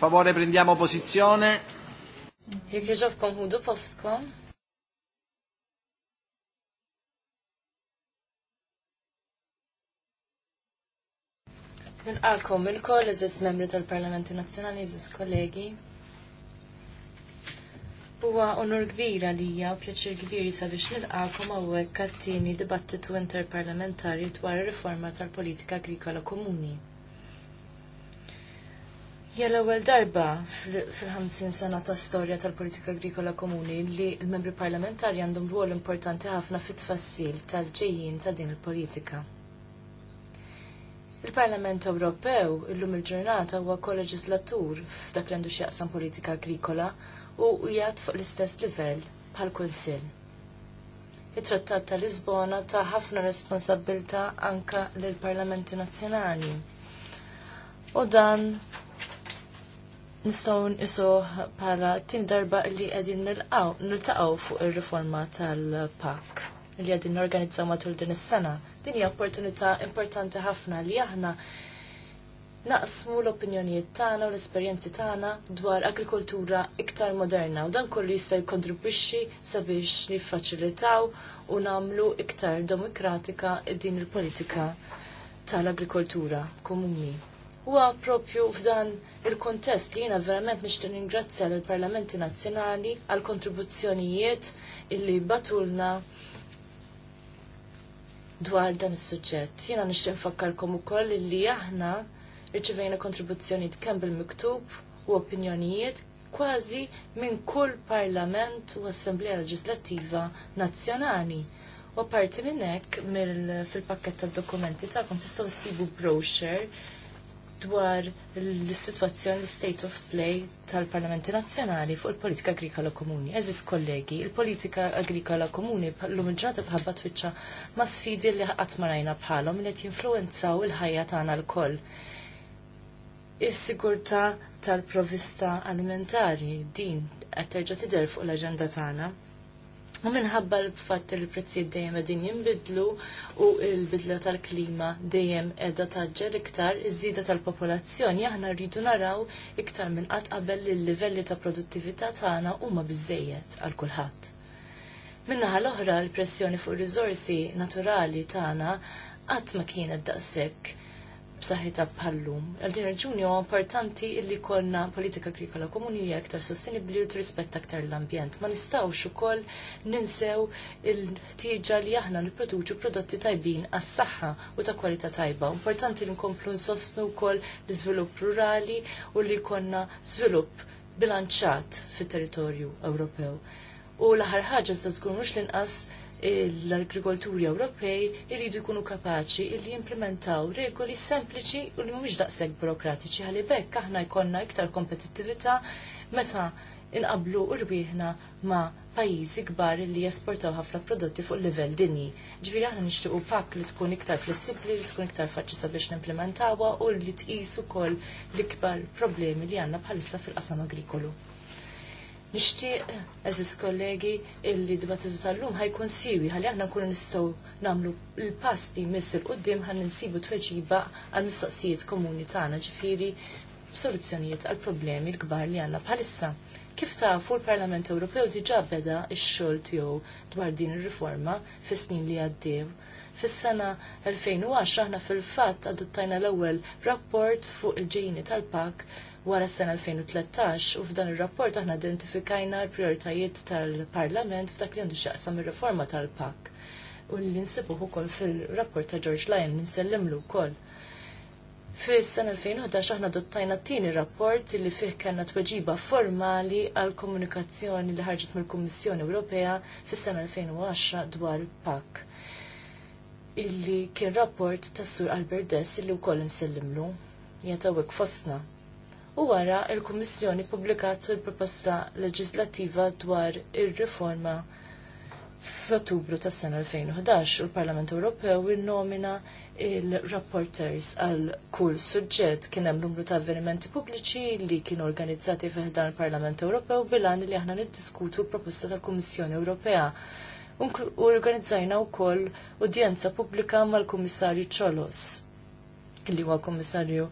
favore prendiamo posizione. Jek jġobkom postkom. Nilqalkom il-koll eżis membri tal-Parlamenti Nazzjonali, eżis kollegi. Huwa onur kbira lija u pjaċir kbir sabiex nilqakom hawnhekk għat dibattitu interparlamentari dwar ir-riforma tal-politika agrikola komuni. Ja l-ewwel darba fil-50 sena ta' storja tal-politika agrikola komuni li l-membri parlamentari għandhom rwol importanti ħafna fit-tfassil tal-ġejjin ta' din il-politika. Il-Parlament Ewropew illum il-ġurnata huwa koleġislatur f'dak li għandu x'jaqsam politika agrikola u jgħat fuq l-istess livell bħal kunsill. Il-Trattat ta' Lisbona ta' ħafna responsabilta anka lill-Parlamenti Nazzjonali. U dan nistaw nisu bħala tin darba li qegħdin niltaqgħu fuq ir-riforma tal-PAK li qegħdin organizzaw matul din is-sena. Din hija opportunità importanti ħafna li aħna naqsmu l-opinjonijiet tagħna u l-esperjenzi tagħna dwar agrikoltura iktar moderna u dan kollu jista' jkontribwixxi sabiex niffaċilitaw u nagħmlu iktar demokratika din il-politika tal-agrikoltura komuni huwa propju f'dan il-kontest li jiena verament nixtieq ningrazzja lill parlamenti Nazzjonali għal kontribuzzjonijiet illi batulna dwar dan is-suġġett. Jiena nixtieq nfakkarkom ukoll illi aħna riċevejna kontribuzzjonijiet kemm bil-miktub u opinjonijiet kważi minn kull parlament u assembleja leġislattiva nazzjonali. U apparti minn hekk fil-pakket tad dokumenti tagħkom tistgħu ssibu brochure dwar l-situazzjoni l-state of play tal-Parlamenti Nazzjonali fuq il-politika agrikola komuni. Eżis kollegi, il-politika agrikola komuni l-lum il-ġrata tħabba twitċa ma sfidi li għatmarajna bħalom li t-influenzaw il-ħajja tagħna l-koll. Is-sigurta tal-provista alimentari din qed terġa' tidher fuq l-aġenda tagħna. U minħabba l-fatt li l-prezzijiet dejjem qegħdin jinbidlu u l-bidla tal-klima dejjem qiegħda taġġel iktar iż-żieda tal-popolazzjoni aħna rridu naraw iktar minn qatt qabel li l-livelli ta' produttività tagħna huma biżejjed għal kulħadd. Minnaħa l-oħra l-pressjoni fuq ir-riżorsi naturali tagħna qatt ma kienet daqshekk b'saħħitha bħallum. Għal din raġuni huwa importanti li jkollna politika agrikola komuni li aktar sostenibbli u tirrispetta aktar l-ambjent. Ma nistgħux ukoll ninsew il-ħtieġa li aħna nipproduċu prodotti tajbin għas-saħħa u ta' kwalità tajba. Importanti li nkomplu nsostnu wkoll l-iżvilupp rurali u li jkollna żvilupp bilanċat fit-territorju Ewropew. U l-aħħar ħaġa żda żgur mhux l-inqas l-agrikolturi Ewropej irridu jkunu kapaċi li jimplementaw regoli sempliċi u li mhumiex daqshekk burokratiċi ħalli aħna jkollna iktar kompetittività meta inqablu rwieħna ma' pajjiżi kbar li jesportaw ħafna prodotti fuq livell dinji. Ġifieri aħna nixtiequ pakk li tkun iktar flessibbli, li tkun iktar faċli sabiex nimplementawha u li tqis ukoll l-ikbar problemi li għandna bħalissa fil-qasam agrikolu. Nixtieq, eżis kollegi, illi dibattitu tal-lum ħajkun siwi ħalli aħna nkunu nistgħu nagħmlu l-pass li jmiss il ħalli nsibu tweġiba għall mistoqsijiet komuni tagħna ġifieri b'soluzzjonijiet għall problemi l-kbar li għandna bħalissa. Kif tafu l-Parlament Ewropew diġà beda x-xogħol tiegħu dwar din ir-riforma fis-snin li għaddew. Fis-sena 2010 aħna fil-fatt adottajna l-ewwel rapport fuq il-ġejjini tal-pak wara s sen 2013 u f'dan ir-rapport aħna identifikajna l-prioritajiet tal-Parlament f'dak li għandu xaqsam ir-riforma tal-PAK u li nsibu ukoll fil-rapport ta' George Lyon li nsellimlu wkoll. Fis-sena 2011 aħna dottajna t-tieni rapport li fih kellna tweġiba formali għal komunikazzjoni li ħarġet mill-Kummissjoni Ewropea fis-sena 2010 dwar PAK illi kien rapport tas Sur Albert Dess illi wkoll nsellimlu jatawek fostna u wara l kummissjoni ppubblikat il-proposta leġislattiva dwar ir-riforma f'Ottubru tas-sena 2011 u l-Parlament Ewropew innomina il-rapporters għal kull suġġett kien hemm numru ta' avvenimenti pubbliċi li kienu organizzati dan il-Parlament Ewropew bilan li aħna niddiskutu proposta tal-Kummissjoni Ewropea. U organizzajna wkoll udjenza pubblika mal-Kummissarju Ċolos, li huwa Kummissarju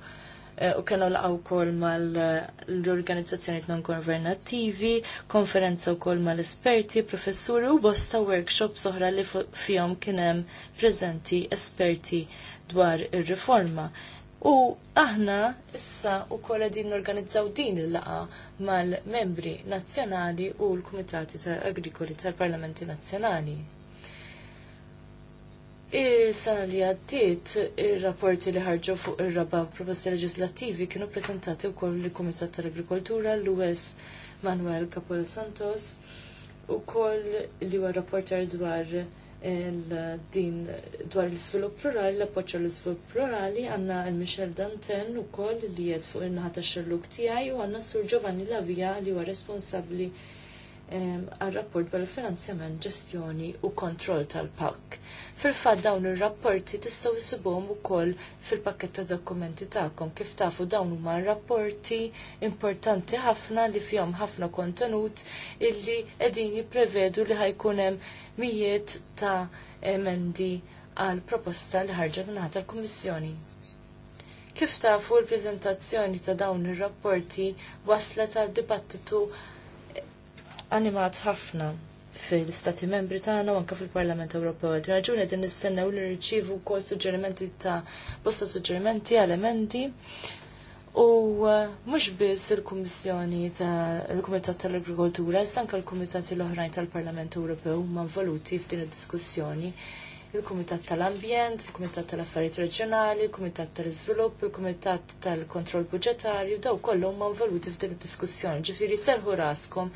Eh, u kellha laqgħu wkoll mal-organizzazzjoni non governattivi, konferenza wkoll mal-esperti, professuri u bosta workshops oħra li fihom kien hemm esperti dwar ir-riforma. U aħna issa u koll din organizzaw din il-laqa mal-membri nazzjonali u l-Kumitati ta' Agrikoli tal-Parlamenti Nazzjonali. Is-sena li għaddiet, ir-rapporti li ħarġu fuq ir-raba proposti leġislattivi kienu prezentati wkoll li kumitat tal-Agrikoltura l-US Manuel Capol Santos ukoll li huwa rapporter dwar din dwar l svilup rurali, l appoċa l-iżvilupp rurali għandna l-Michel Danten ukoll li qed fuq il naħa tax-xelluk tiegħi u għandna Sur Giovanni Lavija li huwa responsabbli għal-rapport bil-finanzjament ġestjoni u kontroll tal-pakk. Fil-fat dawn ir-rapporti tistgħu u ukoll fil-pakket ta' dokumenti tagħkom kif tafu dawn huma rapporti importanti ħafna li fihom ħafna kontenut illi qegħdin jipprevedu li ħajkunem hemm mijiet ta' emendi għal proposta li ħarġa minn tal-Kummissjoni. Kif tafu l-preżentazzjoni ta' dawn ir-rapporti waslet għal dibattitu animat ħafna fil-Stati Membri tagħna u anke fil-Parlament Ewropew. Għad raġuni din nistennew li nirċievu wkoll suġġerimenti ta' bosta suġġerimenti emendi U uh, mhux biss il-Kummissjoni ta' il-Kumitat tal-Agrikoltura, iżda anke l-Kumitati l-oħrajn tal-Parlament Ewropew ma' involuti f'din id-diskussjoni il-Kumitat tal-Ambjent, il-Kumitat tal-Affarijiet Reġjonali, il-Kumitat tal-Iżvilupp, il-Kumitat tal-Kontroll Budġetarju, daw kollhom ma involuti f'din id-diskussjoni. Ġifieri serħu raskom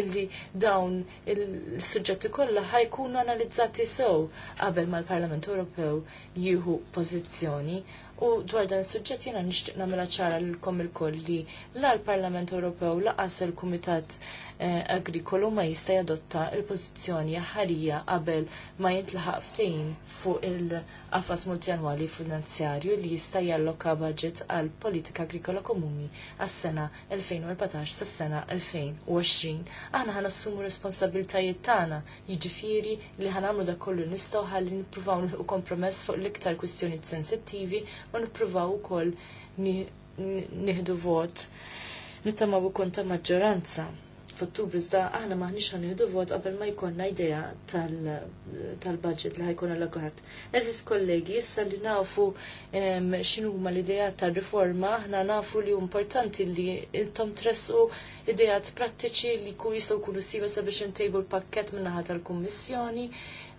illi dawn il-suġġetti kollha ħajkunu analizzati sew qabel mal parlament Ewropew jieħu pożizzjoni. U dwar dan is-suġġett jiena nixtieq nagħmilha ċara lilkom ilkoll li la l-Parlament Ewropew laqas il-Kumitat Eh, agrikolu ma jista' jadotta l-pożizzjoni ħarija qabel ma jintlaħaq ftehim fuq il-qafas multjanwali finanzjarju li jista' jalloka budget għal politika agrikola komuni għas-sena 2014 sas-sena 2020. Aħna ħan assumu responsabiltajiet tagħna, jiġifieri li ħan għamlu dak kollu nistgħu ħalli nippruvaw nilħu kompromess fuq l-iktar kwistjonijiet sensittivi u nippruvaw ukoll nieħdu vot nittama u konta maġġoranza f'Ottubru iżda aħna maħniex ħanieħdu vot qabel ma jkollna idea tal-budget li ħajkun allokat. Eżis kollegi, issa li nafu x'inhu huma l-idea tar-riforma, aħna nafu li importanti li intom tressu ideat prattiċi li jkun jistgħu jkunu siba sabiex intejbu l-pakkett min-naħa tal-Kummissjoni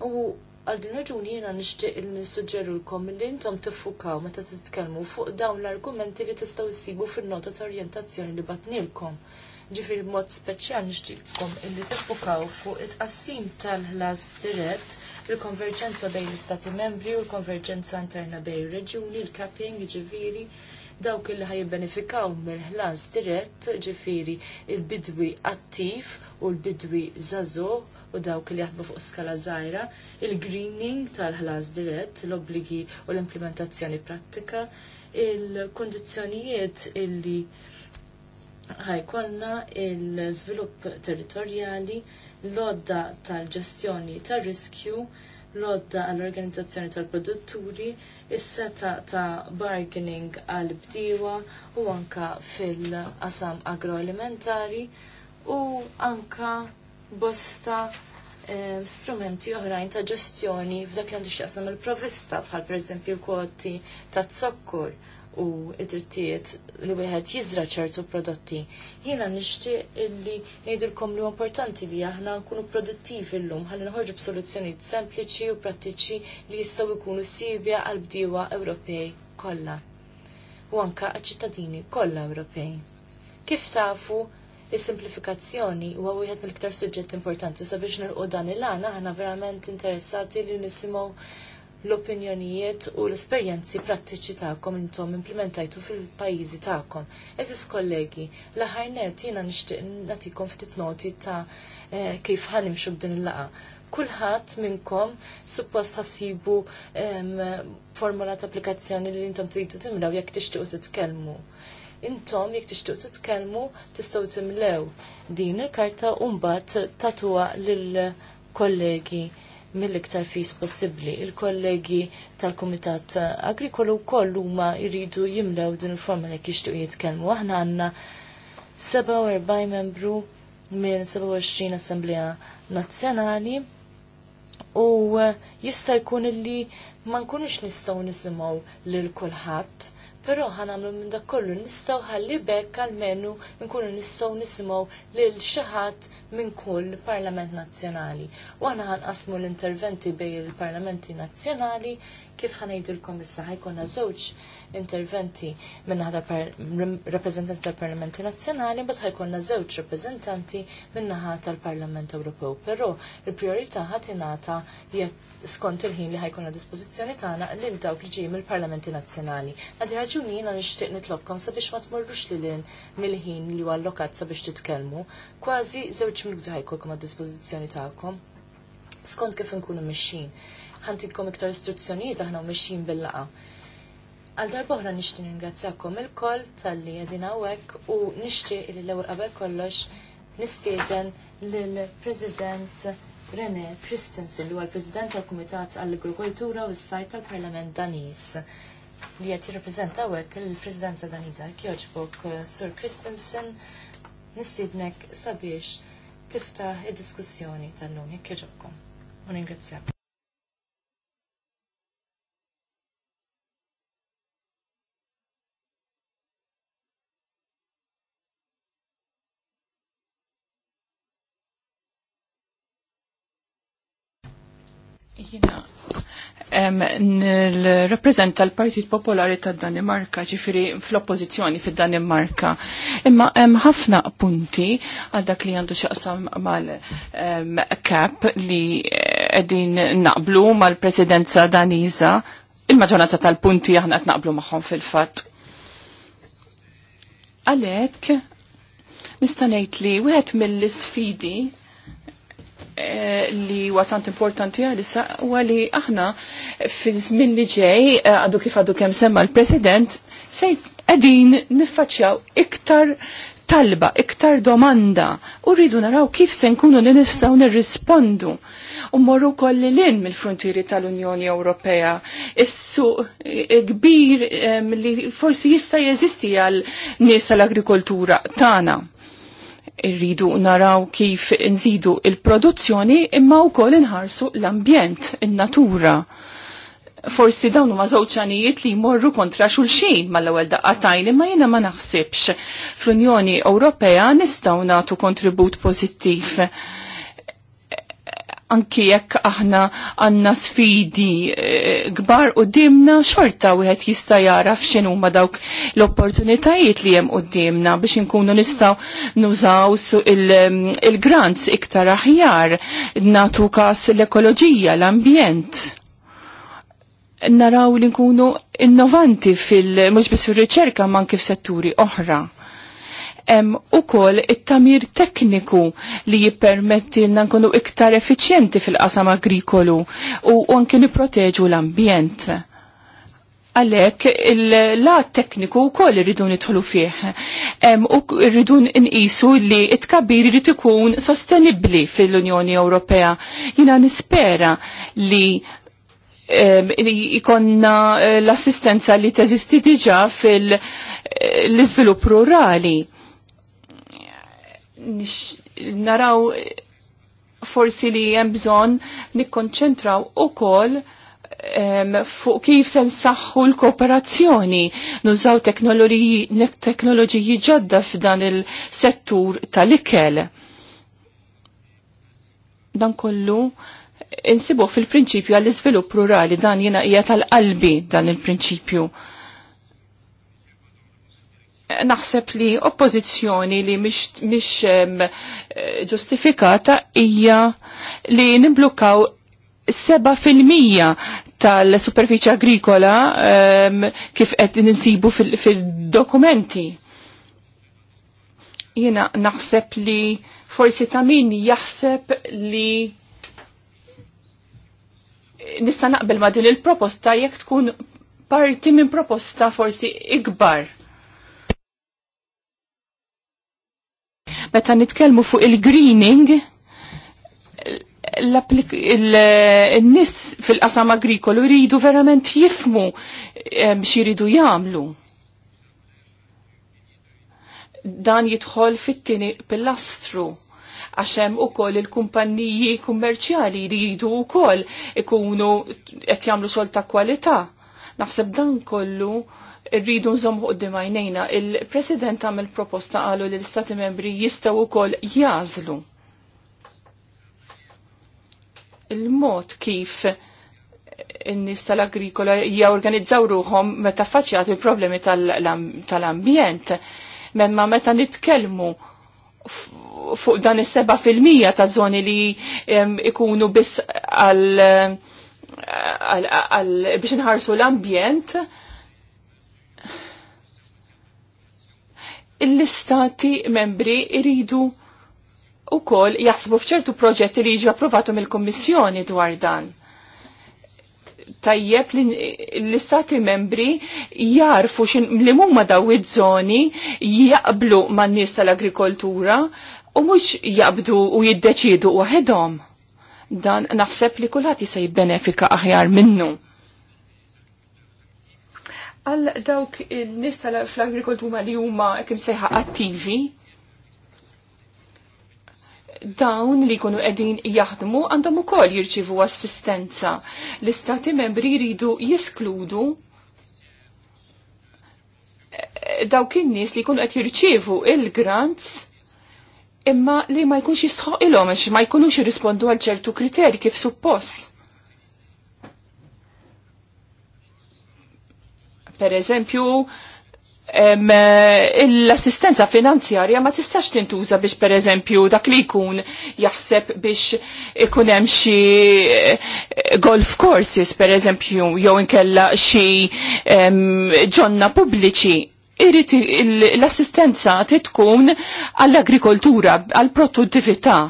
u għal din raġuni jiena nixtieq li nissuġġerulkom li intom tiffukaw meta titkellmu fuq dawn l-argumenti li tistgħu issibu fin-nota ta' orjentazzjoni li batnilkom ġifir mod speċjal nixtieqkom illi tiffukaw fuq it-qassim tal-ħlas dirett il-konverġenza bejn l-istati membri u l-konverġenza interna bejn reġuni, il-capping, ġifiri, dawk il ħaj benefikaw mill-ħlas dirett, ġifiri, il-bidwi attiv u l-bidwi zazo u dawk li jaħdmu fuq skala zaħira, il-greening tal-ħlas dirett, l-obligi u l-implementazzjoni pratika, il-kondizjonijiet illi ħajkollna il-żvilupp territorjali, l-odda tal-ġestjoni tar-riskju, l-odda għall-organizzazzjoni tal-produtturi, is-seta ta' bargaining għal-bdiewa u anka fil-qasam agroalimentari u anka bosta eh, strumenti oħrajn ta' ġestjoni f'dak li għandu x'jaqsam il-provista bħal pereżempju kwoti ta' zokkur u id-drittijiet li wieħed jiżra ċertu prodotti. Jiena nixtieq illi ngħidilkom li importanti li aħna nkunu produttivi llum ħalli noħorġu b'soluzzjonijiet sempliċi u prattiċi li jistgħu jkunu sibja għal bdiewa Ewropej kollha u anka għaċ ċittadini kollha Ewropej. Kif tafu, is-simplifikazzjoni huwa wieħed mill-iktar suġġett importanti sabiex nirqu dan il-għana aħna verament interessati li nisimgħu l-opinjonijiet u l-esperjenzi prattiċi tagħkom intom implementajtu fil-pajjiżi tagħkom. Eżis kollegi, l-aħħar net jiena nixtieq nagħtikom ftit noti ta' eh, kif ħanimxu b'din il-laqa. Kulħadd minnkom suppost ħassibu formula ta' applikazzjoni li intom tridu timlew jekk tixtiequ titkellmu. Intom jekk tixtiequ titkellmu tistgħu timlew din il-karta u mbagħad tatuha lill kollegi mill-iktar fis possibbli. Il-kollegi tal-Kumitat Agrikolu wkoll huma jridu jimlew din il-forma li jixtiequ jitkellmu. Aħna għandna 47 membru minn 27 Assemblea Nazzjonali u jista' jkun illi ma nkunux nistgħu nisimgħu lil kulħadd Però għamlu minn dak kollu nistgħu ħalli bekk għalmenu nkunu nistgħu nisimgħu lil xi ħadd minn kull Parlament Nazzjonali. U aħna ħanqasmu l-interventi bejn il-Parlamenti Nazzjonali kif ħanejdilkom issa ħajkonna żewġ interventi minnaħa rappresentanti tal-Parlamenti Nazzjonali, bat ħajkonna żewġ rappresentanti naħa tal-Parlament Ewropew. Però il-priorità ħatinata jekk skont il-ħin li ħajkonna dispożizzjoni tagħna lil dawk li ġej mill-Parlamenti Nazzjonali. Għadi raġuni jiena nixtieq nitlobkom sabiex ma tmorrux lil mill-ħin li huwa allokat sabiex titkellmu. Kważi żewġ minuti ħajkolkom għad-dispożizzjoni tagħkom. Skont kif nkunu mixxin ħantikom iktar istruzzjonijiet aħna mixin bil-laqa. Għal darbohra nishti ningrazzakom il-koll tal-li għedin għawek u nishti il l ewwel qabel kollox nistieden l-President René Christensen li huwa l-President tal-Kumitat għall-Agrikoltura u s-sajt tal-Parlament Danis li qed jirrepreżenta għawek l-Presidenza Daniza kjoġbok Sir Christensen nistiednek sabiex tiftaħ id-diskussjoni tal-lum jekk kjoġbkom. U ningrazzjak. Jina, nil-reprezenta l-Partit Popolari ta' Danimarka, ġifiri fl-oppozizjoni fi danimarka Imma hemm ħafna punti għal dak li għandu xaqsam mal-kap li għedin eh, naqblu mal-presidenza Daniza. Il-maġġoranza tal-punti aħna qed naqblu magħhom fil-fatt. Għalhekk nista' ngħid li wieħed mill-isfidi Eh, li huwa tant importanti għalissa huwa li aħna fiż żmien li ġej eh, għadu kif għadu kemm semma l-President se qegħdin niffaċċjaw iktar talba, iktar domanda u rridu naraw kif se nkunu li nistgħu nirrispondu. U morru kolli lin mill-frontieri tal-Unjoni Ewropea. Is-suq eh, kbir li forsi jista' jeżisti għal nies tal-agrikoltura tagħna Irridu naraw kif nżidu il-produzzjoni imma wkoll inħarsu l-ambjent, in-natura. Forsi dawn huma żewġanijiet li jmorru kontra xulxin mal-ewwel daqqatajn imma jiena ma naħsibx. Fl-Unjoni Ewropea nistgħu nagħtu kontribut pożittiv anki jekk aħna għanna sfidi eh, gbar u dimna xorta u għet jista jara f'xinu ma dawk l-opportunitajiet li jem u dimna biex nkunu nistaw nużaw su il-grants il iktar aħjar natu kas l-ekoloġija, l-ambjent. Naraw li nkunu innovanti fil-mux bis fil-riċerka man kif setturi oħra hemm ukoll it-tamir tekniku li jippermetti lna nkunu iktar effiċjenti fil-qasam agrikolu u anke nipproteġu l-ambjent. Għalek, il-la tekniku u koll irridu nidħlu fih. U irridu nqisu li it-kabir irrid ikun sostenibli fil-Unjoni Ewropea. Jina nispera li ikonna eh, l-assistenza li teżisti diġa fil-izvilup eh, rurali naraw forsi li hemm bżonn nikkonċentraw ukoll fuq kif se nsaħħu l-kooperazzjoni, nużaw teknoloġiji ġodda f'dan il-settur tal-ikel. Dan kollu insibu fil-prinċipju għall-iżvilupp rurali dan jiena hija tal-qalbi dan il-prinċipju. il prinċipju naħseb li oppożizzjoni li mish eh, ġustifikata hija li nimblukkaw 7% tal-superfiċi agrikola um, kif qed ninsibu fil-dokumenti. Fil Jiena naħseb li forsi ta' min jaħseb li nista' naqbel ma' din il-proposta jekk tkun parti minn proposta forsi ikbar Meta nitkellmu fuq il-greening, il-nis fil-qasam agrikolu jridu verament jifmu jridu jagħmlu. Dan jidħol fit-tieni pilastru għax hemm ukoll il-kumpanniji kummerċjali jridu wkoll ikunu qed jagħmlu xogħol ta' kwalità. Naħseb dan kollu rridu nżommu qoddim jnejna, Il-President għamil proposta għalu li l-Stati membri jistaw ukoll jażlu il-mod kif n-nis tal-agrikola jorganizzaw ruħom meta faċjat il-problemi tal-ambjent. Tal Memma meta nitkellmu fuq dan is seba fil-mija ta' zoni li ikunu biss għal biex nħarsu l-ambjent, l-istati membri iridu u kol jaħsbu fċertu proġetti li jġu approvatu mill-Kommissjoni dwar dan. Tajjeb li l-istati membri jarfu li mumma daw id żoni jaqblu man nies tal-agrikoltura u mhux jaqbdu u jiddeċidu waħedhom. Dan naħseb li kulħadd se jibbenefika aħjar minnu għal dawk il-nis tal-agrikoltura li huma kim seħa attivi, dawn li kunu edin jaħdmu għandhom ukoll jirċivu assistenza. L-istati membri jridu jiskludu eh, dawk in-nies li jkunu qed jirċievu il-grants imma li ma jkunx jistħoq ilhom għax ma jkunux jirrispondu għal ċertu kriterji kif suppost. Per eżempju, l-assistenza finanzjarja ma tistax tintuża biex per eżempju dak li jkun jaħseb biex ikun hemm xi eh, golf courses per eżempju jew inkella xi ġonna pubbliċi l-assistenza titkun għall-agrikoltura, għall-produttività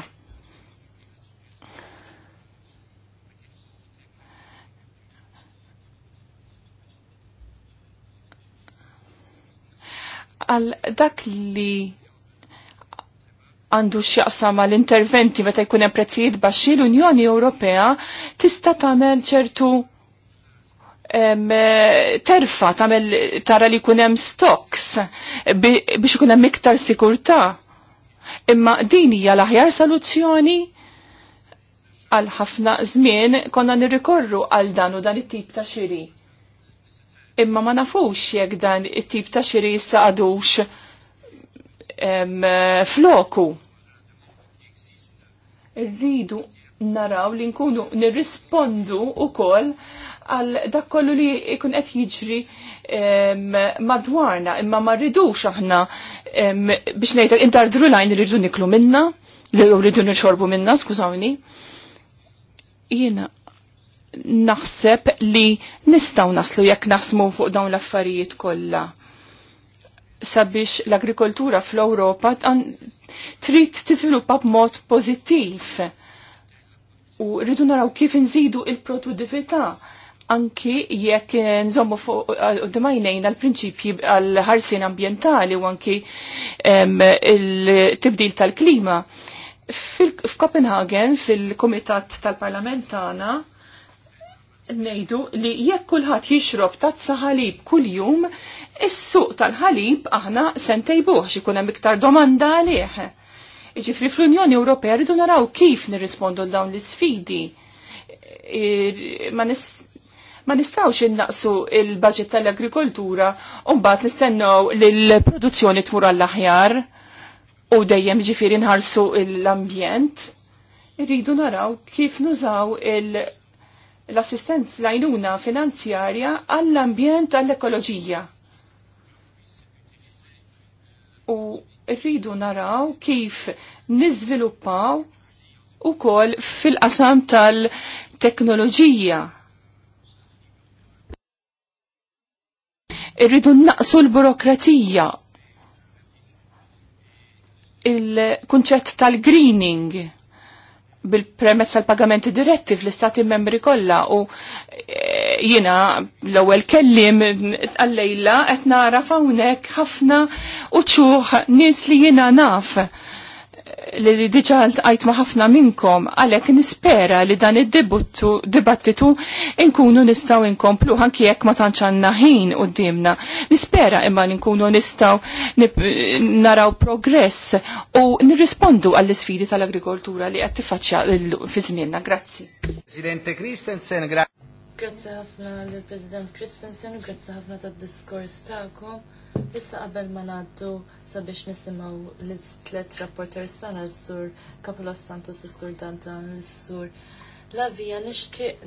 għal dak li għandu ma l interventi meta jkun hemm prezzijiet baxxi l-Unjoni Ewropea tista' tagħmel ċertu terfa tagħmel tara li jkun hemm stocks biex ikun hemm iktar sikurtà. Imma din hija l-aħjar soluzzjoni għal ħafna żmien konna nirrikorru għal dan u dan it-tip ta' xiri imma ma nafux jekk dan it-tip ta' xiri issa għadux floku. Rridu naraw li nkunu nirrispondu u kol għal dak kollu li ikun qed jiġri madwarna, imma ma rridux aħna biex ngħidlek intardru lajn li rridu niklu minna, li rridu nixorbu minna, skużawni. Jiena naħseb li nistaw naslu jekk naħsmu fuq dawn l-affarijiet kollha. Sabiex l-agrikoltura fl-Ewropa trid tiżviluppa b'mod pożittiv. U rridu naraw kif inżidu il-produttività anki jekk nżommu fuq dimajnejn għal-prinċipji għal ħarsien ambientali u anki il-tibdil tal-klima. F'Kopenhagen, fil-Komitat tal-Parlament tagħna, ngħidu li jekk kulħadd jixrob tazza ħalib kuljum, is-suq tal-ħalib aħna xi ikun hemm iktar domanda għalih. Jiġifieri fl-Unjoni Ewropea rridu naraw kif nirrispondu l dawn l-isfidi. Ma nistawx innaqsu il-budget tal-agrikoltura u mbagħad nistennew lill-produzzjoni tmur għall-aħjar u dejjem ġifieri nħarsu l-ambjent. Irridu naraw kif nużaw il- l-assistenz lajnuna finanzjarja għall-ambjent għall-ekoloġija. U rridu naraw kif nizviluppaw u kol fil-qasam tal-teknoloġija. Irridu naqsu l-burokratija il-kunċett tal-greening bil-premezz tal-pagamenti diretti fl-istati membri kollha u eh, jiena l-ewwel kellim għallejla qed nara hawnhekk ħafna u nis nies li jina naf li diġa għajt ħafna minnkom, għalek nispera li dan id-dibattitu inkunu nistaw inkomplu, għanki jekk ma tanċanna ħin u dimna. Nispera imma nkunu nistaw naraw progress u nirrispondu għall sfidi tal-agrikoltura li għed tifaċċja fi żmienna. Grazzi. Presidente Christensen, grazie. Grazie ħafna l-President Christensen, grazie ħafna tad-diskors ta'kom. Issa qabel ma ngħaddu sabiex nisimgħu l-tliet rapporter sana l-sur Kapulas Santos, l-sur Dantan, l-sur Lavija, nixtieq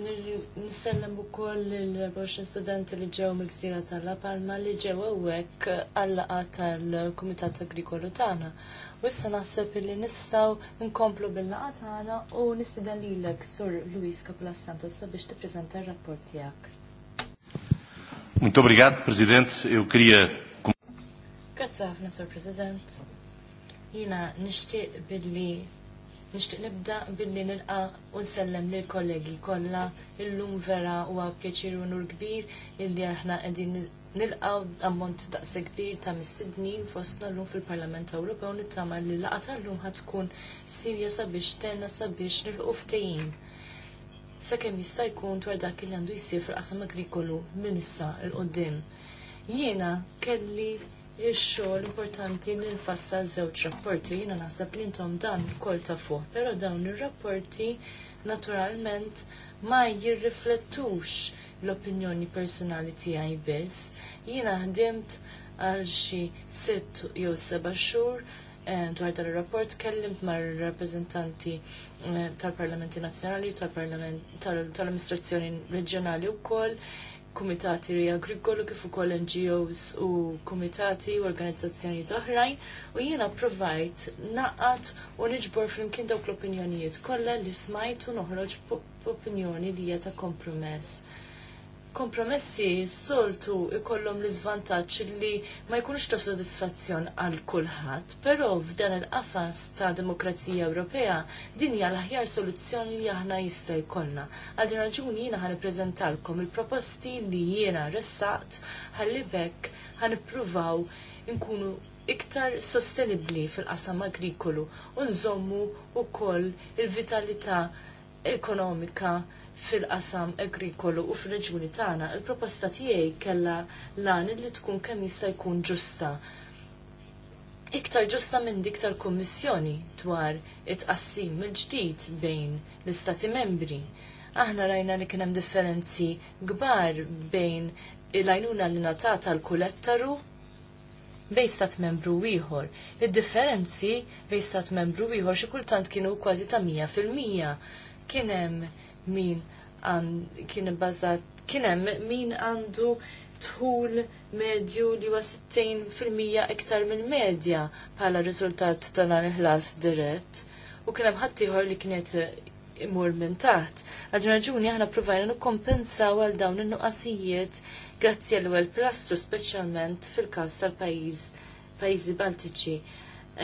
nisellem ukoll l-boxin studenti li ġew mill-Gżira tal-La Palma li ġew għawek għallaqa tal-Kumitat Agrikolu tagħna. U issa naħseb li nistgħu nkomplu bil laqa tagħna u nistiden lilek sur Luis Kapulas Santos sabiex tippreżenta r-rapport tiegħek. Muito obrigado, Presidente. Eu queria Grazie ħafna, Sir President. Jina nixtieq billi nixtieq nibda billi nilqa u nsellem lil kollegi kollha illum vera huwa pjaċir u nur kbir illi aħna qegħdin nilqaw ammont daqse kbir ta' mis-sidnin fostna llum fil-Parlament Ewropew nittama li laqa tal-lum ħatkun sivja sabiex tenna sabiex nilqu ftehim sakemm jista' jkun dwar dak li għandu jsir fil-qasam agrikolu minn issa l qudiem Jiena kelli ix-xogħol importanti li nfassa żewġ rapporti, jiena naħseb li intom dan ukoll tafu, fuq, però dawn ir-rapporti naturalment ma jirriflettux l-opinjoni personali tiegħi biss. Jiena ħdimt għal xi sitt jew seba' xhur eh, dwar dan ir-rapport kellimt mar-rappreżentanti eh, tal-Parlamenti Nazzjonali, tal-Amministrazzjoni Reġjonali wkoll, kumitati li agrikolu kif ukoll NGOs u kumitati u organizzazzjoni oħrajn u jiena provajt naqat u niġbor flimkien dawk l-opinjonijiet kollha li smajt u noħroġ b'opinjoni li hija ta' kompromess kompromessi soltu ikollom l-iżvantaġġ li ma jkunux ta' sodisfazzjon għal kulħadd, però f'dan il-qafas ta' demokrazija Ewropea din hija l-aħjar soluzzjoni li aħna jista' jkollna. Għal din raġuni jiena ħan ippreżentalkom il-proposti li jiena ressaqt ħalli bekk ħanippruvaw nkunu iktar sostenibbli fil-qasam agrikolu u nżommu wkoll il-vitalità ekonomika fil-qasam agrikolu u fil-reġuni tagħna, il-proposta tiegħi kellha lan li tkun kemm jista' jkun ġusta. Iktar ġusta minn dik tal-Kummissjoni dwar it-qassim mill ġdid bejn l-Istati membri. Aħna rajna li kien hemm differenzi kbar bejn il-għajnuna li natata tal kull ettaru stat membru ieħor. Id-differenzi bejn stat membru ieħor xi kultant kienu kważi ta' mija fil-mija. Kien hemm min kien bazat kien hemm min għandu tħul medju li huwa 60% iktar minn medja bħala riżultat tal-anħlas dirett u kien hemm ħaddieħor li kienet imur minn taħt. Għad raġuni aħna provajna nikkompensaw għal dawn in-nuqqasijiet grazzi għal ewwel plastru speċjalment fil-każ tal-pajjiż pajjiżi Baltiċi.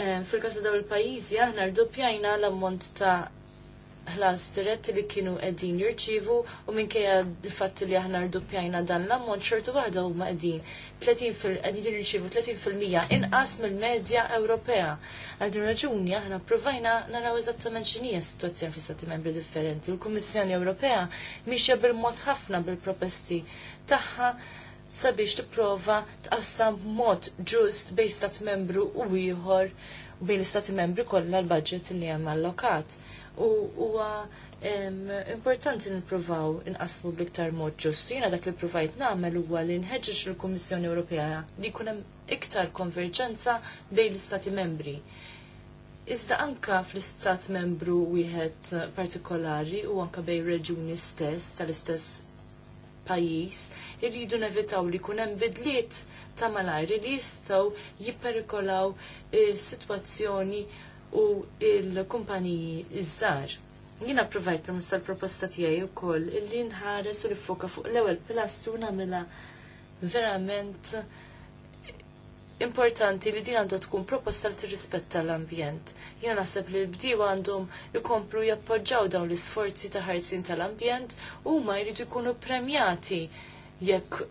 Ehm, fil-każ ta' dawn il-pajjiżi aħna rdoppjajna l-ammont ta' ħlas diretti li kienu qegħdin jirċivu u minkejja l-fatt li aħna rdoppjajna dan l-ammont xortu waħda huma qegħdin 30 qegħdin jirċivu 30% inqas mill-medja Ewropea. Għal din raġuni aħna provajna naraw eżattament x'inija s-sitwazzjoni fi stati membri differenti. Il-Kummissjoni Ewropea miexja bil-mod ħafna bil propesti tagħha sabiex tipprova tqassam b'mod ġust bejn stat membru u ieħor bejn l-istati membri kollha l-budget li hemm allokat u huwa importanti nippruvaw inqasmu bl-iktar mod ġustu. Jiena dak li provajt nagħmel huwa li nħeġġeġ lill-Kummissjoni Ewropea li jkun hemm iktar konverġenza bejn l-Istati membri. Iżda anka fl-istat membru wieħed partikolari u anka bejn reġuni stess tal-istess pajjiż irridu nevitaw li jkun hemm bidliet ta' malajr li jistgħu jipperikolaw is-sitwazzjoni eh, u il-kumpaniji iż-żar. Jina provajt permess tal-proposta tiegħi wkoll illi nħares u nifoka fuq l-ewwel pilastru nagħmilha verament importanti li din għandha tkun proposta li tirrispetta l-ambjent. Jiena naħseb li l-bdiewa għandhom jkomplu jappoġġaw dawn l-isforzi ta' ħarsin tal-ambjent u ma jridu jkunu premjati jekk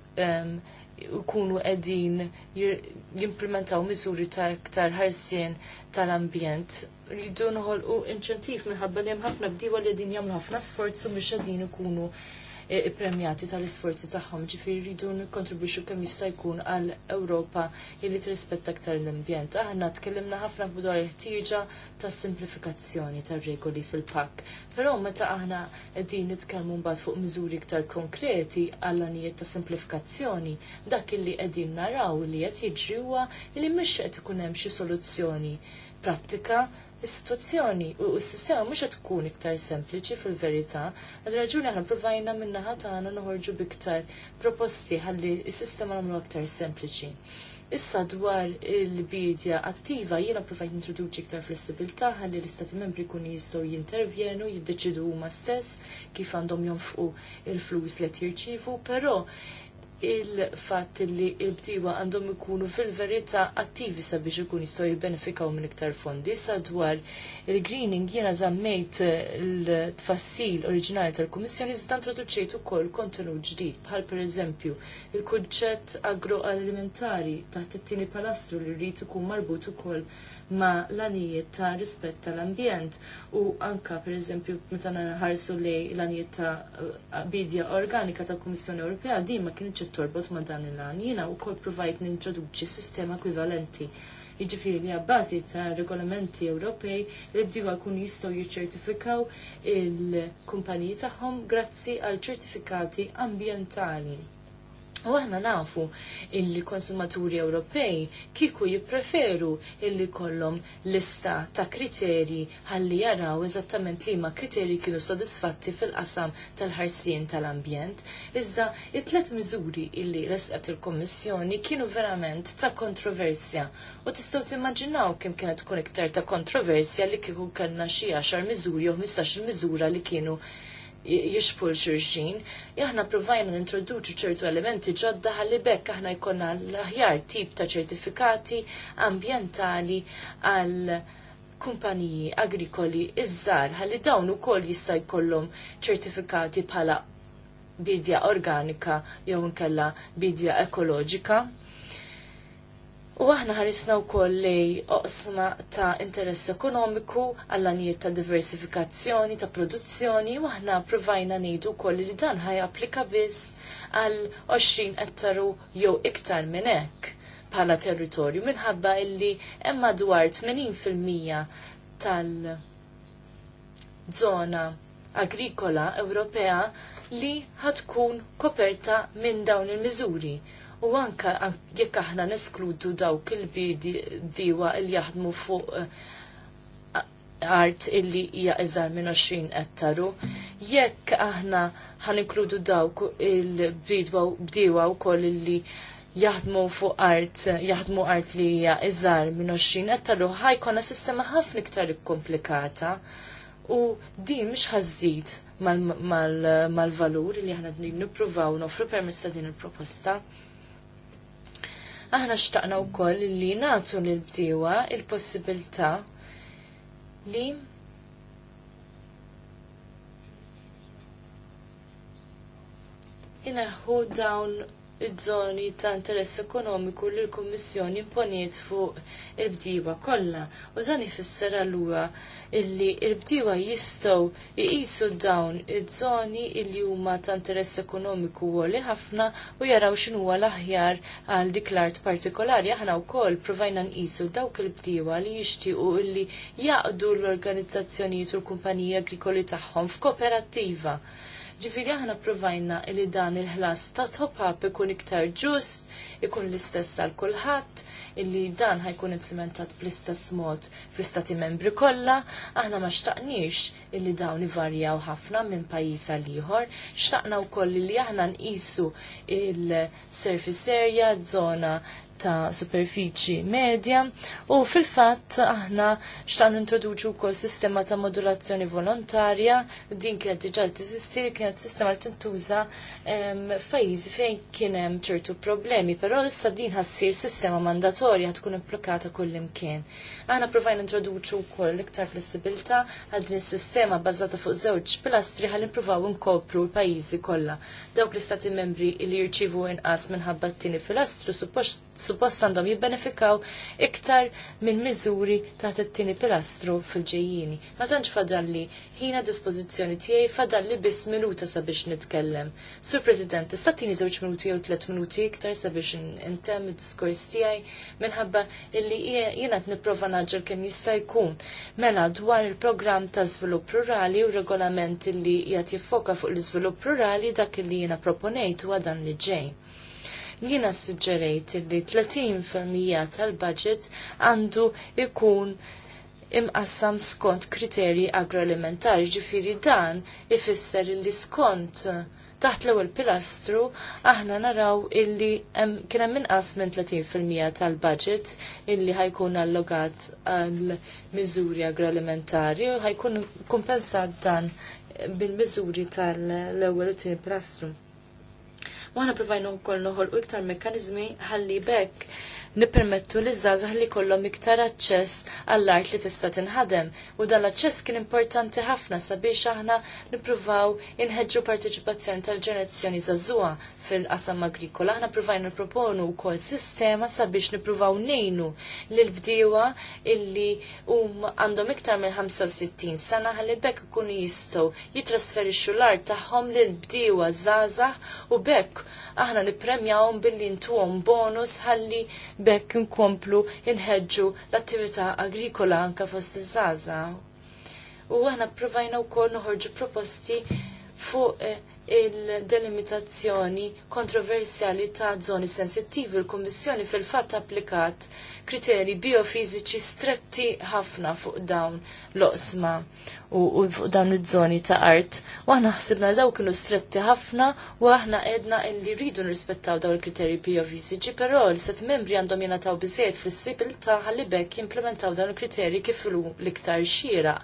jkunu qegħdin jimplementaw misuri ta' iktar ħarsien tal-ambjent rridu u inċentiv minħabba li hemm ħafna li edin jagħmlu ħafna sforzu biex qegħdin ikunu E, e, premjati tal-isforzi tagħhom ġifieri rridu nikkontribwixxu kemm jista' jkun għal Ewropa li tirrispetta aktar l-ambjent. Aħna tkellimna ħafna b'dwar il-ħtieġa tas simplifikazzjoni tar-regoli fil-pakk. Però meta aħna qegħdin nitkellmu mbagħad fuq miżuri iktar konkreti għal anijiet ta' simplifikazzjoni, dak illi qegħdin naraw li qed jiġri huwa li mhix qed ikun hemm xi soluzzjoni prattika is-sitwazzjoni u s-sistema mhux qed tkun iktar sempliċi fil-verità, għad raġuni aħna provajna min-naħa tagħna noħorġu biktar proposti ħalli s-sistema għamlu iktar sempliċi. Issa dwar il-bidja attiva jiena provajt introduċi iktar flessibilità ħalli l-istati membri kun jistgħu jintervjenu, jiddeċidu huma stess kif għandhom jonfqu il-flus li qed jirċievu, però il-fatt li l bdiwa għandhom ikunu fil-verità attivi sabiex ikun jistgħu jibbenefikaw minn iktar fondi. Issa dwar il-greening jiena żammejt l-tfassil oriġinali tal-Kummissjoni iżda introduċejt ukoll kontenut ġdid bħal pereżempju il-kunċett agroalimentari taħt it-tieni palastru li rrid ikun marbut ukoll ma' l-anijiet ta' rispett tal-ambjent u anka pereżempju meta nħarsu li l-anijiet ta' eh, bidja organika tal Kummissjoni Ewropea din ma kienx torbot ma' dan il-lan. u wkoll provajt nintroduċi sistema ekwivalenti. Jiġifieri li għabbażi ta' regolamenti Ewropej li bdiewa jkun jistgħu jiċċertifikaw il-kumpaniji tagħhom grazzi għal ċertifikati ambjentali U aħna nafu illi konsumaturi Ewropej kiku jippreferu illi kollom lista ta' kriteri għalli jaraw eżattament li ma' kriteri kienu sodisfatti fil-qasam tal-ħarsien tal-ambjent. Iżda it-tlet miżuri illi resqet il-Kommissjoni kienu verament ta' kontroversja. U tistgħu timmaġinaw kemm kienet tkun iktar ta' kontroversja li kieku kellna xie 10 miżuri jew 15 miżura li kienu Jixpull xurxin, aħna provajna nintroduċu ċertu elementi ġodda għalli bekk aħna jkollna l-aħjar tip ta' ċertifikati ambjentali għal kumpaniji agrikoli iż-żar ħalli dawn ukoll jista' jkollhom ċertifikati bħala bidja organika jew nkella bidja ekoloġika. U aħna ħarisna wkoll li oqsma ta' interess ekonomiku għall ta' diversifikazzjoni ta' produzzjoni u aħna provajna ngħidu wkoll li dan ħaj applika biss għal 20 ettaru jew iktar minn hekk bħala territorju minħabba illi hemm madwar 80% tal-żona agrikola Ewropea li ħatkun koperta minn dawn il-miżuri. U anka jekk aħna neskludu dawk il-bidi diwa li jaħdmu fuq eh, art illi hija iżgħar minn 20 ettaru, jekk aħna inkludu dawk il-bdiewa bidwa wkoll illi jaħdmu fuq art, jaħdmu art li hija iżgħar minn 20 ettaru, ħajkonna sistema ħafna iktar komplikata u di mhix ħażid mal-valur mal, mal, mal li aħna nippruvaw nofru permezz din il-proposta. Aħna xtaqna wkoll li nagħtu l bdiewa il-possibilità li inaħħu dawn iż-żoni ta' interess ekonomiku li l-Kummissjoni imponiet fuq il-bdiewa kollha. U dan ifisser allura illi il-bdiewa jistgħu jqisu dawn iż-żoni illi huma ta' interess ekonomiku għoli ħafna u jaraw x'inhu huwa l-aħjar għal dik l-art partikolari. Aħna wkoll provajna nqisu dawk il-bdiewa li jixtiequ illi jaqdu l-organizzazzjonijiet u l-kumpaniji agrikoli tagħhom f'kooperattiva. Ġifiri aħna provajna li dan il-ħlas ta' top-up ikun iktar ġust, ikun l-istess għal kulħadd, illi dan ħajkun implementat bl-istess mod fl-istati membri kollha, aħna ma xtaqniex illi dawn ivarjaw ħafna minn pajjiż għal ieħor, xtaqna wkoll li aħna nqisu il-surface area, żona ta' superfiċi medja u fil-fatt aħna x'tan introduċu wkoll sistema ta' modulazzjoni volontarja din kienet diġà t li kienet sistema li tintuża f'pajjiżi fejn kien hemm ċertu problemi, però issa din ħassir sistema mandatorja tkun implikata kull imkien. Għana provajna introduċu wkoll iktar flessibilità għal din is-sistema bbażata fuq żewġ pilastri ħalli nippruvaw inkopru l-pajjiżi kollha. Dawk l-istati membri li jirċivu inqas minħabba t-tieni pilastru suppost għandhom jibbenefikaw iktar minn miżuri taħt it-tieni pilastru fil-ġejjini. Ma tantx fadalli ħina dispożizzjoni tiegħi fadalli biss minuta sabiex nitkellem. Sur President, tista' tieni żewġ minuti jew tliet minuti iktar sabiex intemm id-diskors tiegħi minħabba illi jiena qed nipprova manager kemm jista' jkun. Mela dwar il-programm ta' żvilupp rurali u regolament li qed jiffoka fuq l-iżvilupp rurali dak li jiena proponejt huwa dan li ġej. Jiena suġġerejt li 30% tal-budget għandu jkun imqassam skont kriterji agroalimentari ġifiri dan ifisser li skont taħt l-ewwel pilastru aħna naraw illi kien hemm inqas minn 30% tal-budget illi ħajkun allogat għal miżuri agroalimentari u ħajkun kumpensat dan bil-miżuri tal-ewwel u tieni pilastru. Maħna provajnu wkoll noħolqu iktar mekkaniżmi ħalli bekk nippermettu li żgħażagħ li jkollhom iktar aċċess għall-art li tista' tinħadem u dan l-aċċess kien importanti ħafna sabiex aħna nippruvaw inħeġġu partiċipazzjoni tal-ġenerazzjoni żagħżugħa fil-qasam agrikola. Aħna provajna proponu wkoll sistema sabiex nippruvaw nejnu lil bdiewa illi hum għandhom iktar minn 65 sena ħalli bekk ikunu jistgħu jitrasferixxu l-art tagħhom lil bdiewa żgħażagħ u bekk aħna nippremjawhom billi ntuhom bonus ħalli bekk inkomplu inħeġġu l-attività agrikola anke fost iż-żgħażagħ u għana provajna u kol noħorġu proposti fuq eh, il-delimitazzjoni kontroversjali ta' zoni sensittivi. Il-Kommissjoni fil-fatt applikat kriteri biofiziċi stretti ħafna fuq dawn l-osma u, fuq dawn iż-żoni ta' art. U aħna ħsibna daw kienu stretti ħafna u aħna edna illi rridu nrispettaw dawn il-kriteri biofiziċi, però l-set membri għandhom jenataw biżejjed fl-sibil ta' ħalli bekk jimplementaw dawn il-kriteri kif l-iktar xira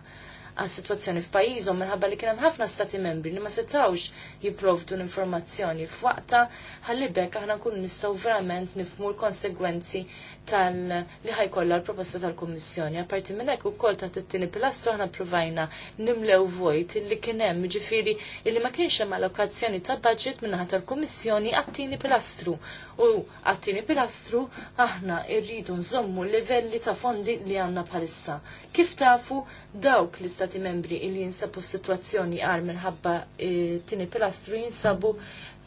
għas situazzjoni f'pajjiżhom minħabba li kien hemm ħafna stati membri li ma setawx jipprovdu l-informazzjoni f'waqta ħalli bekk aħna nkunu nistgħu verament nifmu l-konsegwenzi tal li ħajkollha l-proposta tal-Kummissjoni. Apparti minn hekk ukoll ta' t-tini pilastru aħna provajna nimlew vojt li kien hemm ġifieri illi ma kienx hemm allokazzjoni ta' budget minnaħa tal-Kummissjoni għat-tieni pilastru. U għat-tieni pilastru aħna rridu nżommu livelli ta' fondi li għandna palissa. Kif tafu dawk l-istati membri illi jinsabu f'sitwazzjoni għar minħabba t-tini eh, pilastru jinsabu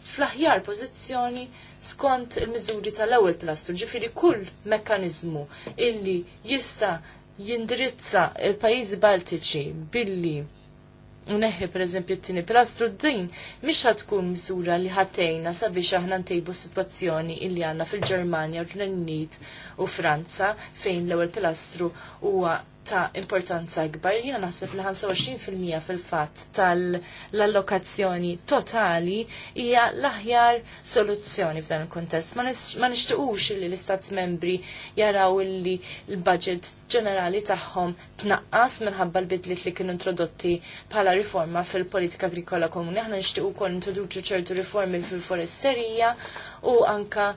fl-aħjar pożizzjoni skont il-miżuri tal-ewwel plastu, ġifiri kull mekanizmu illi jista' jindirizza il-pajjiżi Baltiċi billi Uneħi per eżempju t-tini pilastru d-din, mish ħatkun mizura li ħatejna sabiex aħna ntejbu situazzjoni illi għanna fil-Germania, Renit u Franza, fejn l-ewel pilastru huwa ta' importanza gbar, Jiena naħseb li 25% fil-fatt tal-allokazzjoni totali hija l-aħjar soluzzjoni f'dan il-kontest. Ma nixtiqux li l-istat membri jaraw li l-budget ġenerali tagħhom tnaqqas minħabba l bidlit li kienu introdotti bħala riforma fil-politika agrikola komuni. Aħna nixtiequ wkoll introduċu ċertu riformi fil-foresterija u anka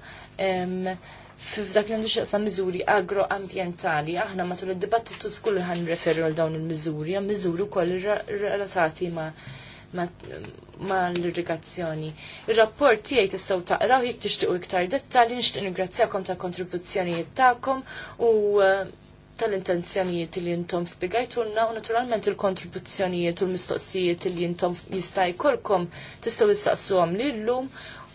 f'dak li għandu xieqsa miżuri agroambientali, aħna matul id-dibattitu skull ħan referru għal dawn il-miżuri, għam miżuri koll relatati ma' ma' l-irrigazzjoni. Il-rapport tiegħi tistgħu taqraw jekk tixtiequ iktar dettalji, nixtieq ningrazzjakom tal kontribuzzjonijiet tagħkom u eh, tal-intenzjonijiet li jintom spiegajtulna u naturalment il-kontribuzzjonijiet u l-mistoqsijiet li jintom jistaj kolkom tistaw jistaqsuhom li l-lum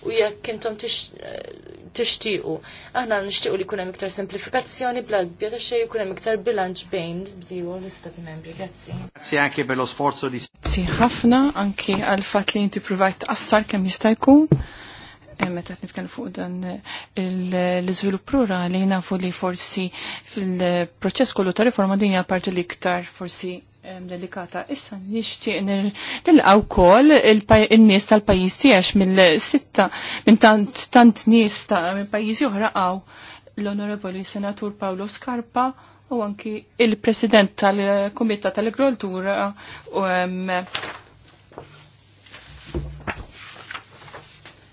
u jekk intom tixtiequ. Aħna nixtiequ li kunem hemm iktar semplifikazzjoni bla bjeta ta' xejn jkun hemm iktar bilanċ bejn l-bdiju l-istati membri. Grazzi. Grazzi anke per lo sforzo di. Grazie ħafna anke għal fat li inti provajt tqassar kemm jista' jkun eh, meta nitkellem fuq dan eh, l-iżvilupp rurali nafu li forsi fil-proċess kollu ta' riforma din hija parti li iktar forsi delikata. Issa nixtieq nilqaw wkoll in-nies tal-pajjiż tiegħek mill-sitta minn tant tant nies ta' minn pajjiżi oħra l-Onorevoli Senatur Paolo Scarpa u anki il-President tal-Kumitat tal-Agrikoltura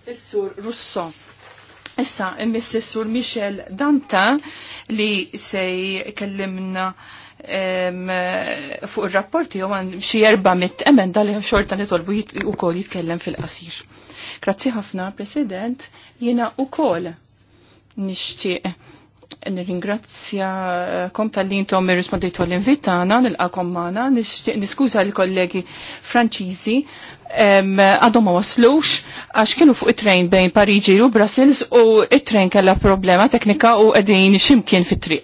Is-Sur Russo Issa, il-missessur Michel Danta li se kellimna um, fuq il-rapporti għan xie erba mit emenda li xorta jit u kol jitkellem fil-qasir. Grazzi ħafna, President, jina u kol nishtiq nirringrazzja kom tal-li intom l-invitana, nil-għakom maħna, niskuza l-kollegi franċizi għadhom ma waslux għax kienu fuq it-trejn bejn Pariġi u Brussels u it-trejn kellha problema teknika u qegħdin ximkien fit-triq.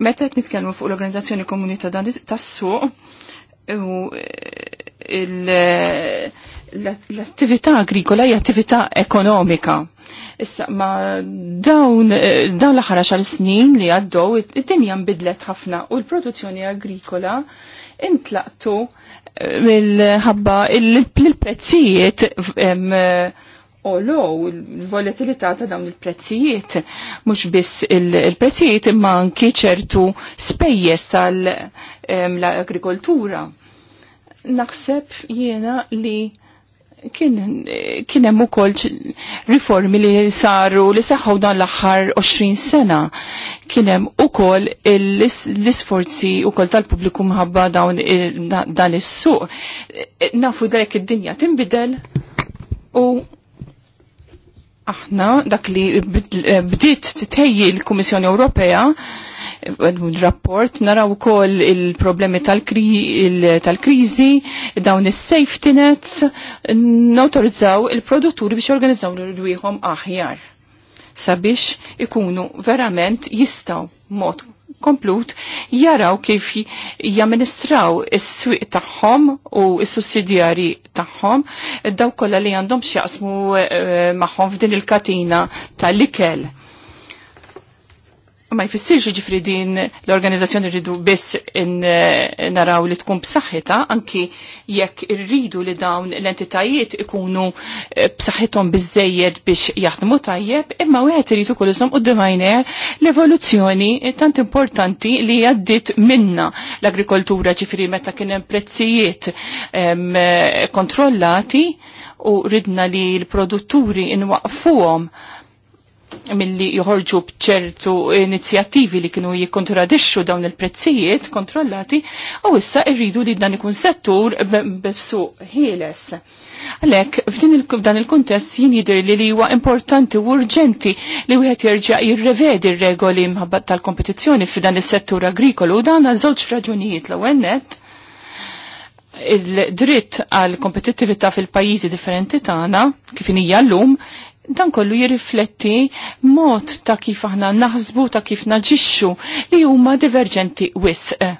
Meta qed nitkellmu fuq l-Organizzazzjoni Komunità tas-suq u eh, l-attività agrikola hija attività ekonomika. Issa ma dawn eh, dawn l-aħħar xar snin li għaddew id-dinja nbidlet ħafna u l-produzzjoni agrikola intlaqtu il ħabba il-prezzijiet u low il-volatilità ta' dawn il-prezzijiet, mhux biss il-prezzijiet imma anki ċertu spejjeż tal-agrikoltura. Naħseb jiena li kien hemm ukoll riformi li saru li saħħu dan l-aħħar 20 sena. Kien hemm ukoll l-isforzi ukoll tal-pubbliku mħabba dawn dan is-suq. Nafu dak id-dinja tinbidel u aħna dak li bdiet titejji l-Kummissjoni Ewropea rapport naraw ukoll il-problemi tal-kriżi, dawn is-safety nets, notorizzaw il-produtturi biex jorganizzaw l-rwieħhom aħjar sabiex ikunu verament jistaw mod komplut jaraw kif jamministraw is-swieq tagħhom u s-sussidjari tagħhom daw kollha li għandhom x'jaqsmu eh, magħhom f'din il-katina tal-ikel ma jfissirx ġifri din l-organizzazzjoni rridu biss eh, naraw li tkun b'saħħitha anki jekk irridu li dawn l-entitajiet ikunu eh, b'saħħithom biżejjed biex jaħdmu tajjeb, imma wieħed irid ukoll isom quddiem l-evoluzzjoni tant importanti li għaddit minna l-agrikoltura ġifri meta kien hemm prezzijiet eh, kontrollati u ridna li l-produtturi inwaqfuhom milli joħorġu bċertu inizjattivi li kienu jikkontradixxu dawn il-prezzijiet kontrollati, u issa irridu li dan ikun settur b'su ħieles. Għalek, f'dan il-kontest jien jidir li li huwa importanti u urġenti li wieħed jerġa' jirrevedi r-regoli mħabba tal-kompetizzjoni f'dan is-settur agrikolu u dan għal żewġ raġunijiet l-ewwel nett il-dritt għal kompetittività fil-pajjiżi differenti tagħna kif hija llum dan kollu jirrifletti mod ta' kif aħna naħsbu ta' kif naġixxu li huma diverġenti wisq eh,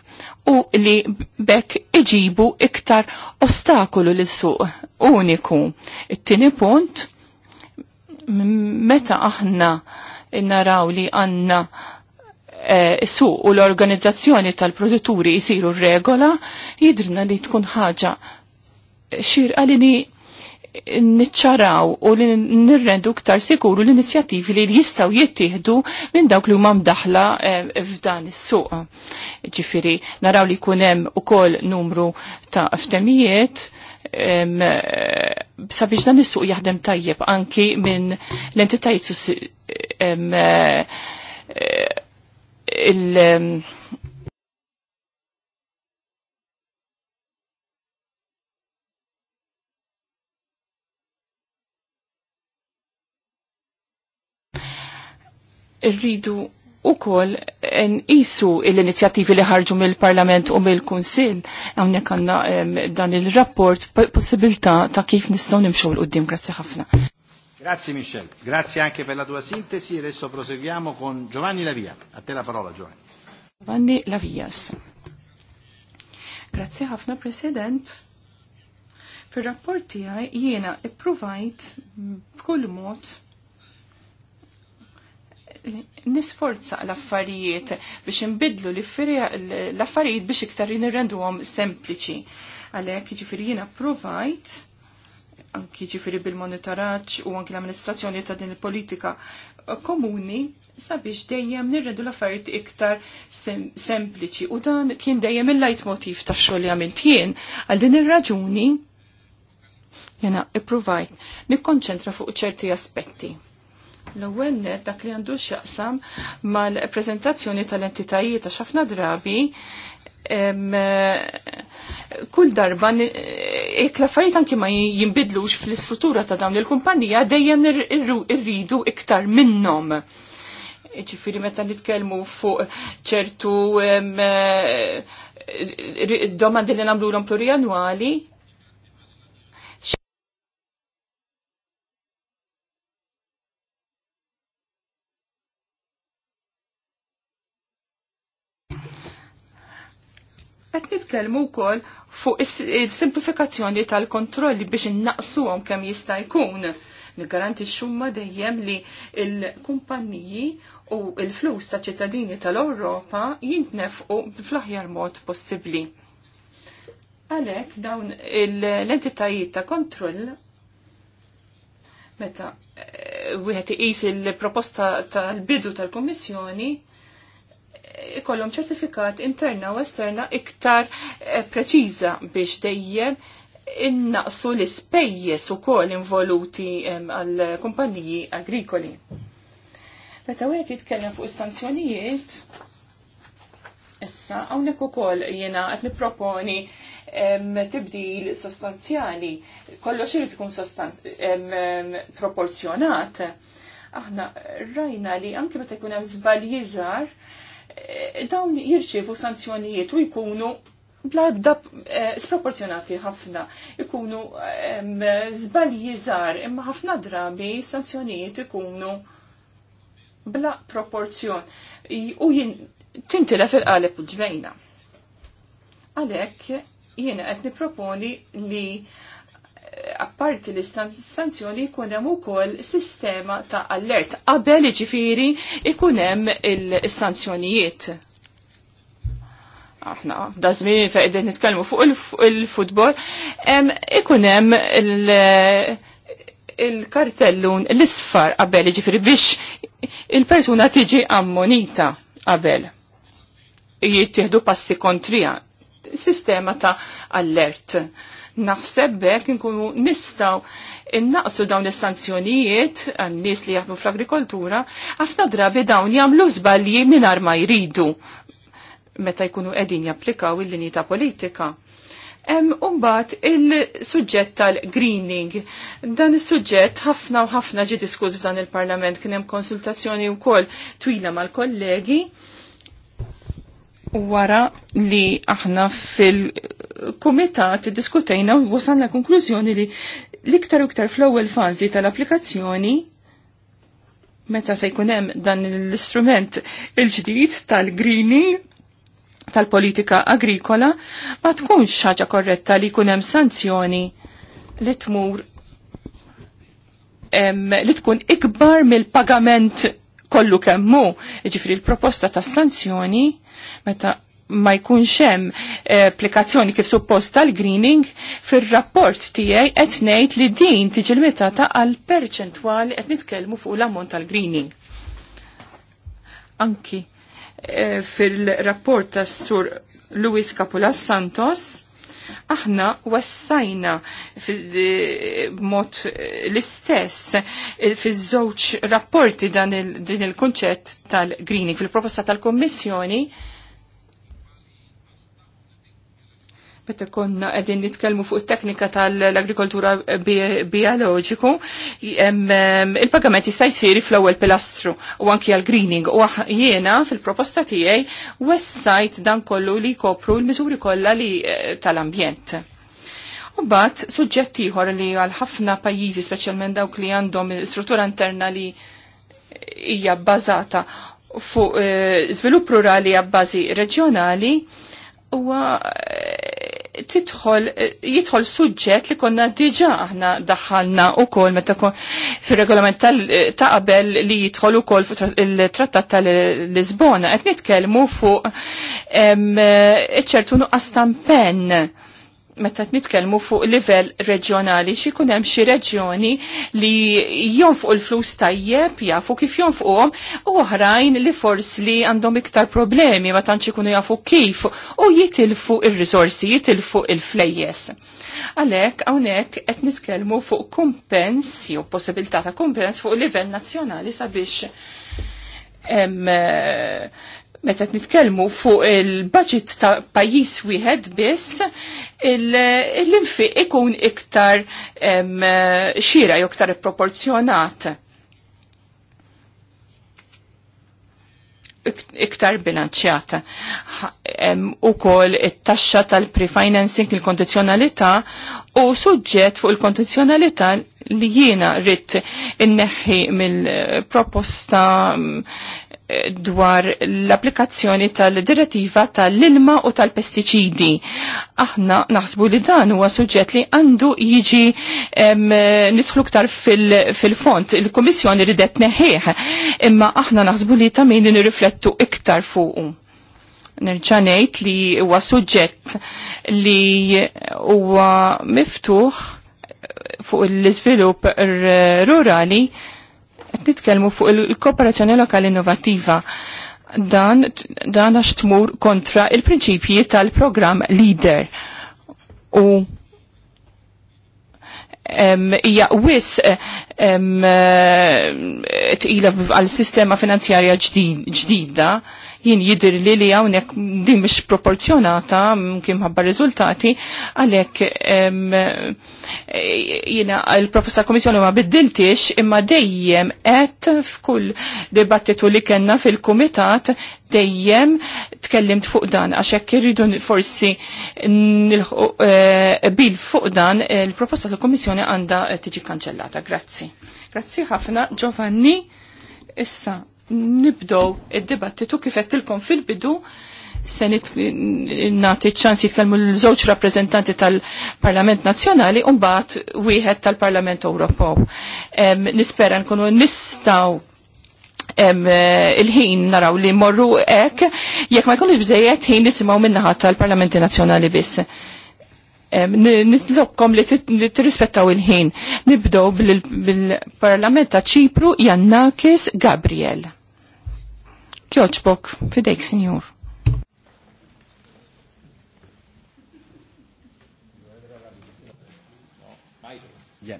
u li bekk iġibu iktar ostakolu li suq uniku. It-tieni punt meta aħna naraw li għanna E, suq u l-organizzazzjoni tal-produtturi jisiru regola, jidrna li tkun ħaġa xirqa li niċċaraw u li nirrendu ktar sikuru l-inizjattivi li jistaw jittieħdu minn dawk li huma mdaħla eh, f'dan is-suq. Ġifiri, naraw li jkun hemm ukoll numru ta' ftemijiet sabiex dan is-suq jaħdem tajjeb anki minn l-entitajiet eh, il- rridu u kol n-isu l-inizjattivi li ħarġu mill-Parlament u mill-Kunsil, għawnek għanna dan il-rapport possibilta ta' kif nistaw nimxu l-qoddim. Grazie ħafna. Grazie Michel, grazie anche per la tua sintesi. Adesso proseguiamo con Giovanni Lavia. A te la parola Giovanni. Giovanni Lavias. Grazie ħafna President. Fil-rapport tiegħi jiena ippruvajt b'kull mod nisforza l-affarijiet biex nbidlu l-affarijiet biex iktar nirrendu għom sempliċi. Għalek, ġifiri jina provajt, anki ġifiri bil-monitoraċ u anki l-amministrazzjoni ta' din il-politika komuni, sabiex dejjem nirrendu l-affarijiet iktar sem sempliċi. U dan kien dejjem il-lajt motiv ta' xogħol għamilt jien. Għal din ir-raġuni jena ipprovajt nikkonċentra fuq ċerti aspetti L-ewwel net dak li għandu x'jaqsam mal-preżentazzjoni tal-entitajiet għax ħafna drabi kull darba e, l-affarijiet anki ma jinbidlux fl-istruttura ta' dawn il-kumpanija dejjem irridu iktar minnhom. Ġifieri meta nitkellmu fuq ċertu domandi li nagħmluhom l plurianwali, nitkellmu wkoll fuq is-simplifikazzjoni tal-kontrolli biex innaqsuhom kemm jista' jkun. Nigaranti xumma dejjem li il-kumpanniji u il-flus ta' ċittadini tal-Ewropa jintnefqu fl-aħjar mod possibbli. Għalek dawn l-entitajiet ta' kontroll meta eh, wieħed iqis il-proposta tal-bidu tal-Kummissjoni ikollhom ċertifikat interna u esterna iktar eh, preċiża biex dejjem innaqsu l-ispejjeż ukoll involuti għal kumpaniji agrikoli. Meta wieħed jitkellem fuq is-sanzjonijiet, issa hawnhekk ukoll jiena qed nipproponi tibdil sostanzjali. Kollox irid ikun proporzjonat. Aħna rajna li anke meta jkun hemm żbalji żgħar Eh, dawn jirċievu sanzjonijiet u jkunu bla ebda eh, sproporzjonati ħafna, ikunu zbalji żgħar, imma ħafna drabi sanzjonijiet ikunu bla proporzjon u jien tintilef il-qalep u ġbejna. Għalhekk jiena qed proponi li apparti l-istanzjoni jkun hemm ukoll sistema ta' allert qabel jiġifieri ikun hemm il istanzjonijiet Aħna, da żmien fejn qegħdin nitkellmu fuq il-futbol, ikun hemm il-kartellun l-isfar qabel jiġifieri biex il-persuna tiġi ammonita qabel jittieħdu passi kontrija sistema ta' allert naħsebbek nkunu nistaw innaqsu dawn is-sanzjonijiet għan-nies li jaħdmu fl-agrikoltura, ħafna drabi dawn jagħmlu żbalji mingħajr ma jridu meta jkunu qegħdin japplikaw il-linji ta' politika. Hemm Umbat il-suġġett tal-greening. Dan is-suġġett ħafna u ħafna ġie diskuż f'dan il-Parlament kien hemm konsultazzjoni wkoll twila mal-kollegi wara li aħna fil-komitat diskutejna u wasalna konklużjoni li l-iktar u iktar fl-ewwel fażi tal-applikazzjoni meta se jkun hemm dan l-istrument il-ġdid tal-greening tal-politika agrikola ma tkunx ħaġa korretta li jkun hemm sanzjoni li tmur em, li tkun ikbar mill-pagament kollu kemmu. Ġifri l-proposta ta' sanzjoni meta ma jkunx hemm eh, applikazzjoni kif suppost tal-greening, fir-rapport tiegħi qed ngħid li din tiġi l limitata għal perċentwali qed nitkellmu fuq l-ammont tal-greening. Anki eh, fil-rapport tas-sur Luis Capulas Santos aħna wassajna b'mod eh, l-istess eh, fiż-żewġ rapporti dan il-kunċett tal-greening fil-proposta tal-Kommissjoni meta konna qegħdin nitkellmu fuq it-teknika tal-agrikoltura bioloġiku, il-pagament jista' jsir fl-ewwel pilastru u anki għal greening u jiena fil-proposta tiegħi wessajt dan kollu li kopru l-miżuri kollha li eh, tal-ambjent. U bat, suġġett ieħor li għal ħafna pajjiżi, speċjalment dawk li għandhom struttura interna li hija bbażata fuq svilupp eh, rurali għabbażi reġjonali, huwa titħol, jidħol suġġett li konna diġa aħna daħħalna u kol meta fil-regolament ta' qabel li jidħol u kol il-trattat tal-Lisbona. Qed nitkellmu fuq eh, ċertu nuqqas pen meta nitkellmu fuq livell reġjonali xi jkun hemm xi reġjoni li jonfqu l flus tajjeb jafu kif jonfquhom, u oħrajn li forsi li għandhom iktar problemi ma tantx ikunu jafu kif u jitilfu ir-risorsi, jitilfu il-flejjes. Għalhekk hawnhekk qed nitkellmu fuq kumpens jew possibilità ta' kumpens fuq livell nazzjonali sabiex meta nitkellmu fuq il-budget ta' pajjiż wieħed biss, l-infiq ikun iktar xira jew iktar proporzjonat. iktar bilanċjata. U kol it-taxxa tal-prefinancing il-kondizjonalità u suġġett fuq il-kondizjonalità li jiena rrit inneħħi mill-proposta dwar l-applikazzjoni tal-direttiva tal-ilma u tal-pestiċidi. Aħna naħsbu li dan huwa suġġett li għandu jiġi nidħlu ktar fil-font. Fil Il-Kummissjoni ridet neħieħ, imma aħna naħsbu li ta' min nirriflettu iktar fuqu. Nerġanejt li huwa suġġett li huwa miftuħ fuq l-iżvilupp rurali Nitkellmu fuq il-kooperazzjoni lokali innovativa dan dan għax tmur kontra il-prinċipji tal-programm leader u hija wis eh, tqila għal sistema finanzjarja ġdida jien jidir li li għawnek di biex proporzjonata kim ħabba rizultati għalek jina il professor komissjoni ma biddiltix imma dejjem għet f'kull debattitu li kena fil-komitat dejjem tkellimt fuq dan għaxek irridu forsi eh, bil fuq dan il-proposta tal-komissjoni għanda tiġi kanċellata. Grazzi. Grazzi ħafna Giovanni. Issa nibdow id-dibattitu kif tilkom fil-bidu se nagħti ċans jitkellmu l-żewġ rappreżentanti tal-Parlament Nazzjonali u mbagħad wieħed tal-Parlament Ewropew. Nispera nkunu nistgħu il-ħin naraw li morru ek, jekk ma jkunux bżejjed ħin nisimgħu minnaħat tal-Parlamenti Nazzjonali biss Nitlokkom li tirrispettaw il-ħin. Nibdow bil-Parlament ta' Ċipru Jannakis Gabriel. Kjoċbok, fidejk, sinjur.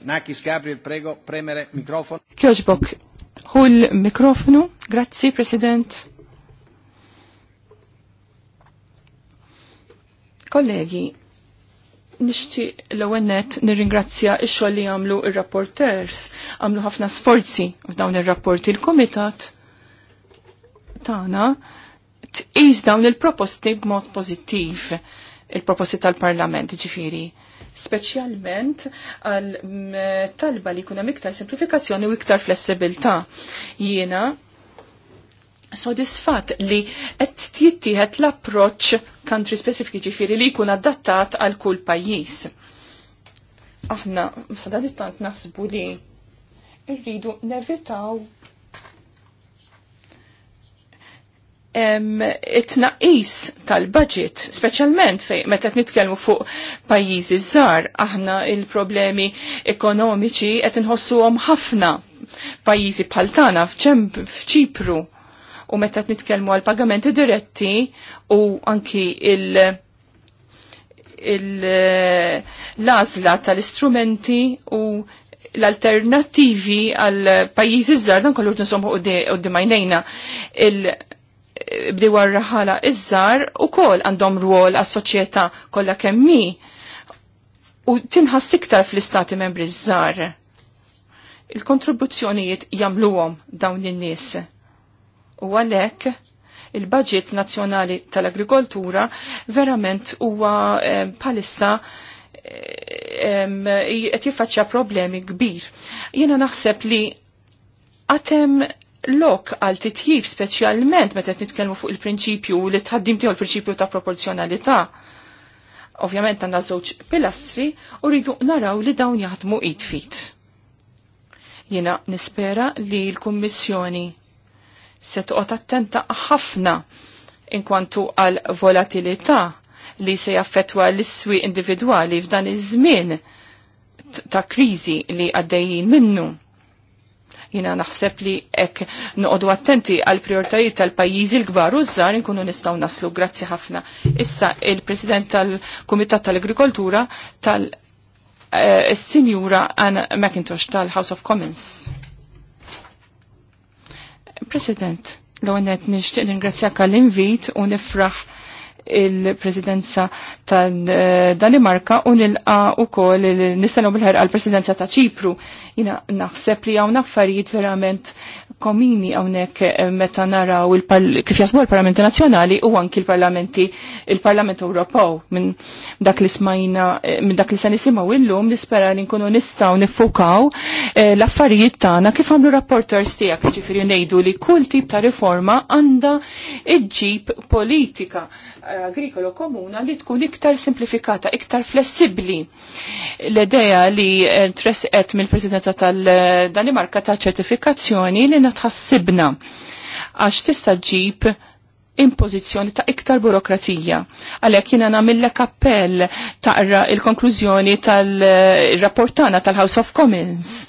Nakis Gabriel, prego, premere mikrofon. Kjoġbok, hu mikrofonu Grazzi, President. Kollegi, nishti l-għennet nir-ingrazzja ix-xogħol li għamlu ir-rapporters, għamlu ħafna sforzi f'dawn ir-rapporti l-Komitat Tana tqis dawn il-proposti b'mod pożittiv il-proposti tal-Parlament, ġifiri. Speċjalment għal talba li kuna miktar semplifikazzjoni u iktar flessibilta. Jiena sodisfat li qed jittieħed l-approċċ country specific ġifiri li jkun adattat għal kull pajjiż. Aħna sadan it-tant naħsbu li rridu nevitaw it-naqis tal-budget, specialment fej, meta nitkellmu fuq pajjiżi zzar, aħna il-problemi ekonomiċi qed inħossuhom ħafna pajjiżi bħal tagħna f'ċipru u meta nitkellmu għal pagamenti diretti u anki il- l-azla tal-istrumenti u l-alternativi għal pajjiżi żgħar dan kollu nisomħu u d-dimajnejna il- bdewa raħala iż-żar u kol għandhom ruol għas soċjetà kollha kemmi u tinħas iktar fl-istati membri żgħar. Il-kontribuzzjonijiet jagħmluhom dawn in-nies. U għalhekk il-budget nazzjonali tal-agrikoltura verament huwa palissa eh, eh, qed jiffaċċja problemi kbir. Jiena naħseb li għatem lok għal titjib speċjalment meta qed nitkellmu fuq il-prinċipju li tħaddim tiegħu l-prinċipju ta' proporzjonalità. Ovvjament għandna żewġ pilastri u rridu naraw li dawn jaħdmu id fit. Jiena nispera li l-Kummissjoni se toqgħod attenta ħafna inkwantu għal volatilità li se jaffetwa l-iswi individwali f'dan iż-żmien ta' kriżi li għaddejjin minnu Jina naħseb li ek noqodu attenti għal prioritajiet tal-pajjiżi l-kbar u żgħar inkunu nistgħu naslu. Grazzi ħafna. Issa il-President tal-Kumitat tal-Agrikoltura tal-Sinjura eh, Anna McIntosh tal-House of Commons. President, l-għonet nishtiq ningrazzjak għall-invit u nifraħ il-presidenza ta' eh, danimarka u nilqa u kol nistanu bil ħarqa l-presidenza ta' ċipru. Jina naħseb li għaw naffarijiet verament komini għawnek eh, meta naraw kif jasbu l-Parlamenti Nazjonali u anki l-Parlamenti il-Parlament Ewropew minn dak li smajna eh, minn dak li se nisimgħu illum nispera li nkunu nistgħu niffukaw eh, l-affarijiet tagħna kif għamlu rapporters tiegħek jiġifieri ngħidu li kull tip ta' riforma għandha iġġib politika agrikolo komuna li tkun iktar simplifikata, iktar flessibbli. L-idea li tresqet mill-Presidenza tal-Danimarka ta' ċertifikazzjoni li aħna tħassibna għax tista' ġib impożizzjoni ta' iktar burokrazija. Għalhekk jiena nagħmillek appell taqra il-konklużjoni tal-rapportana tal-House of Commons.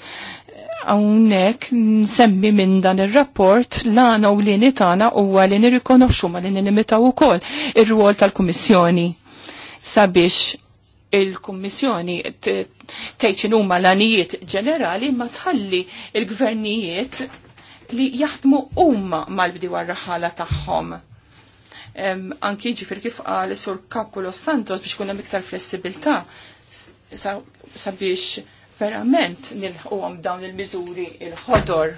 Hawnhekk nsemmi minn dan ir-rapport l-għana u l-lini tagħna huwa li nirrikonoxxu ma li nimitaw ukoll ir ruol tal-Kummissjoni sabiex il-Kummissjoni teċinu huma l-għanijiet ġenerali ma tħalli il-gvernijiet li jaħdmu umma mal-bdiwa raħala tagħhom. Anki ġifir kif għal sur Kapulo Santos biex kunem iktar flessibilta sabiex verament nilħuhom dawn il-miżuri il-ħodor.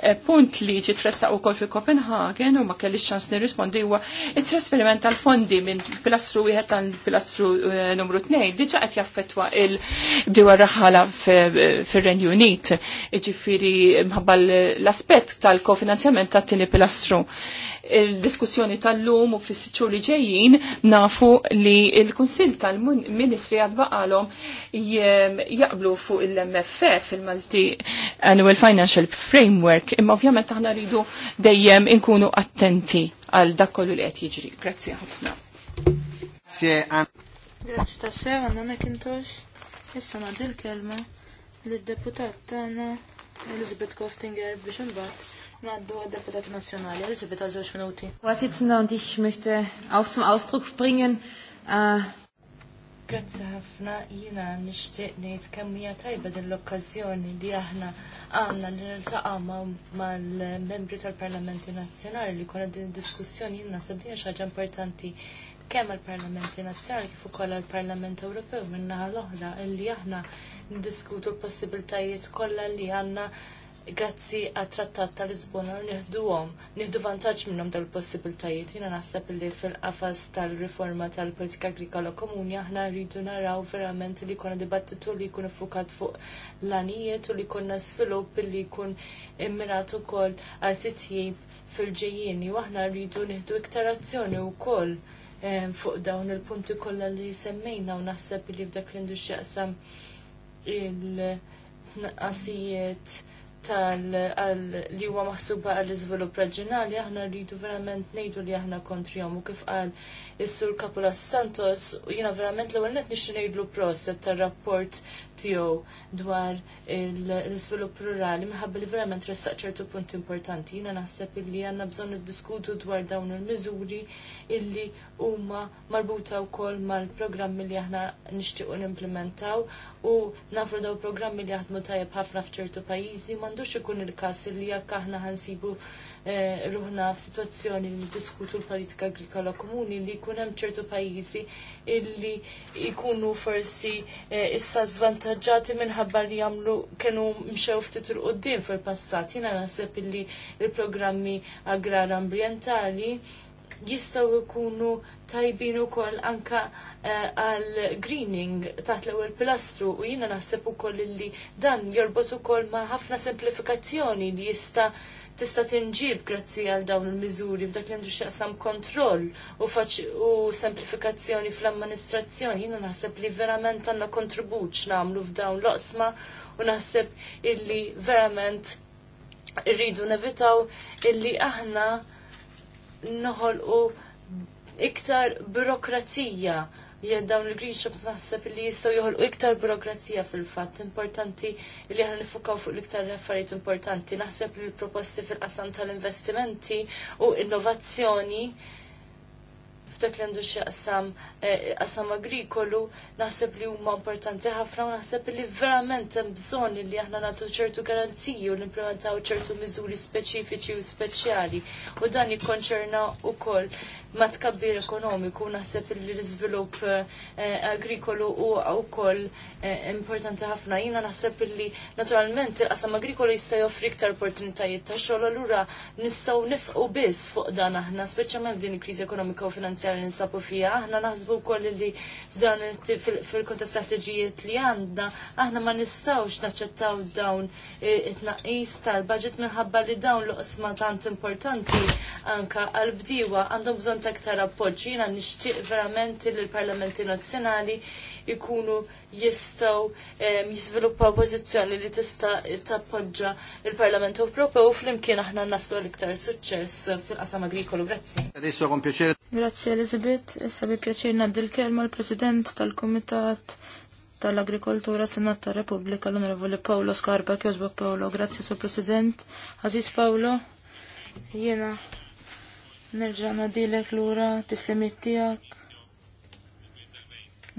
Eh, punt li ġi tressa u kol fi Kopenhagen u ma kellix ċans nirrispondi huwa it-trasferiment tal-fondi minn pilastru wieħed tal-pilastru eh, numru 2 diġa qed jaffettwa il-bdewa raħala fir-Renju Unit. Ġifieri mħabba l-aspett tal-kofinanzjament tat-tieni pilastru il-diskussjoni tal-lum u fissiċu li ġejjin nafu li il-Kunsill tal-Ministri għadbaqalom jaqblu fuq il-MFF il-Malti Annual Financial Framework imma ovvjament aħna rridu dejjem inkunu attenti għal dak kollu li qed jiġri. Grazzi ħafna. Grazzi ta' sew għandna McIntosh. Issa nagħdi kelma lid-deputat tagħna Elizabeth Kostinger biex imbagħad Naddu għad-deputat nazjonali, Elisabeth, għal żewġ minuti. Wasitna, und ich möchte auch zum Ausdruck bringen. Äh, Grazzi ħafna, jina nishtiq nejt kemmija tajba din l-okkazjoni li aħna għanna li niltaqa mal-membri tal-Parlamenti Nazjonali li kuna din diskussjoni jina sabdina xaġa importanti kemm għal-Parlamenti Nazzjonali kif ukoll għal-Parlament Ewropew minnaħa l-oħra li aħna ndiskutu l-possibiltajiet kollha li għandna grazzi għat trattat ta' Lisbona nieħduhom, nieħdu vantaġġ minnhom tal possibiltajiet Jiena naħseb li fil-qafas tal-riforma tal-politika agrikola komuni aħna rridu naraw verament li jkollna dibattitu li jkun iffukat fuq l-anijiet u li jkollna svilupp li jkun immirat ukoll għal titjib fil-ġejjieni u aħna rridu nieħdu iktar azzjoni wkoll ehm, fuq dawn il-punti kollha li semmejna u naħseb li f'dak l-indux jaqsam il qasijiet tal-li huwa maħsuba għall iżvilupp reġjonali aħna rridu verament ngħidu li aħna kontrihom u kif qal is-Sur Kapula Santos u jiena verament l-ewwel qed nixtieq ngħidlu proset tar-rapport tiegħu dwar l-iżvilupp rurali minħabba li verament ressaq ċertu punt importanti. Jiena naħseb illi għandna bżonn niddiskutu dwar dawn il-miżuri illi huma marbuta wkoll mal-programmi li aħna nixtiequ nimplementaw u nafru daw programmi li jaħdmu tajjeb ħafna f'ċertu pajjiżi m'għandux ikun il-każ li jekk aħna ħansibu Eh, ruħna f'sitwazzjoni li diskutu l-politika agrikola komuni li jkun hemm ċertu pajjiżi illi jkunu forsi eh, issa żvantaġġati minħabba li jagħmlu kienu mxew ftit il qudiem fil-passat. Jina naħseb illi l-programmi agrar ambientali jistaw ikunu tajbin ukoll anka eh, għal greening taħt l-ewwel pilastru u jiena naħseb ukoll li dan jorbot ukoll ma' ħafna semplifikazzjoni li jista' tista' tinġib grazzi għal dawn il-miżuri f'dak li għandu xaqsam kontroll u u semplifikazzjoni fl-amministrazzjoni. jina naħseb li verament għandna kontribut nagħmlu f'dawn l osma u naħseb illi verament rridu nevitaw illi aħna noħolqu iktar burokrazija Jien dawn il-green shops naħseb li jistgħu joħolqu iktar burokrazija fil-fatt. Importanti li aħna nifukaw fuq l-iktar affarijiet importanti. Naħseb li l-proposti fil-qasam tal-investimenti u innovazzjoni f'dak li għandu xie eh, qasam agrikolu, naħseb li huma importanti ħafna u naħseb li verament hemm bżonn li aħna nagħtu ċertu garanziji u implementaw ċertu miżuri speċifiċi u speċjali u dan jikkonċerna wkoll ma tkabbir ekonomiku naħseb li l-iżvilupp eh, eh, agrikolu u wkoll eh, importanti ħafna. Jina naħseb li naturalment il-qasam agrikolu jista' joffri iktar opportunitajiet ta' xogħol allura nistgħu nisqu biss fuq dan aħna, speċjalment f'din il-kriżi ekonomika u finanzjarja li nsabu fiha. Aħna naħsbu wkoll li f'dan fil-kontest strateġijiet li għandna aħna ma nistgħux naċċettaw dawn it-tnaqqis tal-budget minħabba li dawn l-qosma tant importanti anka għal-bdiewa għandhom bżonn kont aktar appoġġ. Jiena nixtieq verament li l-Parlamenti Nazzjonali ikunu jistgħu eh, jiżviluppaw pożizzjoni li tista' tappoġġa il-Parlament Ewropew u flimkien aħna naslu l-iktar suċċess fil-qasam agrikolu. Grazzi. Adesso piacere. Grazzi Elizabeth, issa bi pjaċir naddi l-kelma l-President tal-Kumitat tal-Agrikoltura Senat tar Repubblika l-Onorevoli Paolo Scarpa, kjożbok Paolo, grazzi Sur President. Aziz Paolo, jiena Nerġa' nadilek lura tislimit tiegħek.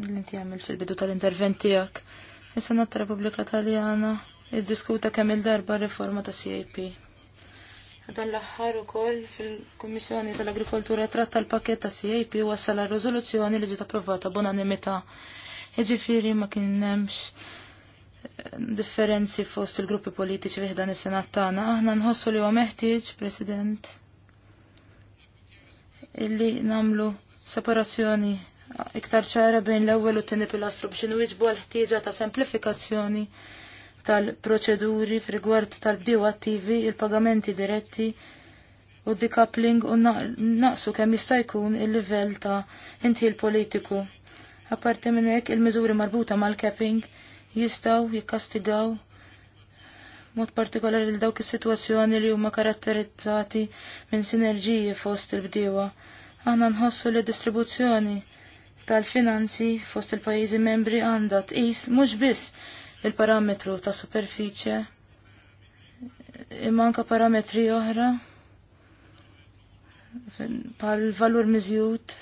L-inti għamil fil-bidu tal-intervent tiegħek. Is-Senat Repubblika Taljana iddiskuta kemm il-darba riforma ta' CAP. Dan l-aħħar ukoll fil-Kummissjoni tal-Agrikoltura tratta l-pakket ta' CAP wassal għar-riżoluzzjoni li ġiet approvata b'unanimità. Jiġifieri ma kien hemmx eh, differenzi fost il-gruppi politiċi dan is-senat tagħna, aħna nħossu li huwa meħtieġ, President, illi namlu separazzjoni iktar ċara bejn l-ewwel u t-tieni pilastru biex inwiġbu l-ħtieġa ta' semplifikazzjoni tal-proċeduri f'rigward tal bdiw attivi, il-pagamenti diretti u decoupling u naqsu kemm jista' jkun il-livell ta' intil politiku. Apparti minn hekk il-miżuri marbuta mal-capping jistgħu jikkastigaw mod partikolari l dawk is-sitwazzjoni li huma karatterizzati minn sinerġiji fost il-bdiewa. Aħna nħossu li distribuzzjoni tal-finanzi fost il-pajjiżi membri għandha tqis mhux biss il-parametru ta' superfiċje imma anka parametri oħra pal valur miżjud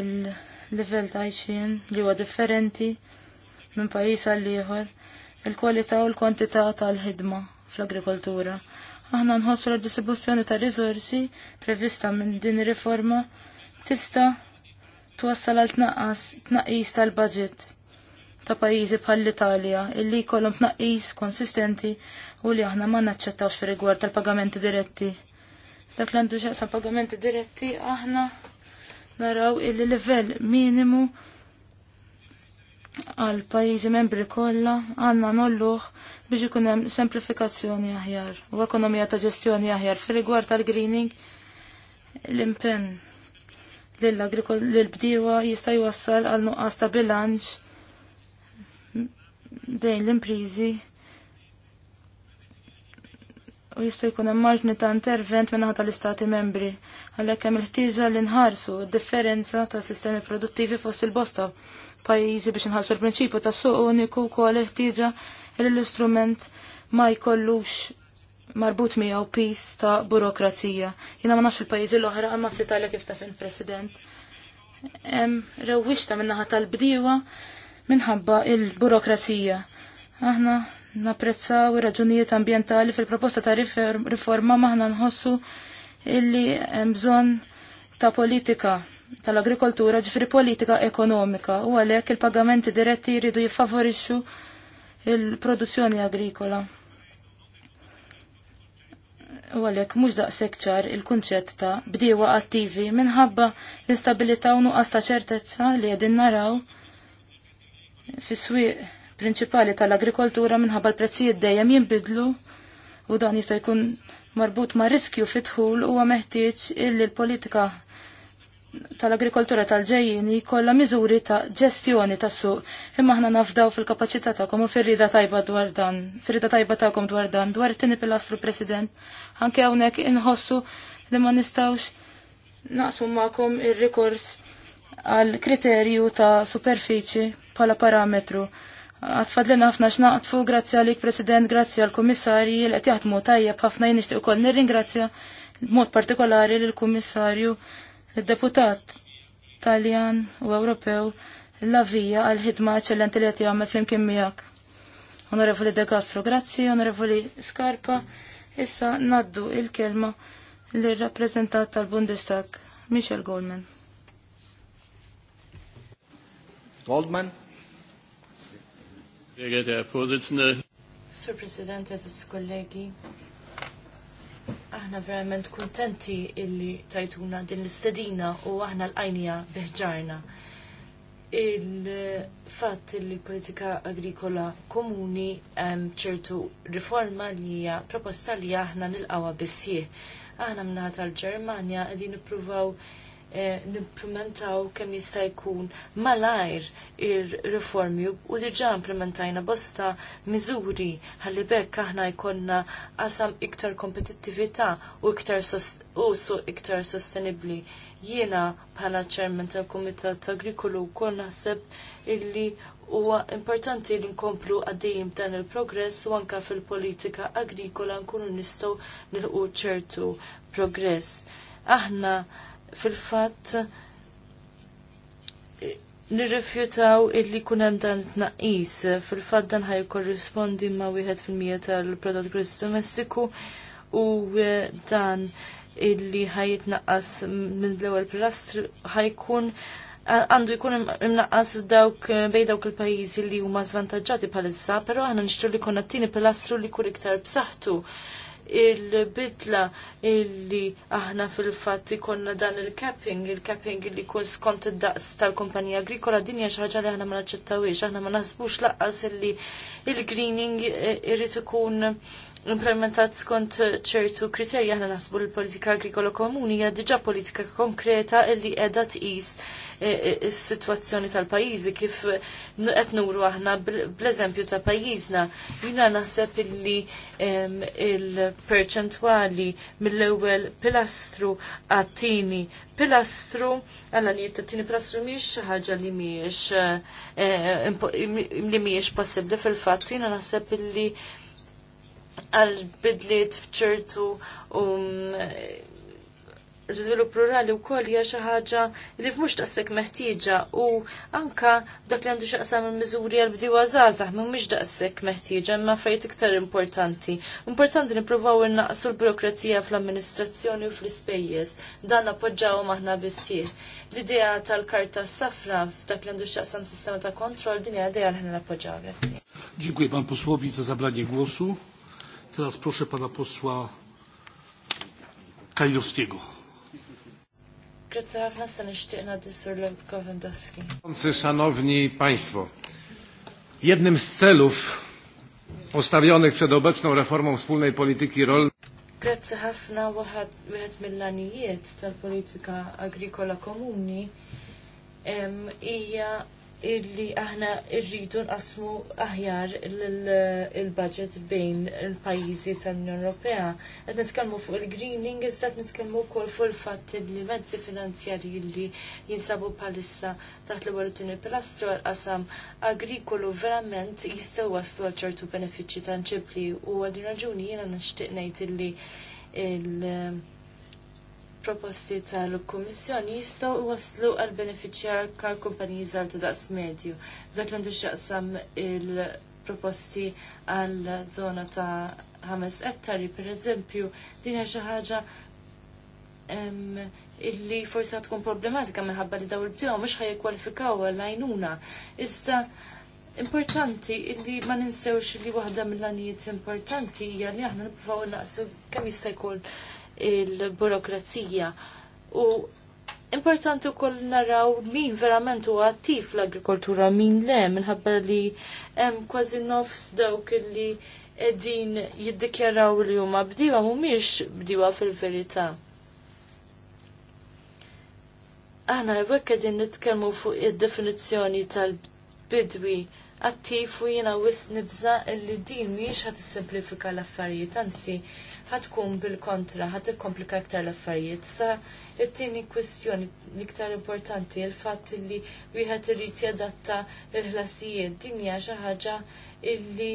il-level ta' li huwa differenti minn pajjiż għal ieħor il-kwalità u l-kwantità tal-ħidma fl-agrikoltura. Aħna nħossu l-distribuzzjoni ta' rizorsi prevista minn din ir-riforma tista' twassal għal tnaqqas tnaqqis tal-budget ta' pajjiżi bħal l-Italja illi jkollhom tnaqqis konsistenti u li aħna ma naċċettawx fi rigward tal-pagamenti diretti. Dak l-għandu xaqsa pagamenti diretti aħna naraw il livell minimu għal pajjiżi membri kollha għandna nolluħ biex ikun hemm semplifikazzjoni aħjar u ekonomija ta' ġestjoni aħjar fir-rigward tal-greening l-impenn l-bdiewa jista' jwassal għal nuqqas ta' bilanċ bejn l-imprizi u jista' jkun hemm marġni ta' intervent minn naħa tal-istati membri għalhekk hemm il-ħtieġa li nħarsu d-differenza ta' sistemi produttivi fost il-bosta pajjiżi biex nħarsu l-prinċipju ta' suq uniku wkoll il-ħtieġa li l-istrument ma jkollux marbut miegħu pis ta' burokrazija. Jiena ma nafx il-pajjiżi l-oħra għamma fl-Italja kif taf il-President. Rewwixta minn naħa tal-bdiewa minħabba il-burokrazija. Aħna napprezzaw ir-raġunijiet ambientali fil-proposta ta' riforma maħna nħossu illi hemm bżonn ta' politika tal-agrikoltura ġifri politika ekonomika u għalhekk il-pagamenti diretti jridu jiffavorixxu il-produzzjoni agrikola. U għalhekk mhux daqshekk ċar il-kunċett ta' bdiewa attivi minħabba l-instabilità u nuqqas ta' ċertezza li qegħdin naraw fis-swieq prinċipali tal-agrikoltura minħabba l-prezzijiet dejjem jinbidlu u dan jista' jkun marbut ma' riskju fitħul u meħtieġ illi l-politika tal-agrikoltura tal-ġejjini kollha miżuri ta' ġestjoni tas-suq imma aħna nafdaw fil-kapaċità tagħkom u fir-rida tajba dwar dan, fir-rida tajba tagħkom dwar dan, dwar it-tieni pilastru President, anke hawnhekk inħossu li ma nistgħux naqsmu magħkom ir-rikors għal kriterju ta' superfiċi bħala parametru Għatfadlina ħafna xnaqtfu, grazzi għalik President, grazzi għal komissarji li qed jaħdmu tajjeb ħafna jien nixtieq ukoll nirringrazzja b'mod partikolari lill kummissarju id-deputat Taljan u Ewropew l-avija għal ħidma eċċellenti li qed jagħmel flimkien miegħek. Onorevoli De Castro, grazzi, onorevoli Scarpa, issa naddu il-kelma lir-rappreżentant tal-Bundestag, Michel Goldman. Goldman. Sur President, eżis kollegi, aħna verament kontenti illi tajtuna din l-istedina u aħna l-ajnija biħġarna. Il-fatt li politika agrikola komuni ċertu riforma li hija proposta li aħna nilqawa bisjih. Aħna mnaħat tal-Ġermanja qegħdin nippruvaw E, nimplementaw kemm jista' jkun malajr ir-riformi u diġà implementajna bosta miżuri ħalli bekk aħna jkollna qasam iktar kompetittività u iktar u su iktar sostenibbli. Jiena bħala ċermen tal-Kumitat Agrikolu wkoll naħseb illi huwa importanti li nkomplu għaddejjim dan il-progress u anke fil-politika agrikola nkunu nistgħu nilqu ċertu progress. Aħna fil-fatt nirrifjutaw illi kunem dan t-naqis fil-fat dan ħaj korrispondi ma' wieħed fil-mija tal-prodott gross domestiku u eh, dan illi ħaj t-naqas minn l-ewwel pilastr ħajkun għandu jkun imnaqas dawk eh, bej dawk il-pajjiżi li huma żvantaġġati bħalissa, però aħna nixtru li jkun għat-tieni pilastru li jkun iktar b'saħħtu il-bidla illi aħna fil-fatt ikonna dan il-capping, il-capping illi kun skont id-daqs tal-kumpanija agrikola din hija xi ħaġa li aħna ma naċċettawhiex, aħna ma naħsbux laqqas illi il-greening eh, irid ikun implementat skont ċertu kriterji aħna naħsbu l-politika agrikola komuni hija diġà politika konkreta li qiegħda tqis e, e, is-sitwazzjoni tal-pajjiżi kif qed nuru aħna bl-eżempju ta' pajjiżna. Jiena naħseb illi il-perċentwali mill-ewwel pilastru għat-tieni pilastru, għalla li t-tini pilastru miex ħagġa li miex li miex possibli fil fatt jina naħseb illi għal bidliet fċertu um, u l-żvilupp rurali wkoll hija xi ħaġa li mhux daqshekk meħtieġa u anka dak li għandu x'aqsam il-miżuri għal bdiewa żgħażagħ mhumiex daqshekk meħtieġa imma fejt iktar importanti. Importanti nippruvaw innaqsu l-burokrazija fl-amministrazzjoni u fl-ispejjeż. Dan appoġġaw aħna bissir. L-idea tal-karta safra f'dak li għandu x'aqsam sistema ta' kontroll din hija idea li ħna nappoġġaw. Grazzi. Dziękuję pan posłowi za głosu. Teraz proszę pana posła Szanowni Państwo, jednym z celów postawionych przed obecną reformą wspólnej polityki rolnej Grazzi ħafna wieħed mill-anijiet tal-politika agrikola komuni hija illi aħna rridu nqasmu aħjar il-budget bejn il-pajjiżi tal-Unjoni Ewropea. Qed nitkellmu fuq il-greening iżda qed nitkellmu wkoll fuq il-fatt li mezzi finanzjarji li jinsabu bħalissa taħt l tieni pilastru għal-qasam agrikolu verament jistgħu waslu għal ċertu benefiċċji tanċibli u għal din raġuni jiena nixtieq ngħid illi il- proposti tal-Kummissjoni jistgħu waslu għal benefiċjar kar kumpaniji żgħar ta' daqs medju. Dak li għandu x'jaqsam il-proposti għal żona ta' ħames ettari, pereżempju, din hija xi ħaġa illi forsi tkun problematika minħabba li il tiegħu mhux ħajkwalifikaw għall-għajnuna. Iżda importanti illi ma ninsewx li waħda mill-għanijiet importanti hija li aħna nippruvaw naqsu kemm jista' jkun il-burokrazija. U importanti wkoll naraw min verament huwa attiv fl-agrikoltura min le minħabba li hemm kważi nofs dawk li qegħdin jiddikjaraw li huma bdiewa mhumiex bdiewa fil-verità. Aħna jwek qegħdin nitkellmu fuq id-definizzjoni tal-bidwi attiv u jiena wis nibża li din mhijiex qed issimplifika l-affarijiet, anzi ħatkun bil-kontra, ħat ikkomplika iktar l-affarijiet. Sa it-tieni kwestjoni l-iktar importanti il-fatt li wieħed irid jadatta l-ħlasijiet din hija xi ħaġa illi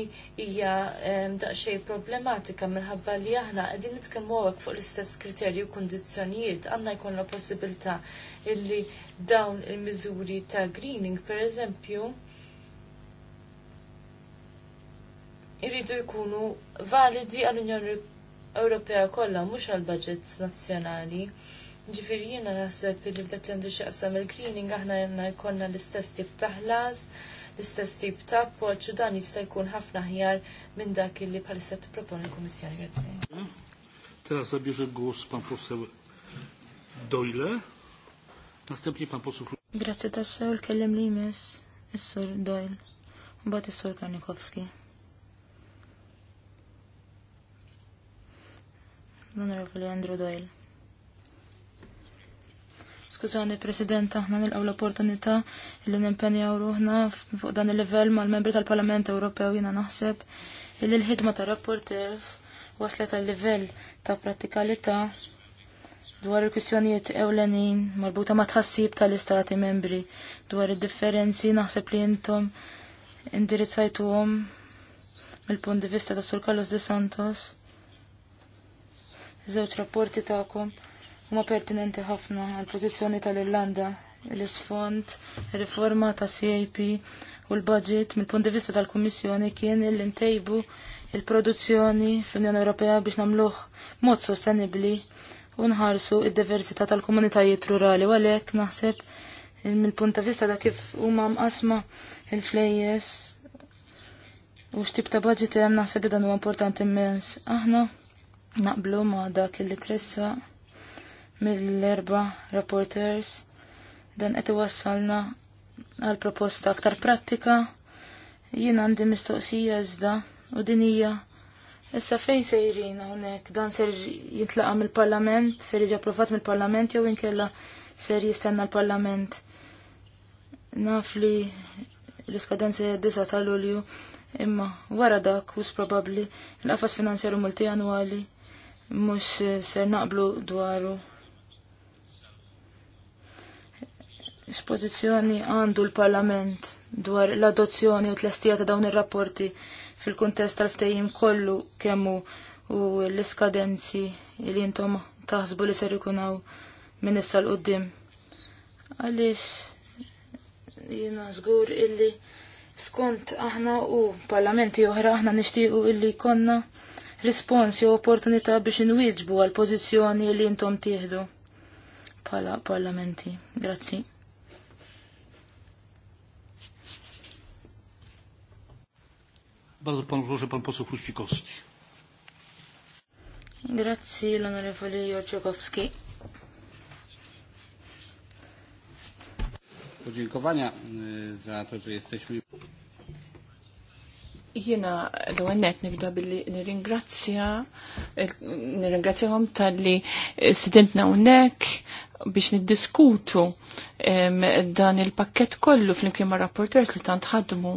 hija ehm, daqsxej problematika minħabba li aħna qegħdin nitkellmu hawnhekk fuq l-istess kriterju u kundizzjonijiet għandna jkollna possibilità illi dawn il-miżuri ta' greening pereżempju irridu jkunu validi għall-Unjoni Ewropea kollha mhux għal budgets nazzjonali. Ġifieri jiena naħseb li f'dak li għandu x'jaqsam il-greening aħna jenna jkollna l-istess tip ta' ħlas, l-istess tip ta' appoġġ u dan jista' jkun ħafna aħjar minn dak li bħalissa tippropon il kummissjoni Grazzi. Teraz zabierze głos pan poseł Doyle. Następnie pan poseł Grazie tassew, kellem li jmiss, is-sur Doyle, u is-sur Karnikowski. l-Onorevoli Andrew Doyle. Skużani, President, aħna nilqaw l-opportunità li nimpenjaw ruħna fuq dan il-livell mal-membri tal-Parlament Ewropew jiena naħseb li l-ħidma ta' rapporters waslet għal livell ta' pratikalità dwar il-kwistjonijiet ewlenin marbuta ma' tħassib tal-istati membri dwar id-differenzi naħseb li intom indirizzajtuhom mill-punt di vista ta' Sur Carlos de Santos żewġ rapporti tagħkom huma pertinenti ħafna għal pożizzjoni tal-Irlanda l-isfond, riforma ta' CAP u l-budget mill-punt di vista tal-Kummissjoni kien l-intejbu il-produzzjoni fl-Unjoni Ewropea biex nagħmluh mod sostenibbli u nħarsu id-diversità tal-komunitajiet rurali u għalhekk naħseb mill-punt ta' vista ta' kif huma mqasma il-flejjes u x'tip ta' budget hemm naħseb li dan huwa importanti immens. Aħna naqblu ma' dak li tressa mill-erba reporters dan qed iwassalna għal proposta aktar prattika jien għandi mistoqsija iżda u din hija issa fejn se sejrin hawnhekk dan ser jintlaqa mill-Parlament, ser jiġi approvat mill-Parlament jew inkella ser jistenna l-Parlament. Naf li l-iskadenza disa ta' Lulju imma wara dak mhux probabbli l-qafas finanzjaru multijanwali mhux ser naqblu dwaru. X'pożizzjoni għandu l-Parlament dwar l-adozzjoni u tlestija ta' dawn ir-rapporti fil-kuntest tal-ftehim kollu kemmu u l-iskadenzi li intom taħsbu li ser jikunaw minn issa l-qoddim. Għaliex jiena żgur illi skont aħna u parlamenti oħra aħna nixtiequ illi konna rispons jew opportunità biex inwieġbu għal pożizzjoni li intom tieħdu bħala parlamenti. Grazzi. Bardzo pan proszę pan poseł Chruścikowski. Grazzi l-onorevoli Jorczykowski. Podziękowania e, za to, że jesteśmy. Jiena l-għannet nibda billi nir-ingrazzja, nir għom tal-li sidentna unnek biex niddiskutu dan il-pakket kollu fl imkima rapporter rapporters li tant ħadmu.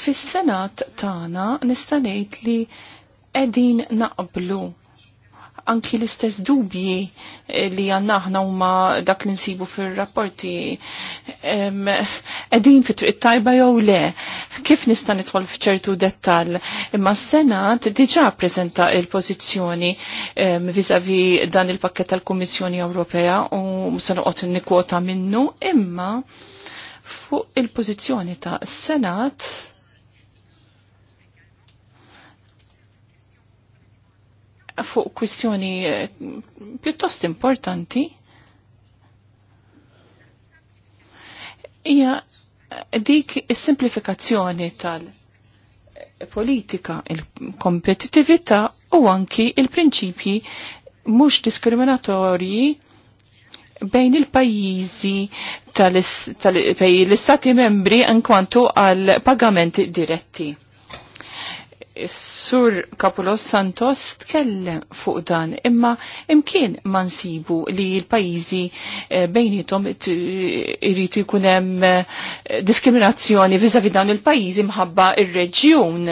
Fis-senat tagħna nista' ngħid li qegħdin naqblu anki l-istess dubji eh, li għanna ħna huma dak li nsibu fil-rapporti edin fit triq tajba jew le, kif nista' nidħol f'ċertu dettal. Imma s-Senat diġa' prezenta il-pożizzjoni vizavi dan il-pakket tal-Kummissjoni Ewropea u se noqgħod nikkwota minnu, imma fuq il-pożizzjoni ta' s-Senat fuq kwistjoni eh, pjuttost importanti hija dik is-simplifikazzjoni tal-politika, il-kompetitività u anki il-prinċipji mhux diskriminatorji bejn il-pajjiżi tal-istati membri nkwantu għal pagamenti diretti. Sur Kapulos Santos tkellem fuq dan imma imkien ma nsibu li l-pajjiżi eh, bejnietom irid ikun hemm eh, diskriminazzjoni viżavi dawn il-pajjiżi mħabba ir-reġjun.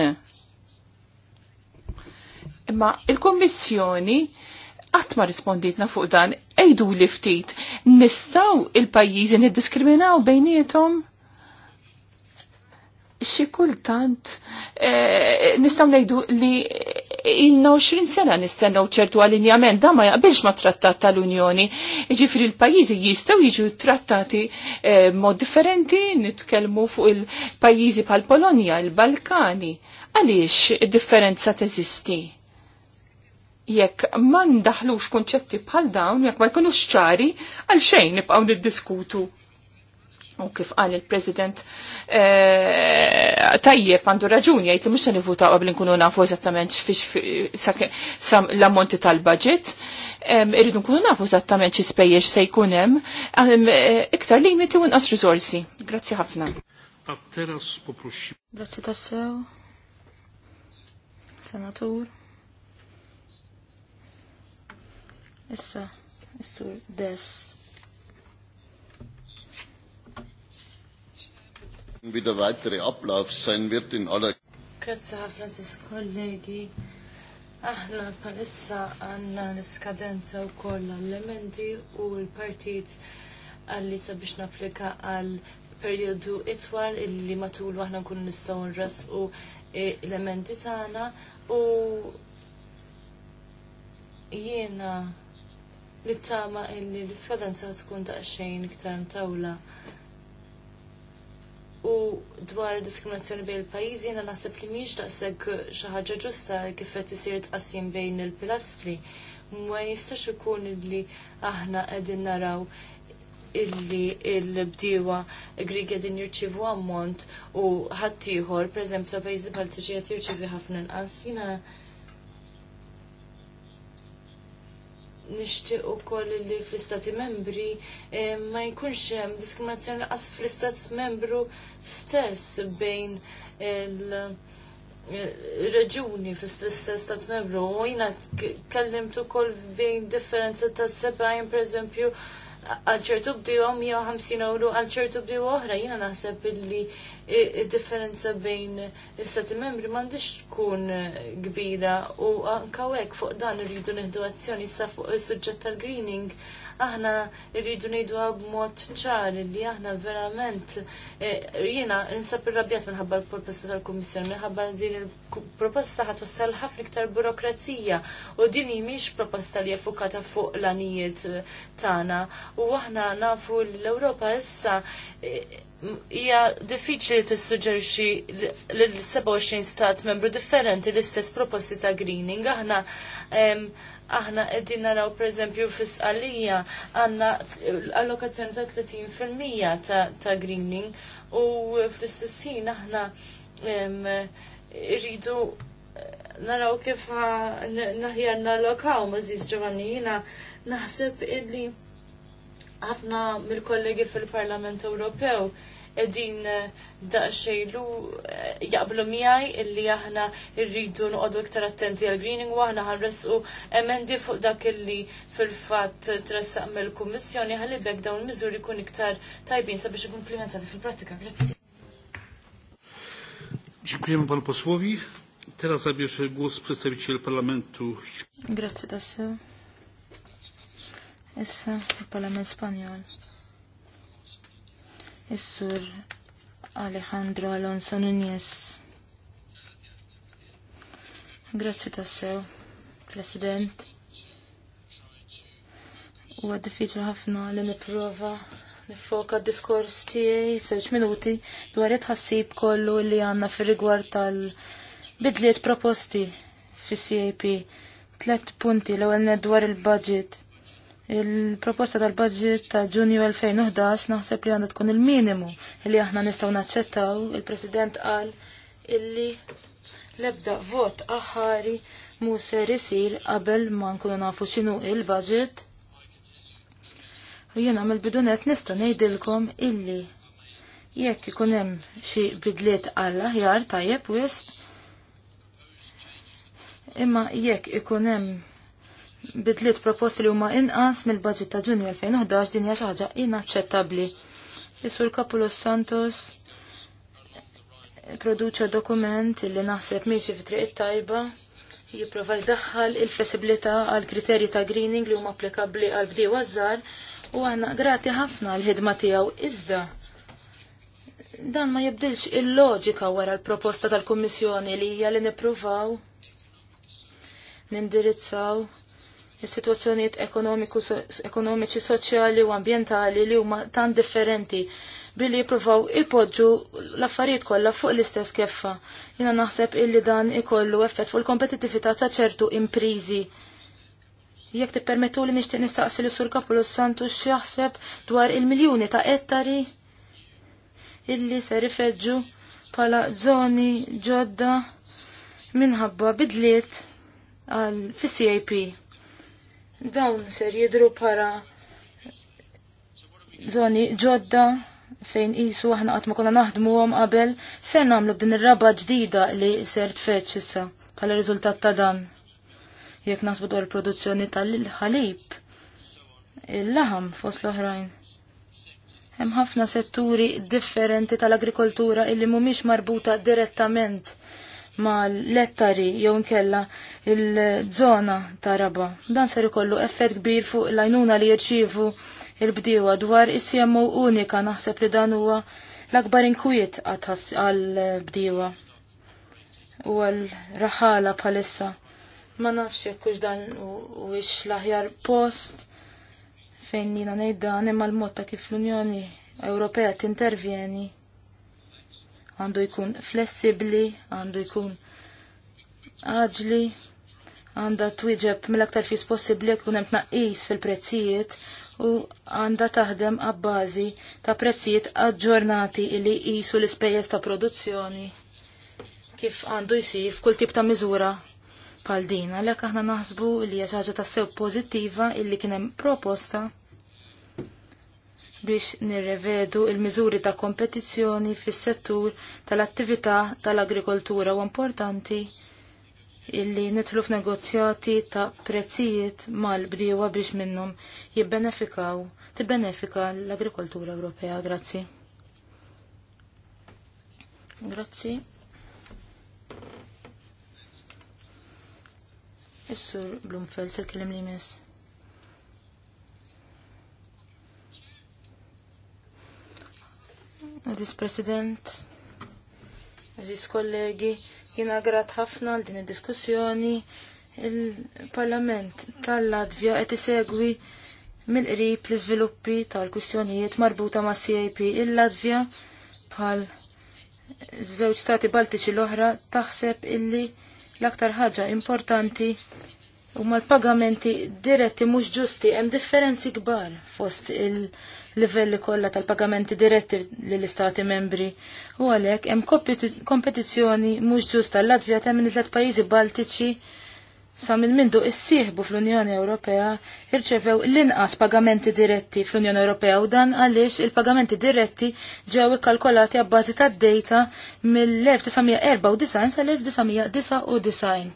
Imma il-Kummissjoni qatt ma rispondietna fuq dan ejdu li ftit nistgħu il-pajjiżi niddiskriminaw bejnietom xi kultant Eh, nistaw nejdu li inna 20 sena nistennaw ċertu għal-injament, da ma jaqbilx ma trattat tal-Unjoni. Ġifri l-pajizi jistaw jiġu trattati eh, mod differenti, nitkelmu fuq il-pajizi pal Polonja, il-Balkani. Għaliex differenza teżisti? Jekk man daħlux konċetti bħal dawn, jekk ma jkunux ċari, għal xejn nibqaw niddiskutu. U kif qal il-President e, tajjeb għandu raġuni jgħid li mhux se nivuta qabel nkunu nafu eżattament x'fiex l-ammonti tal-budget. E, irridu nkunu nafu eżattament xi spejjex se jkun hemm e, iktar limiti u as rizorsi Grazzi ħafna. Grazzi tassew. Senatur. Issa, is des. Dess Wie der Grazie a Francis kollegi. Aħna palissa għanna l-skadenza u koll l-elementi u l-partit għalli sabiex naplika għal periodu itwal illi matul waħna nkun nistaw nras u elementi tagħna u jiena tama illi l-iskadenza tkun daqsxejn iktar mtawla u dwar diskriminazzjoni bejn il-pajjiżi jiena naħseb li mhijiex daqshekk xi ħaġa ġusta kif qed isir tqassim bejn il-pilastri. Ma jistax ikun li aħna qegħdin naraw illi il-bdiewa Grieg qegħdin jirċievu ammont u ħadd ieħor, pereżempju ta' pajjiżi Baltiċi qed jirċivi ħafna inqas. Jiena nixtieq ukoll li fl-istati membri eh, ma jkunx hemm diskriminazzjoni laqas fl-istat membru stess bejn il- reġuni fl-istess stat membru u jina tkellimt ukoll bejn differenza ta' sebgħin pereżempju għal ċertu bdijom jew 50 euro għal ċertu bdiju oħra, jina naħseb illi il differenza bejn l-istati membri m'għandix tkun kbira u anke hekk fuq dan rridu neħdu azzjoni sa fuq is-suġġett tal-greening aħna rridu għab b'mod ċar li aħna verament eh, jiena il irrabjat minħabba l-proposta tal-Kummissjoni, minħabba din il-proposta ħat wassal ħafna iktar burokrazija u din jimiex proposta li jaffukata fuq l-anijiet tagħna u aħna nafu l-Ewropa issa eh, hija diffiċli li tissuġġerixxi lil 27 stat membru differenti l-istess proposti ta' greening. Aħna aħna qegħdin naraw pereżempju fis-qalija għandna allokazzjoni ta' 30% ta' greening u fl-istess ħin aħna rridu naraw kif naħjarna lokaw mażiż Ġovanni jiena naħseb illi ħafna mill-kollegi fil-Parlament Ewropew edin eh, daqxejlu eh, jaqblu miħaj illi aħna irridu nuqodu iktar attenti għal greening u aħna ħanresqu emendi fuq dak illi fil-fat tressaq mill-Kummissjoni għalli bekk dawn miżuri kun iktar tajbin sabiex ikkumplimentati fil-pratika. Grazzi. Dziękujemy panu posłowi. Teraz zabierze głos przedstawiciel parlamentu. Grazie, Tasio. Issa, il-Parlament Spanjol. Is-Sur Alejandro Alonso Nunez. Grazzi tassew, President. U diffiċli ħafna li nipprova nifoka diskors tiegħi f'żewġ minuti dwar it-ħassib kollu li għandna fir-rigward tal-bidliet proposti fis-CAP. Tlet punti l-ewwel dwar il-budget Il-proposta tal-budget ta' ġunju 2011 naħseb li għandha tkun il-minimu li aħna nistgħu naċċettaw. Il-President qal illi l-ebda vot aħari mu ser isir qabel ma nkunu nafu x'inhu il-budget. U jiena mill bidunet nista' ngħidilkom illi jekk ikun hemm xi bidliet għal aħjar tajjeb wisq imma jekk ikun hemm bidliet proposti li huma inqas mill-budget ta' Ġunju 2011 din hija xi ħaġa inaċċettabbli. Is-Sur Kapulos Santos produċa dokument li naħseb miexi f'triq it-tajba jipprova jdaħħal il-flessibilità għal kriterji ta' greening li huma applikabbli għal bdiew għażar u għandna grati ħafna l-ħidma tiegħu iżda dan ma jibdilx il-loġika wara l-proposta tal-Kummissjoni li hija li nippruvaw nindirizzaw is-sitwazzjonijiet ekonomiċi, soċjali u ambjentali li huma tan differenti billi jippruvaw ipoġġu l-affarijiet kollha fuq l-istess keffa. Jiena naħseb illi dan ikollu effett fuq il-kompetittività ta' ċertu imprizi. Jekk tippermettu li nixtieq nistaqsi l sur Kapulus Santus x'jaħseb dwar il-miljuni ta' ettari illi se rifeġġu bħala żoni ġodda minħabba bidliet għal fis CAP. Dawn ser jidru para zoni ġodda fejn qisu aħna qatt ma konna naħdmuhom qabel ser nagħmlu b'din ir-raba ġdida li ser tfeċ issa bħala riżultat ta' dan. Jekk nasbu dwar il-produzzjoni tal-ħalib, il-laħam fost l-oħrajn. Hemm ħafna setturi differenti tal-agrikoltura illi mhumiex marbuta direttament mal-lettari jew nkella il-żona ta' raba. Dan ser ikollu effett kbir fuq l-għajnuna li jirċivu il-bdiewa dwar is-CMO unika naħseb li dan huwa l-akbar inkwiet għal-bdiewa u għal-raħala palissa. Ma nafx jekkux dan u wix l-aħjar post fejn nina nejda dan imma l-motta kif l-Unjoni Ewropea tintervjeni għandu jkun flessibli, għandu jkun aġli, għanda twieġeb mill-aktar fis possibbli jkun hemm tnaqqis fil-prezzijiet u għanda taħdem għabbażi ta' prezzijiet aġġornati li jisu l-ispejjeż ta' produzzjoni kif għandu jsir f'kull tip ta' miżura bħal din. Għalhekk aħna naħsbu li hija xi ħaġa tassew pożittiva illi kien hemm proposta biex nirrevedu il-miżuri ta' kompetizzjoni fis-settur tal-attività tal-agrikoltura u importanti illi nitlu f'negozjati ta' prezzijiet mal-bdiewa biex minnhom jibbenefikaw tibbenefika l-agrikoltura Ewropea. Grazzi. Grazzi. Is-sur Blumfeld se kellim li miss. Aziz President, Aziz kollegi, jina grat ħafna l din id-diskussjoni. Il-Parlament tal-Latvja qed isegwi mill-qrib l-iżviluppi tal-kwistjonijiet marbuta ma' CAP il-Latvja bħal żewġ stati Baltiċi l-oħra taħseb illi l-aktar ħaġa importanti Huma l-pagamenti diretti mhux ġusti hemm differenzi kbar fost il-livelli kollha tal-pagamenti diretti lill-istati membri. U għalhekk hemm kompetizzjoni mhux ġusta l latvija ta' minn iżgħat pajjiżi Baltiċi sa minn mindu issieħbu fl-Unjoni Ewropea irċevew l-inqas pagamenti diretti fl-Unjoni Ewropea u dan għaliex il-pagamenti diretti ġew ikkalkolati għabbażi tad-dejta mill-1994 sal-1999.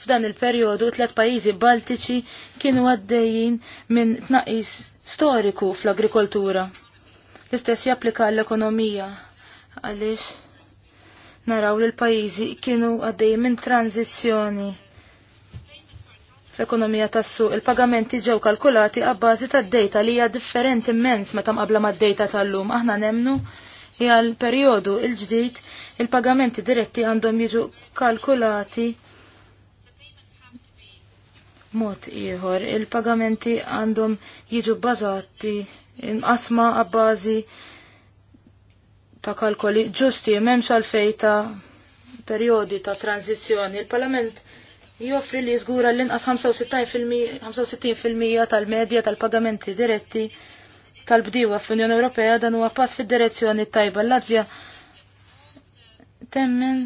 F'dan il-perjodu tliet pajjiżi Baltiċi kienu għaddejjin minn tnaqqis storiku fl-agrikoltura. L-istess japplika l-ekonomija għaliex naraw li l-pajjiżi kienu għaddejjin minn tranzizzjoni fl ekonomija tassu il-pagamenti ġew kalkulati għabbażi tad-dejta li hija differenti immens meta mqabla mad-dejta tal-lum. Aħna nemnu hija periodu perjodu l-ġdid il-pagamenti diretti għandhom jiġu kalkulati mod ieħor. Il-pagamenti għandhom jiġu bbażati inqasma għabbażi ta' kalkoli ġusti memx għal ta' perjodi ta' tranzizzjoni. Il-Parlament joffri li jżgura l-inqas 65% tal-medja tal-pagamenti diretti tal bdiwa fl-Unjoni Ewropea dan huwa pass fid-direzzjoni tajba l-Latvja temmen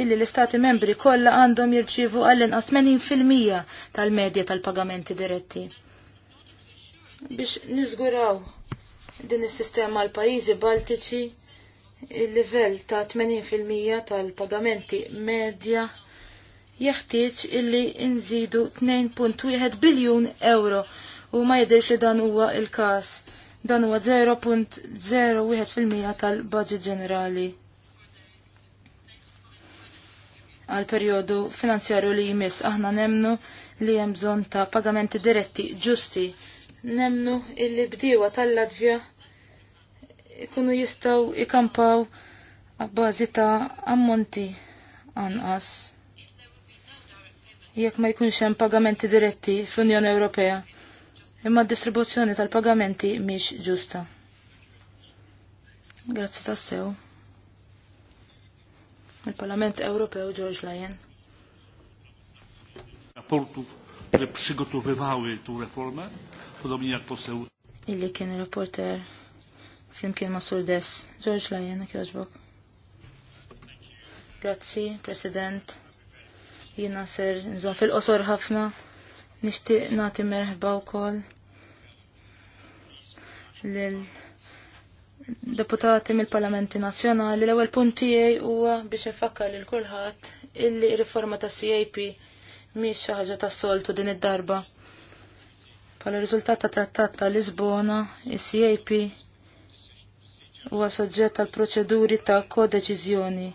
illi l-istati membri kollha għandhom jirċivu għall-inqas 80% tal-medja tal-pagamenti diretti. Biex niżguraw din is-sistema għal pajjiżi Baltiċi il-livell ta' 80% tal-pagamenti medja jeħtieġ illi nżidu 2.1 biljun euro u ma jidhirx li dan huwa il-każ. Dan huwa 0.01% tal-budget ġenerali għal perjodu finanzjarju li jmiss. Aħna nemnu li hemm bżonn ta' pagamenti diretti ġusti. Nemnu illi bdiewa tal-Latvja ikunu jistaw ikampaw għabbażi ta' ammonti anqas. Jekk ma jkunx hemm pagamenti diretti fl-Unjoni Ewropea, imma d-distribuzzjoni tal-pagamenti mhix ġusta. Grazzi tassew il-Parlament Ewropew George Lyon. Raportów, które przygotowywały tę reformę, podobnie jak poseł. Illi kien reporter flimkien ma' Surdes, George Lyon, kjoġbok. Grazzi, President. Jina ser nżon fil-qosor ħafna. Nishtiq nati merħba u koll. Lil deputati mill-Parlamenti Nazzjonali l-ewwel punt tiegħi huwa biex infakkar lil kulħadd illi riforma ta' CAP mhix xi ħaġa ta' soltu din id-darba. Pala riżultat ta' trattat ta' Lisbona, is-CAP huwa soġġett tal proċeduri ta' kodeċiżjoni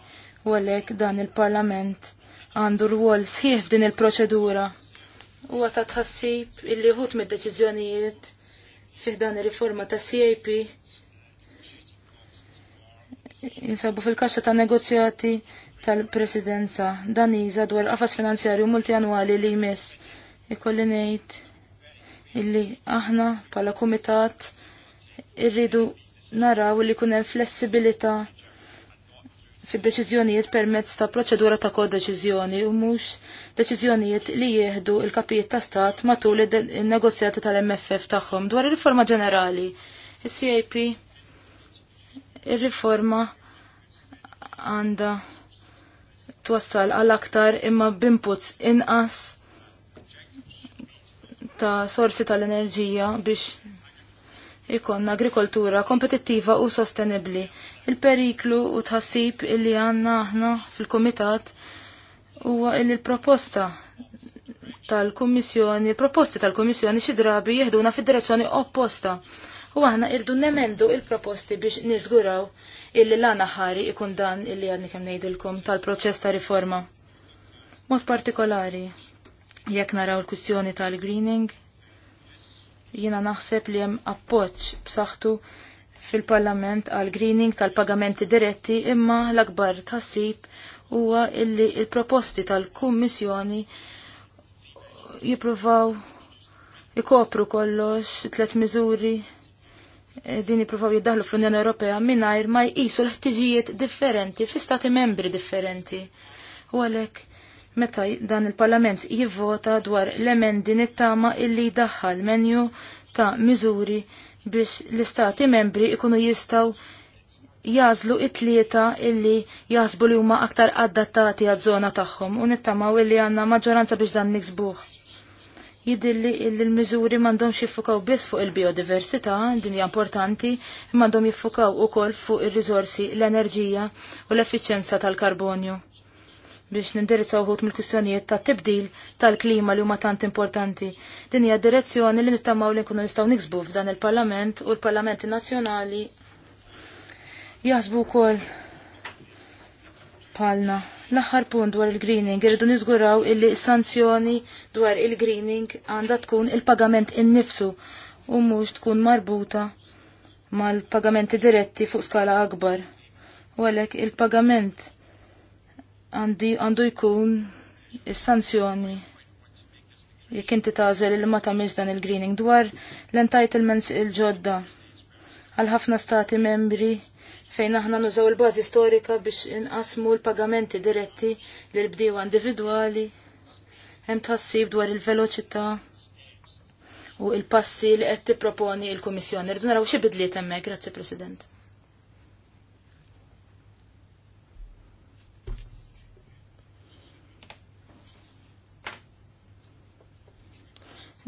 u għalhekk dan il-Parlament għandu rwol sħiħ f'din il-proċedura. Huwa ta' tħassib illi ħut mid-deċiżjonijiet fih dan ir-riforma ta' CAP jinsabu fil-kaxxa ta' negozjati tal-presidenza daniża dwar qafas finanzjarju multianwali li jmiss. Ikolli ngħid illi aħna bħala kumitat irridu naraw li kunem hemm flessibilità fid-deċiżjonijiet permezz ta' proċedura ta' kodeċiżjoni u mhux deċiżjonijiet li jieħdu il-kapijiet ta' stat matul il negozjati tal-MFF tagħhom dwar ir-riforma ġenerali. il cap Ir-riforma għanda twassal għal aktar imma b'inputs inqas ta' sorsi tal-enerġija biex ikon agrikoltura kompetittiva u sostenibli. Il-periklu u tħassib illi għanna aħna fil-komitat huwa illi l-proposta tal-Kummissjoni, il proposti tal-Kummissjoni xi drabi jeħduna fid-direzzjoni opposta u aħna irdu nemendu il-proposti biex nizguraw illi l ħari ikun dan illi għadni kem nejdilkom tal-proċess ta' riforma. Mod partikolari, jekk naraw l-kustjoni tal-greening, jina naħseb li jem appoċ b'saħħtu fil-parlament għal greening tal-pagamenti diretti imma l-akbar tassib huwa illi il-proposti tal-Kummissjoni jipruvaw jikopru kollox tlet miżuri Eh, din jippruvaw jiddaħlu fl-Unjoni Ewropea mingħajr ma jqisu l-ħtiġijiet differenti fi stati membri differenti. U għalhekk meta dan il-Parlament jivvota dwar l-emendi nittama illi jdaħħal menju ta' miżuri biex l-istati membri ikunu jistaw jazlu it-tlieta illi jazbu li huma aktar adattati għad-żona tagħhom u nittamaw illi għandna maġġoranza biex dan niksbuh jidilli il-miżuri m'għandhomx jiffukaw biss fuq il-biodiversità, din hija importanti, jifukaw jiffukaw ukoll fuq ir rizorsi l-enerġija u l-effiċjenza tal-karbonju biex nindirizza uħut mill-kwistjonijiet ta' tibdil tal-klima li huma tant importanti. Din hija direzzjoni li nittamaw li nkunu nistgħu niksbu f'dan il-Parlament u l-Parlamenti Nazzjonali jasbu wkoll palna. L-aħħar punt dwar il-greening, irridu niżguraw illi sanzjoni dwar il-greening għandha tkun il-pagament innifsu u mhux tkun marbuta mal-pagamenti diretti fuq skala akbar. U għalhekk il-pagament għandu jkun is-sanzjoni jekk inti tażel li ma tagħmilx dan il-greening dwar l-entitlements il-ġodda għal ħafna stati membri fejn aħna nużaw il-bażi storika biex inqasmu l-pagamenti diretti lill bdiewa individwali, hemm tħassib dwar il-veloċità u il-passi li qed tipproponi l-Kummissjoni. Rridu naraw xi bidliet hemmhekk, grazzi President.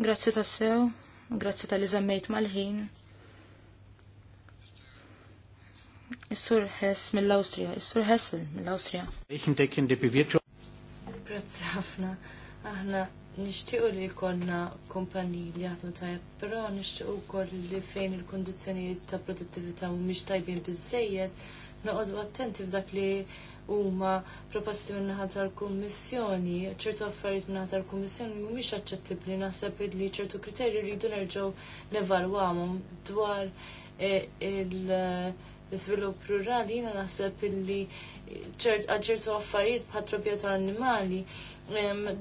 Grazzi tassew, grazzi tal-li mal-ħin. Is-Sur Hess mill-Awstrija, Is-Sur Hessel mill-Awstrija. Grazzi ħafna. Aħna nixtiequ li jkollna kumpaniji li jaħdmu tajjeb, però nixtiequ wkoll li fejn il kondizjoni ta' produttività mhumiex tajbin noqod noqogħdu attenti f'dak li huma proposti minnaħat tal-Kummissjoni, ċertu affarijiet minnaħat tal-Kummissjoni mhumiex aċċettibbli naħseb li ċertu kriterji rridu nerġgħu nevalwamum dwar eh, il- l-iżvilupp rurali jiena naħseb illi ċertu affarijiet bħal trobija tal-annimali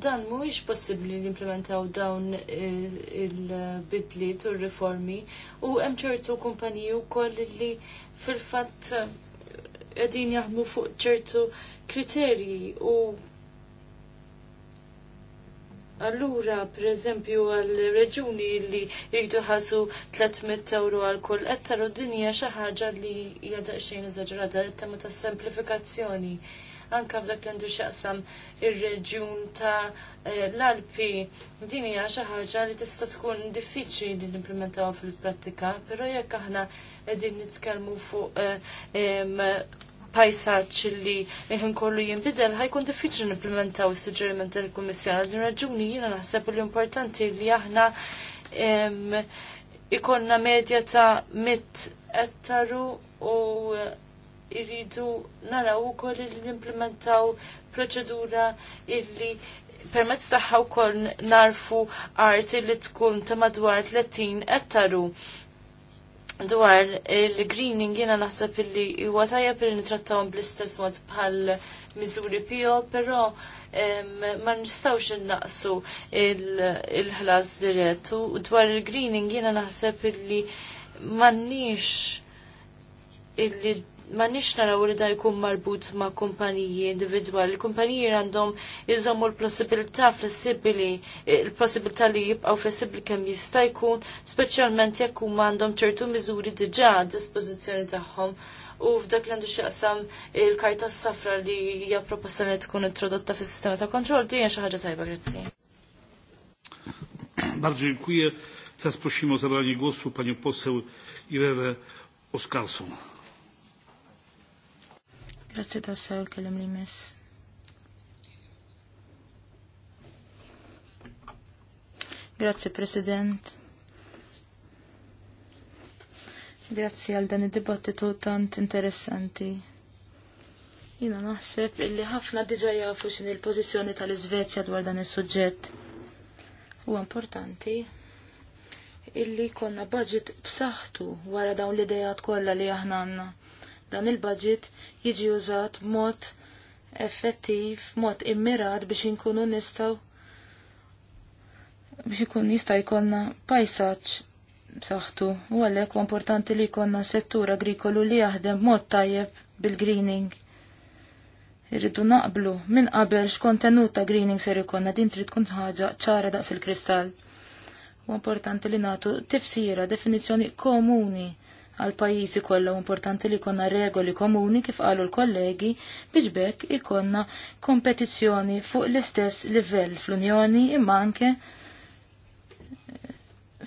dan mhuwiex possibbli li implementaw dawn il-bidliet u r-riformi u hemm ċertu kumpaniji wkoll li fil-fatt qegħdin jaħdmu fuq ċertu kriterji u Allura, per eżempju, għal-reġuni li jridu ħasu 300 euro għal kull ettaru dinja xaħġa li jgħadda xejn eżagġerata, tema ta' semplifikazzjoni. Anka f'dak li għandu xaqsam ir-reġjun ta' eh, l-Alpi, din hija xi ħaġa li tista' tkun diffiċli li nimplementawha fil-prattika, però jekk aħna qegħdin nitkellmu fuq eh, pajsaċ li jħin kollu jimbidel ħajkun diffiċli nimplementaw is sugġeriment tal-Kummissjoni. Għal din raġuni jiena naħseb li importanti li aħna ikonna medja ta' mit ettaru u eh, irridu naraw ukoll li nimplementaw proċedura illi permezz tagħha wkoll narfu art li tkun ta' madwar 30 ettaru dwar il-greening jena naħseb illi huwa tajjeb li nitrattawhom bl-istess mod bħal miżuri pio, però ma nistgħux innaqsu il-ħlas dirett u dwar il-greening jiena naħseb illi m'għandniex illi ma nix naraw li da jkun marbut ma' kumpaniji il Kumpaniji għandhom jizomu l-possibilità flessibili, l-possibilità li jibqaw flessibili kem jista' jkun, specialment jekk huma għandhom ċertu miżuri diġà dispozizjoni dispożizzjoni tagħhom. U f'dak li għandu xieqsam il-karta s-safra li hija proposta li tkun introdotta fis-sistema ta' kontrol, di xi ħaġa tajba, grazzi. Bardzo dziękuję. Teraz prosimy o zabranie głosu panią poseł Irewę Oskarsson. Grazzi ta' sew kellem li miss. Grazzi President. Grazzi għal dan id-dibattitu tant interessanti. Jina naħseb illi ħafna diġa jafu xin il-pozizjoni tal-Iżvezja dwar dan is-suġġett. Huwa importanti illi konna budget b'saħħtu wara dawn l-idejat kollha li aħna għandna dan il-budget jiġi użat mod effettiv, mod immirat biex inkunu nistaw biex ikun jista' jkollna pajsaġġ b'saħħtu u għalhekk importanti li jkollna settur agrikolu li jaħdem mod tajjeb bil-greening irridu naqblu minn qabel x'kontenut ta' greening ser ikonna din trid tkun ħaġa ċara daqs il-kristall. U importanti li natu tifsira definizzjoni komuni għal pajjiżi kollha importanti li konna regoli komuni kif qalu l-kollegi biex bekk ikonna kompetizzjoni fuq l-istess livell fl-Unjoni imma anke eh,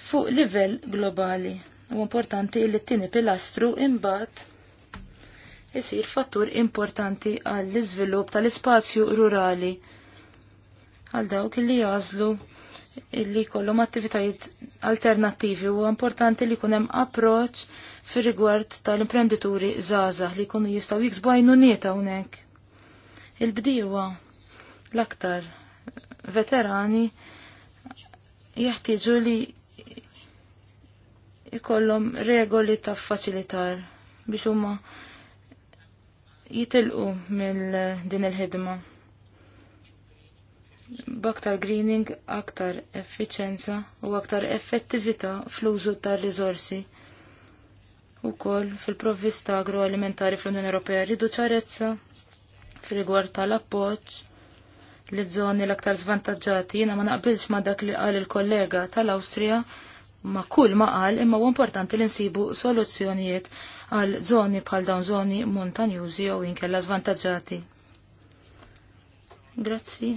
fuq livell globali. U importanti li t-tieni pilastru imbagħad isir fattur importanti għall iżvilupp tal-ispazju rurali għal dawk li jażlu illi kollhom attivitajiet alternattivi u importanti li jkun hemm approċċ fir rigward tal-imprenditori żgħażagħ li jkunu jistgħu jiksbu nieta hawnhekk. il bdiwa l-aktar veterani jeħtieġu li jkollhom regoli ta' faċilitar biex huma jitilqu mill din il-ħidma b'aktar greening, aktar effiċenza u aktar effettività fl-użu tar-riżorsi. wkoll fil-provvista agroalimentari fl-Unjoni Ewropea rridu ċarezza fil-rigward tal-appoġġ li żoni l-aktar zvantaġġati jiena ma naqbilx ma dak li qal il-kollega tal-Awstrija ma kull ma qal imma huwa importanti li nsibu soluzzjonijiet għal żoni bħal dawn żoni montanjużi jew inkella żvantaġġati. Grazzi.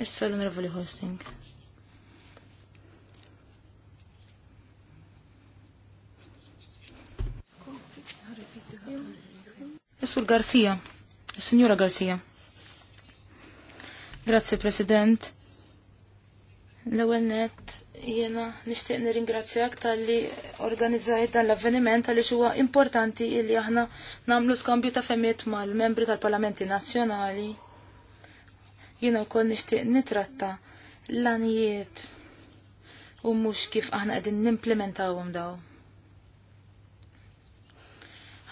Issa l-Onorevoli Hosting. l Garcia, Signora Garcia. Grazie, President. L-ewel net, jena nishtiq nirringrazzjak tal-li organizzajt dan l-avveniment tal-li xuwa importanti illi aħna namlu skambju ta' femiet mal-membri tal-Parlamenti Nazzjonali Jiena wkoll nixtieq nitratta l-anijiet u mhux kif aħna qegħdin nimplementawhom daw.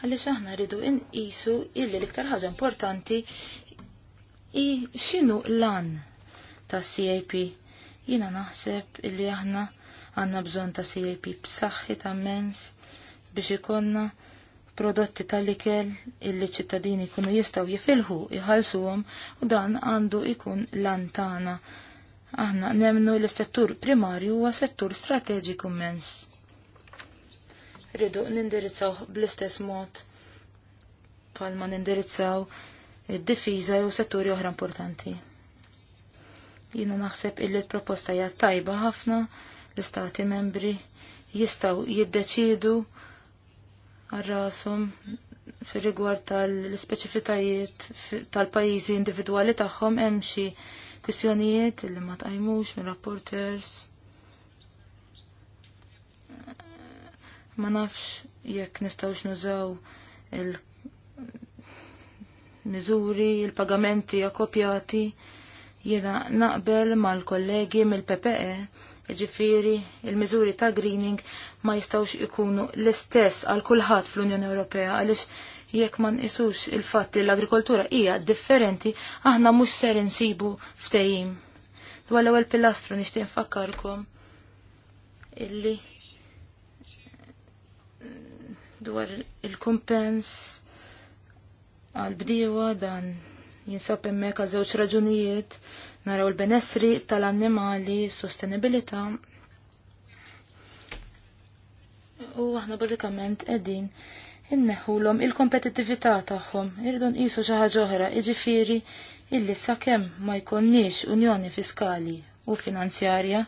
Għaliex aħna rridu inqisu illi l-iktar ħaġa importanti i x'inhu lan ta' CAP. Jiena naħseb illi aħna għandna bżonn ta' CAP b'saħħi ta' mens biex ikonna prodotti tal-ikel illi ċittadini kunu jistaw jifilħu iħalsuhom u dan għandu ikun lantana. Aħna nemnu li settur primarju huwa settur strateġiku mens. Ridu nindirizzaw bl-istess mod palma nindirizzaw id-difiża jew setturi oħra importanti. Jiena naħseb illi l-proposta hija tajba ħafna l-istati membri jistaw jiddeċidu għarrasom fir rigward tal specifitajiet tal-pajjiżi individwali tagħhom hemm xi kwistjonijiet li ma tqajmux minn rapporters. Ma nafx jekk nistgħux nużaw il miżuri il-pagamenti akkopjati jiena naqbel mal-kollegi mill-PPE ġifiri il-miżuri ta' greening ma jistawx ikunu l-istess għal kulħadd fl-Unjoni Ewropea għaliex jekk ma nqisux il-fatt li l-agrikoltura hija differenti aħna mhux ser insibu ftehim. Dwar l-ewwel pilastru nixtieq nfakkarkom illi dwar il-kumpens għal bdiewa dan jinsab hemmhekk għal żewġ raġunijiet naraw il-benessri tal-annimali, sostenibilità, u aħna bażikament qegħdin inneħulhom il-kompetittività tagħhom. irdu nqisu xi ħaġa oħra, jiġifieri illi sakemm ma jkollniex unjoni fiskali u finanzjarja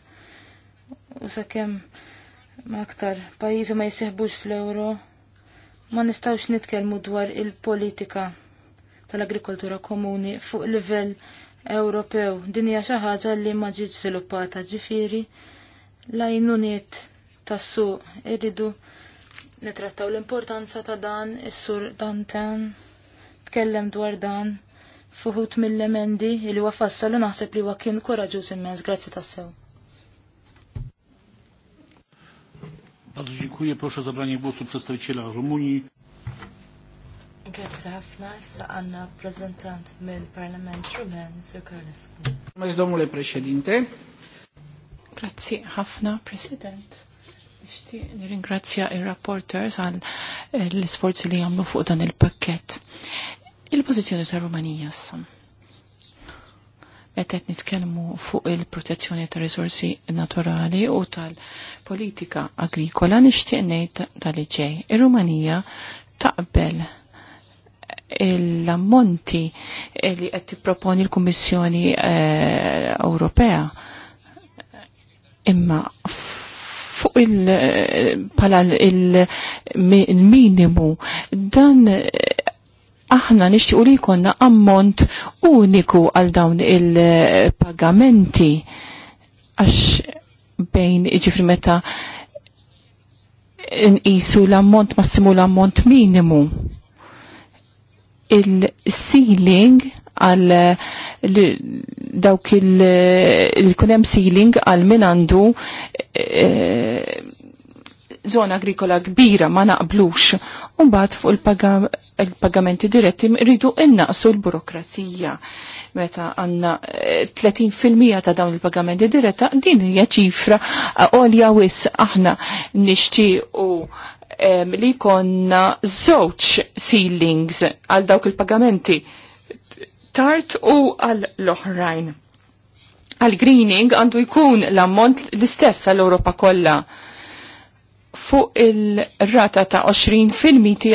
u sakemm ma aktar pajjiżi ma jisseħbux fl-euro ma nistawx nitkellmu dwar il-politika tal-agrikoltura komuni fuq livell Ewropew. Din hija xi ħaġa li ma ġiet żviluppata ġifieri l-għajnuniet Tassu iridu irridu nitrattaw l-importanza ta' dan is-sur Danten tkellem dwar dan fuħut mill-emendi li huwa fassal u naħseb li huwa kien koraġuż immens. Grazzi tassew. Bardzo dziękuję. Proszę o zabranie głosu przedstawiciela Rumunii. Grazie ħafna, issa għanna prezentant mill-Parlament Rumen, Sir Kurlisku. Maż domnule Presidente. Grazie ħafna, President. Nixtieq nirringrazzja ir-rapporters għal eh, l-isforzi li għamlu fuq dan il-pakkett. Il-pożizzjoni ta' Rumanija issa. Qed qed nitkellmu fuq il-protezzjoni ta' risorsi naturali u tal-politika agrikola nixtieq ngħid tal-ġej. Ir-Rumanija taqbel l-ammonti li qed tipproponi l-Kummissjoni eh, Ewropea imma fuq il minimu dan aħna nixtiqu li jkollna ammont uniku għal dawn il-pagamenti għax bejn iġifri meta nqisu l-ammont massimu l-ammont minimu. Il-ceiling għal dawk il-kunem ceiling għal min għandu eh, zona agrikola kbira ma naqblux. Umbat fuq il-pagamenti diretti rridu innaqsu l-burokrazija. Meta għanna 30% eh, ta' dawn il-pagamenti diretta, din hija ċifra eh, għolja wis aħna nixtiequ li konna zoċ ceilings għal dawk il-pagamenti tart u għal l-oħrajn. Għal greening għandu jkun l-ammont l-istess għal Europa kollha fuq il-rata ta' 20%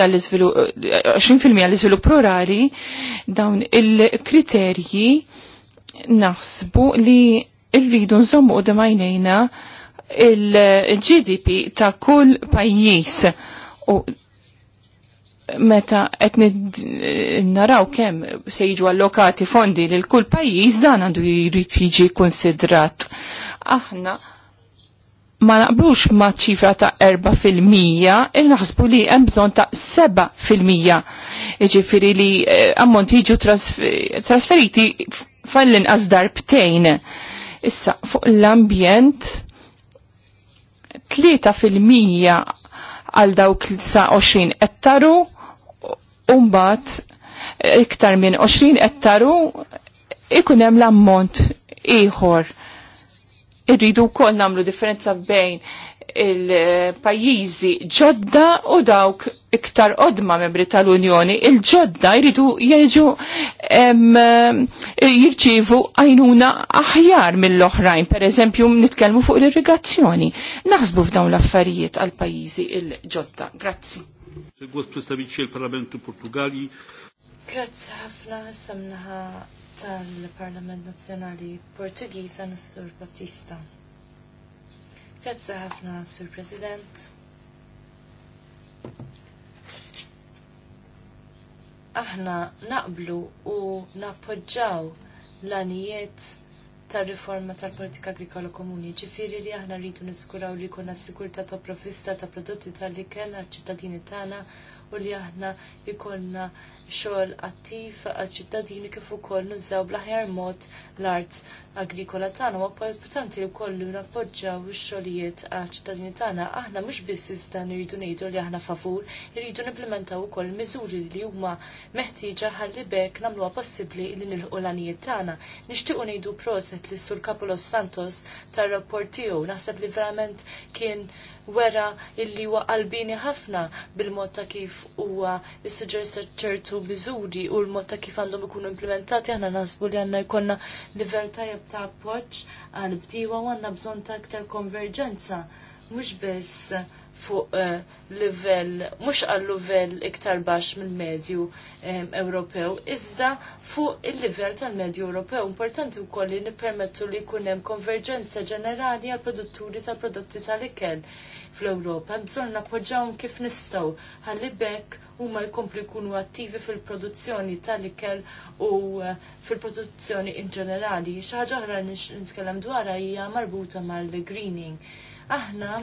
għall-izvilupp eh, rurali dawn il-kriterji naħsbu li rridu nżommu u d-majnejna il-GDP ta' kull pajjiż u meta qed naraw kemm se jiġu allokati fondi lil kull pajjiż dan għandu jrid jiġi konsidrat. Aħna ma naqblux ma ċifra ta' 4% il-naħsbu li hemm bżonn ta' 7% jiġifieri li eh, ammont jiġu trasferiti fallin inqas btejn. Issa fuq l-ambjent 3% għal dawk sa 20 ettaru umbat iktar minn 20 ettaru ikun hemm l-ammont ieħor. Irridu wkoll nagħmlu differenza bejn il-pajjiżi ġodda u dawk iktar odma membri tal-Unjoni. Il-ġodda jridu jieġu jirċivu għajnuna aħjar mill-oħrajn, per eżempju nitkellmu fuq l-irrigazzjoni. Naħsbu f'dawn l-affarijiet għal pajjiżi il-ġodda. Grazzi. Głos przedstawiciel Parlamentu Portugalii. Grazzi ħafna samnaħa tal-Parlament Nazzjonali Portugiż għan sur Baptista. Grazzi ħafna, Sur President. Aħna naqblu u nappoġġaw l-anijiet tar-riforma tal-politika agrikola komuni, ġifiri li aħna rridu niskuraw li jkollna s-sigurtà ta' provvista ta' prodotti tal-ikel għal ċittadini tagħna u li aħna jkollna xogħol attiv għaċ-ċittadini kif ukoll nużaw bl-aħjar mod l-art agrikola tagħna huwa importanti li kollu nappoġġjaw ix-xogħlijiet għaċ-ċittadini tagħna. Aħna mhux biss iżda nridu ngħidu li aħna favur, irridu nimplementaw ukoll miżuri li huma meħtieġa ħalli bekk nagħmluha possibbli li nilħu l-għanijiet tagħna. Nixtiequ ngħidu proset li sur Kapolos Santos tar-rapport tiegħu naħseb li verament kien wera illi huwa qalbini ħafna bil-mod ta' kif huwa issuġġer ċertu miżuri u l-mod ta' kif għandhom ikunu implementati aħna naħsbu li għandna jkollna livell tajjeb ta' appoġġ għal bdiewa u għandna bżonn ta' aktar konverġenza mhux biss fuq eh, livell, mhux għal livell iktar baxx mill-medju eh, Ewropew, iżda fuq il-livell tal-medju Ewropew. Importanti wkoll li nippermettu li jkun hemm konverġenza ġenerali għal produtturi ta' prodotti tal-ikel fl-Ewropa. Bżonna nappoġġawhom kif nistgħu ħalli bekk huma jkomplu jkunu attivi fil-produzzjoni tal-ikel u eh, fil-produzzjoni in ġenerali. Xi ħaġa oħra nitkellem dwarha hija marbuta mal-greening. Aħna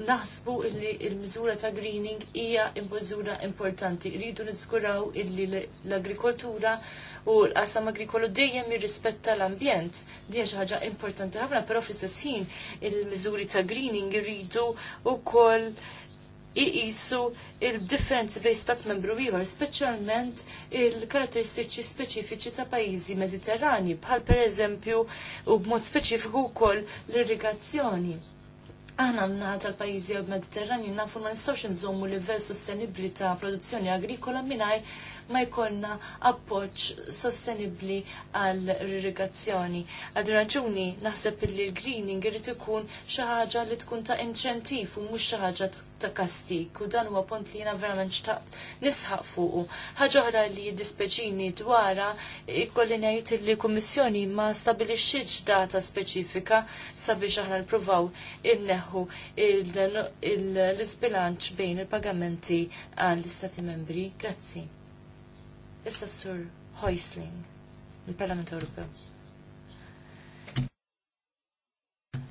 naħsbu illi il-miżura ta' greening hija miżura importanti. Rridu niżguraw illi l-agrikoltura u l-qasam agrikolu dejjem jirrispetta l-ambjent. Di xi ħaġa importanti ħafna, però fl-istess ħin il-miżuri ta' greening irridu wkoll iqisu il-differenzi bejn stat membru ieħor, speċjalment il-karatteristiċi speċifiċi ta' pajjiżi mediterrani, bħal pereżempju u b'mod speċifiku wkoll l-irrigazzjoni Aħna mnaħat tal-pajizi mediterranju nafu ma nistawx nżommu livell sostenibli ta' produzzjoni agrikola mingħajr ma jkollna appoġġ sostenibbli għall irrigazzjoni Għal raġuni naħseb li l-greening irid ikun xi ħaġa li tkun ta' inċentiv u mhux xi ħaġa ta' kastik u dan huwa pont li jiena verament xtaqt nisħaq fuqu. Ħaġa oħra li dispeċini dwara ikolli najt li l-Kummissjoni ma stabilixxitx data speċifika sabiex aħna nippruvaw inneħħu l-isbilanċ bejn il-pagamenti għall istati membri. Grazzi. Issa s-sur Hoisling, il-Parlament Ewropew.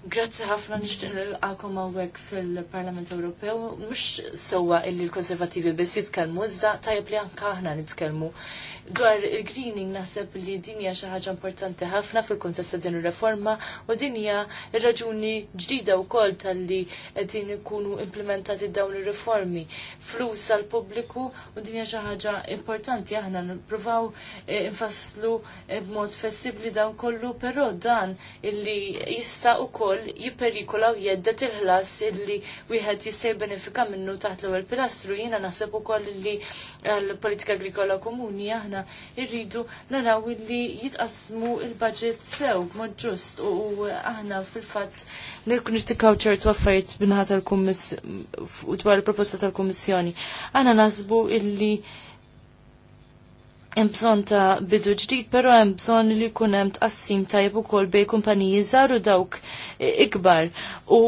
Grazzi ħafna nixtieq nilqakom hawnhekk fil-Parlament Ewropew. Mhux sowa illi l-Konservattivi biss jitkellmu iżda tajjeb li anke aħna nitkellmu. Dwar il-greening naħseb li din hija xi ħaġa importanti ħafna fil-kuntest ta' din ir-reforma u din hija raġuni ġdida wkoll talli qegħdin ikunu implementati dawn ir-riformi. Flus għal pubbliku u din hija xi ħaġa importanti aħna nippruvaw eh, infasslu eh, b'mod flessibbli dan kollu, però dan illi jista' ukoll ukoll jipperikola u jeddet il-ħlas illi wieħed jista' jibbenefika minnu taħt l-ewwel pilastru jiena naħseb ukoll li l-politika agrikola komuni aħna rridu naraw illi jitqasmu il-budget sew mod ġust u aħna fil-fatt nirtikaw ċertu affarijiet binħat tal-kummissjoni dwar il-proposta tal-kummissjoni. Aħna naħsbu illi Hemm bżonn ta' bidu ġdid, però hemm bżonn li jkun hemm tqassim tajjeb ukoll bejn kumpaniji żgħar u dawk ikbar. U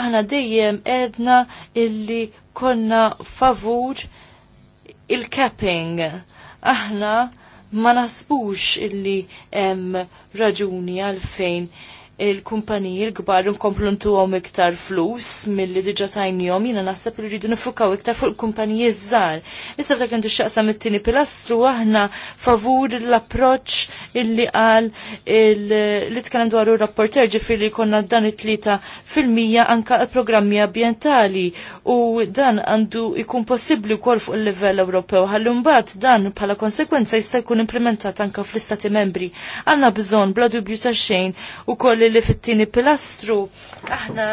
aħna dejjem edna illi konna favur il-capping. Aħna ma nasbux illi hemm raġuni għalfejn il-kumpaniji l-kbar nkomplu ntuhom iktar flus milli diġa tajnihom jina naħseb li rridu nifukaw iktar fuq il-kumpaniji żgħar. Issa f'dak intu x'aqsam it-tieni pilastru aħna favur l-approċċ illi qal li t dwar ir-rapporter ġifieri konna dan it-tlieta fil-mija anka programmi ambjentali u dan għandu jkun possibbli wkoll fuq il-livell Ewropew ħalli mbagħad dan bħala konsekwenza jista' jkun implementat anka fl-Istati Membri. Għanna bżonn bla dubju ta' xejn ukoll li li fit-tieni pilastru aħna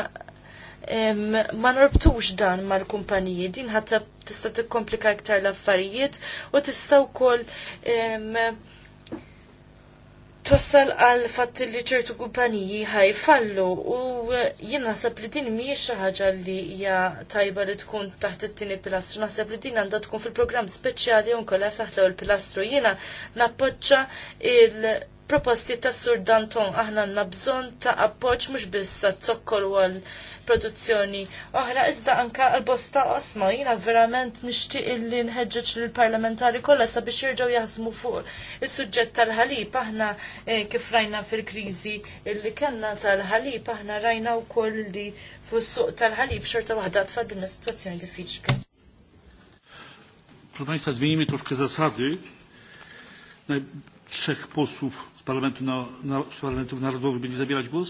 ma norbtux dan mal-kumpaniji, din ħatta tista tikkomplika iktar l-affarijiet u tista wkoll tossal għal fatt li ċertu kumpaniji ħajfallu u jien naħseb li din mhijiex xi ħaġa li hija tajba li tkun taħt it-tieni pilastru, naħseb li din għandha tkun fil-programm speċjali u nkollha l pilastru jiena nappoġġa il- proposti ta' Sur Danton aħna għandna bżonn ta' appoġġ mhux bissa t-sokkor u għal produzzjoni oħra iżda anka għal bosta qosma jiena verament nixtieq illi nħeġġeġ lill parlamentari kollha sabiex jerġgħu jaħsmu fuq is-suġġett tal-ħalib aħna eh, kif rajna fil-kriżi illi kellna tal-ħalib aħna rajna wkoll li fuq tal-ħalib xorta waħda tfadilna sitwazzjoni diffiċli. Proszę Państwa, zmienimy troszkę zasady. Trzech posłów z, parlamentu na, na, z parlamentów narodowych będzie zabierać głos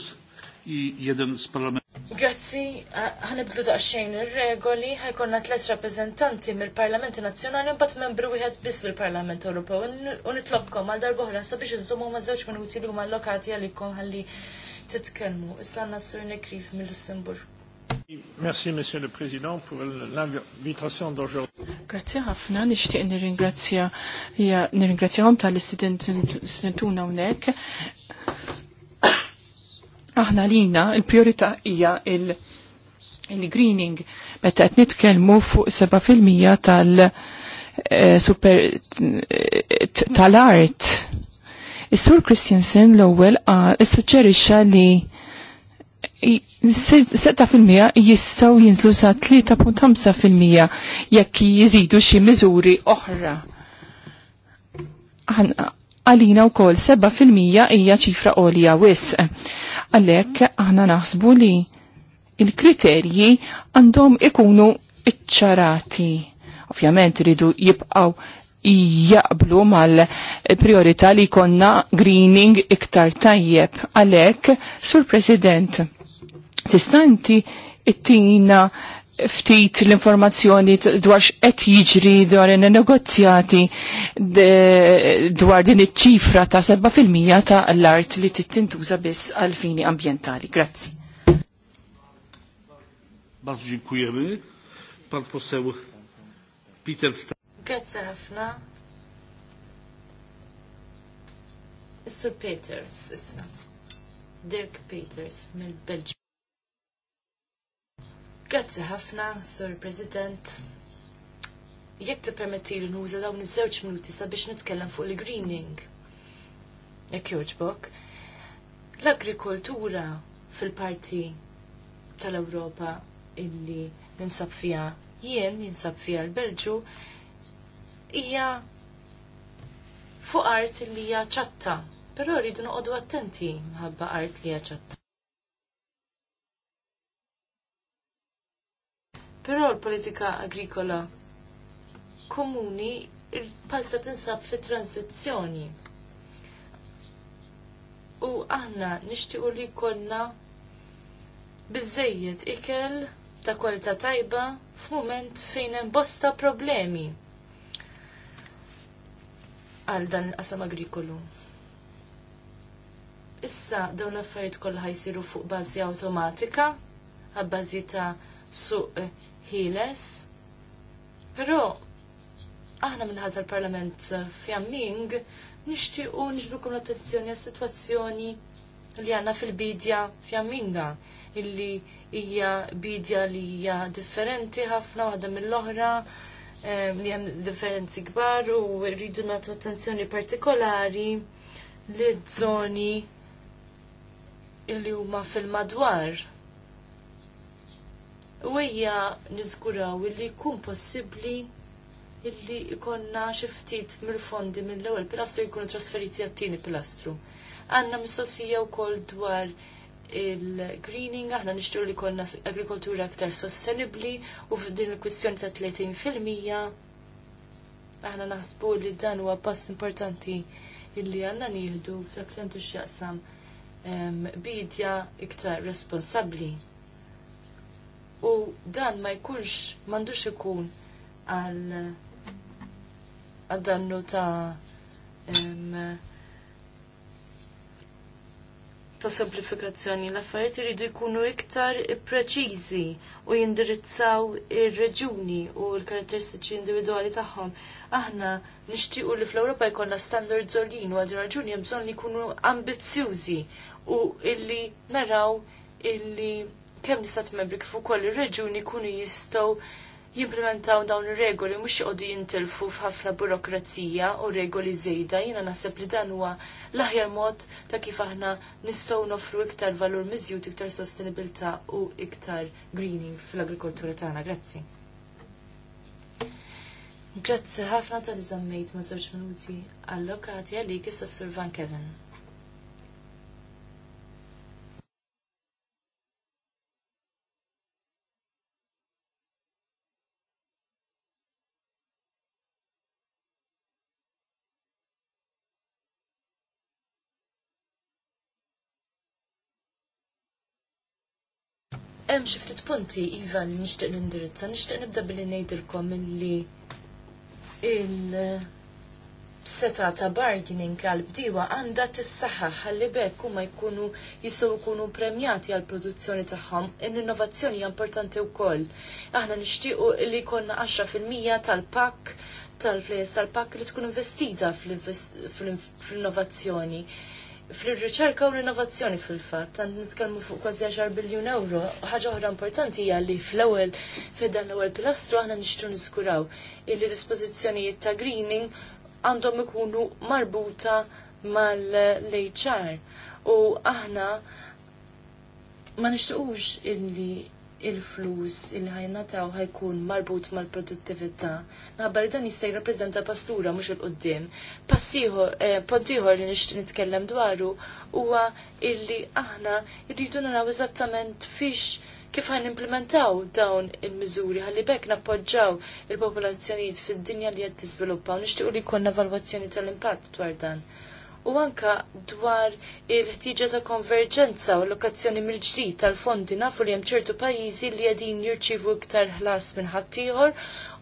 i jeden z parlamentów. Grazzi, ħanibdu daqxejn ir-regoli, ħajkonna tliet rappreżentanti mill-Parlamenti Nazzjonali mbagħad membru wieħed biss mill-Parlament Ewropew. U nitlobkom għal darba oħra sabiex iżommu ma' żewġ minuti li huma allokati għalikom ħalli titkellmu. Issa għandna Sir Nekrif mill-Lussemburg. Merci, Monsieur le Président, pour l'invitation d'aujourd'hui. Grazie ħafna, nishtiq nir-ingrazzja, għom tal-istudentuna unek. Aħna lina, il-priorita hija il-greening, meta qed nitkellmu fuq 7% tal-super eh, tal-art. Is-Sur Christiansen l-ewwel qal issuġġerixxa li 6% jistaw jinżlu sa 3.5% jekk jizidu xi miżuri oħra. Għalina u kol 7% hija ċifra olja wis. Għalek aħna naħsbu li il-kriterji għandhom ikunu iċċarati. Ovvjament ridu jibqaw jaqblu mal priorita li konna greening iktar tajjeb. Għalek, sur President, Tista' inti tina ftit l-informazzjoni dwar x'qed jiġri dwar in-negozjati dwar din iċ-ċifra ta' 7% ta' l-art li tittintuża biss għal fini ambjentali. Grazzi. Peter Grazie ħafna. Mr. Peters, issa. Dirk Peters, mill belġi Grazzi ħafna, Sur President. Jekk tippermetti li nuża dawn iż-żewġ minuti sabiex nitkellem fuq il-greening. Jekk jogħġbok, l-agrikoltura fil-parti tal-Ewropa illi ninsab fiha jien, jinsab fiha l-Belġu, hija fuq art illi hija ċatta, però rridu noqogħdu attenti ħabba art li hija ċatta. Però l-politika agrikola komuni palsa tinsab fi tranzizzjoni. U aħna nixtiequ li jkollna biżejjed ikel ta' kwalità tajba f'mument fejn hemm bosta problemi għal dan il-qasam agrikolu. Issa dawn l-affarijiet kollha jsiru fuq bażi awtomatika bażi ta' suq ħiles, Però aħna minnħat tal-Parlament fjamming nixtiequ nġbilkom l-attenzjoni għas-sitwazzjoni li għandna fil-bidja fjamminga illi hija bidja li hija differenti ħafna waħda mill-oħra li hemm differenzi kbar u rridu nagħtu attenzjoni partikolari li żoni illi huma fil-madwar U ejja nizguraw illi jkun possibbli illi ikonna ftit mill-fondi mill-ewwel pilastru jkunu trasferiti għat-tieni pilastru. Għanna mistoqsija wkoll dwar il-greening, aħna nixtru li konna agrikoltura aktar sostenibli u f'din il-kwistjoni ta' 30 fil-mija. Aħna naħsbu li dan huwa pass importanti illi għandna nieħdu f'dak li x'jaqsam ehm, bidja iktar responsabbli u dan ma jkunx m'għandux ikun għal għaddannu dannu ta' em, ta' semplifikazzjoni l-affarijiet iridu jkunu iktar preċiżi u jindirizzaw ir-reġuni u l-karatteristiċi individwali tagħhom. Aħna nixtiequ li fl-Ewropa jkollna standard żolin u għadin raġuni hemm bżonn li jkunu ambizzjużi u illi naraw illi kemm nistat membri kif ukoll ir-reġuni jkunu jistgħu jimplementaw dawn ir-regoli mhux joqogħdu jintilfu f'ħafna burokrazija u regoli żejda, jiena naħseb li dan huwa l-aħjar mod ta' kif aħna nistgħu nofru iktar valur miżjud, iktar sostenibilità u iktar greening fl-agrikoltura tagħna. Grazzi. Grazzi ħafna tal iżammejt ma' żewġ minuti allokati għalik issa Sur Van Kevin. Hemm xi ftit punti iva li nixtieq nindirizza, nixtieq nibda billi ngħidilkom illi il seta ta' bargaining għal bdiewa għandha tissaħħa ħalli bekk huma jkunu jistgħu jkunu premjati għal produzzjoni tagħhom. In-innovazzjoni hija importanti wkoll. Aħna nixtiequ li jkollna 10% tal-pakk tal-flejes tal-pakk li tkun investita fl-innovazzjoni. Fl fil-riċerka u l-innovazzjoni fil-fatt, għand nitkellmu fuq kważi 10 biljun euro, ħaġa oħra importanti hija li fl-ewwel f'dan l-ewwel pilastru aħna nixtru niskuraw illi dispożizzjonijiet ta' greening għandhom ikunu marbuta mal-HR u aħna ma nixtuqux illi il-flus il ħajnataw ħajkun marbut mal-produttività. Naħbar dan jista' jirrappreżenta pastura mhux il-qudiem. Passiħor, eh, poddiħor li nixtieq nitkellem dwaru huwa illi aħna rridu naraw eżattament fiex kif ħan implementaw dawn il-mizuri għalli bekk nappoġġaw il-popolazzjonijiet fid-dinja li qed t-izviluppaw, nishtiqu li konna evalwazzjoni tal-impatt dwar dan u anka dwar il-ħtiġa ta' konverġenza u lokazzjoni mill-ġdid tal-fondi nafu li hemm ċertu pajjiżi li qegħdin jirċivu iktar ħlas minn ħaddieħor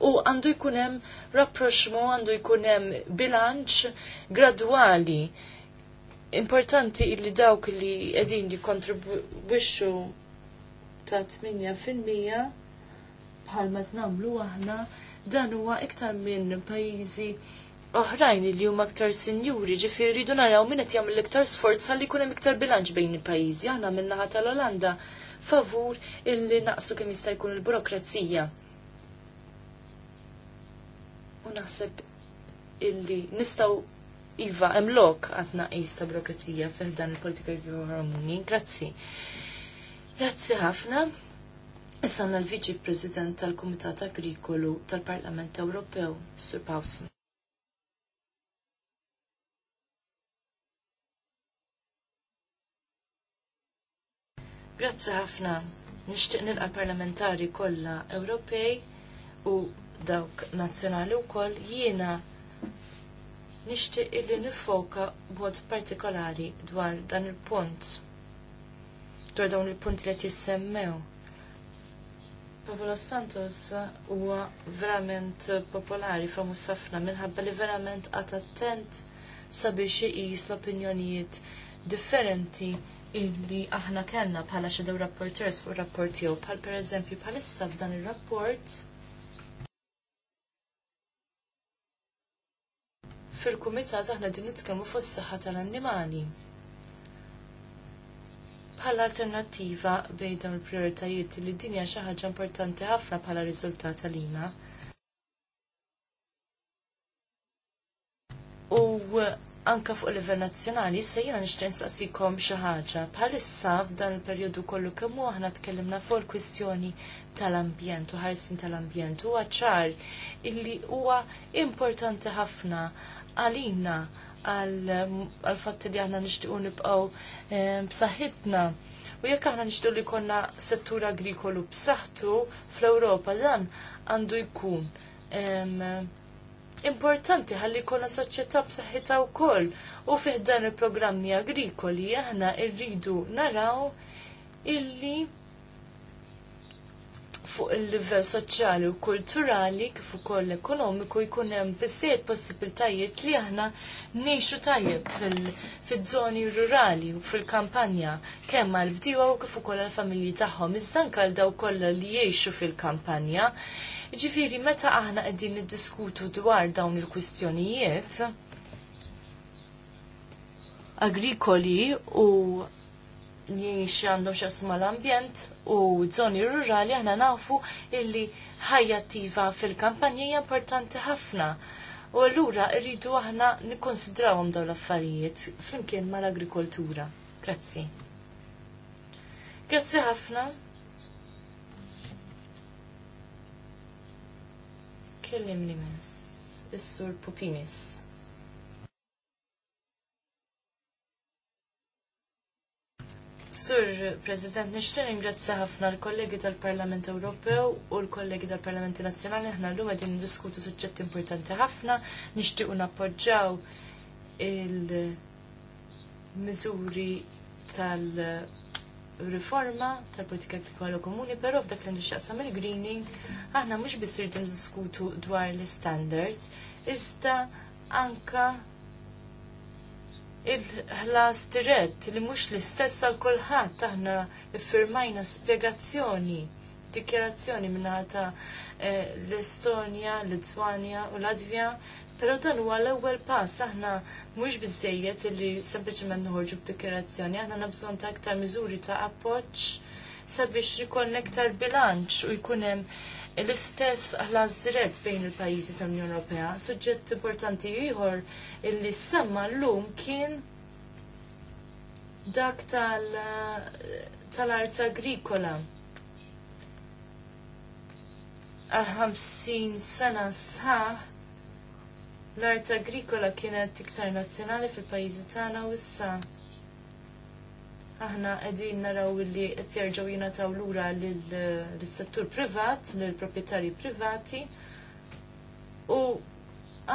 u għandu jkun hemm rapproxmu għandu jkun hemm bilanċ gradwali. Importanti illi dawk li qegħdin jikkontribwixxu ta' 8% bħal ma tnamlu aħna dan huwa iktar minn pajjiżi oħrajn li huma aktar sinjuri, ġifieri rridu naraw min qed jagħmel iktar sforz ħalli jkun hemm iktar bilanċ bejn il-pajjiżi. Aħna min-naħa tal-Olanda favur illi naqsu kemm jista' jkun il-burokrazija. U naħseb illi nistgħu iva hemm lok għad naqis ta' burokrazija fih dan il-politika Romuni. Grazzi. Grazzi ħafna. Issa l-Viċi President tal-Kumitat Agrikolu tal-Parlament Ewropew, Sur Pawson. Grazzi ħafna. Nixtieq nilqa parlamentari kollha Ewropej u dawk nazzjonali wkoll jiena nixtieq illi nifoka b'mod partikolari dwar dan il-punt. Dwar dawn il-punti li qed jissemmew. Pablo Santos huwa verament popolari famus ħafna minħabba li verament qatt attent sabiex iqis l-opinjonijiet differenti illi aħna kellna bħala xedew rapporters fuq rapport tiegħu bħal pereżempju bħalissa f'dan ir-rapport fil-kumitat aħna din nitkellmu fuq is-saħħa tal-annimali. Bħala alternattiva bejn dawn il-prijoritajiet li din hija xi ħaġa importanti ħafna bħala riżultat għalina. U anka fuq livell nazzjonali, issa jiena nixtieq nsaqsikom xi ħaġa. Bħalissa f'dan il-perjodu kollu kemm aħna tkellimna fuq il-kwistjoni tal-ambjent u ħarsin tal-ambjent huwa ċar illi huwa importanti ħafna għalina għal fatt li aħna nixtiequ nibqgħu eh, b'saħħitna. U jekk aħna nixtu li konna settur agrikolu b'saħħtu fl-Ewropa dan għandu jkun importanti ħalli jkollna soċjetà b'saħħitha wkoll u fih dan il-programmi agrikoli aħna rridu naraw illi fuq il-livell soċjali u kulturali kif ukoll ekonomiku jkun hemm biżejjed possibiltajiet li aħna ngħixu tajjeb fiż-żoni rurali u fil-kampanja kemm għall bdiewa u kif ukoll għall-familji tagħhom iżda nkalda wkoll kollha li jgħixu fil-kampanja Ġifiri, meta aħna qegħdin niddiskutu dwar dawn il-kwistjonijiet agrikoli u jiex għandhom xasma l-ambjent u zoni rurali aħna nafu illi ħajjattiva fil-kampanja hija importanti ħafna. U allura rridu aħna nikkonsidrawhom dawn l-affarijiet flimkien mal-agrikoltura. Grazzi. Grazzi ħafna. kellim li mis, is-sur Pupinis. Sur President, nishtin ingrazzja ħafna l-kollegi tal-Parlament Ewropew u l-kollegi tal-Parlamenti Nazzjonali aħna llum qegħdin diskutu suġġett importanti ħafna, nixtiequ nappoġġaw il-miżuri tal- riforma tal-politika agrikola komuni, però f'dak li nixtaqsam il-greening, aħna mhux biss irridu ndiskutu dwar l-standards, iżda anka il-ħlas dirett li mhux l-istess għal kulħadd aħna iffirmajna spjegazzjoni dikjerazzjoni minna eh, l-Estonja, l-Litwanja u l-Latvja Però dan huwa l-ewwel pass aħna mhux biżejjed illi sempliċement noħorġu b'dikerazzjoni, aħna nabżon ta' aktar miżuri ta' appoġġ sabiex ikollna aktar bilanċ u jkun hemm l-istess ħlas dirett bejn il-pajjiżi tal-Unjoni Ewropea, suġġett importanti ieħor illi semma llum kien dak eh, tal-art agrikola. Għal 50 sena sħaħ l-art agrikola kienet iktar nazzjonali fil-pajjiżi tagħna u issa aħna qegħdin naraw li qed jerġgħu jingħataw lura lis-settur privat, lill-proprjetarji privati. U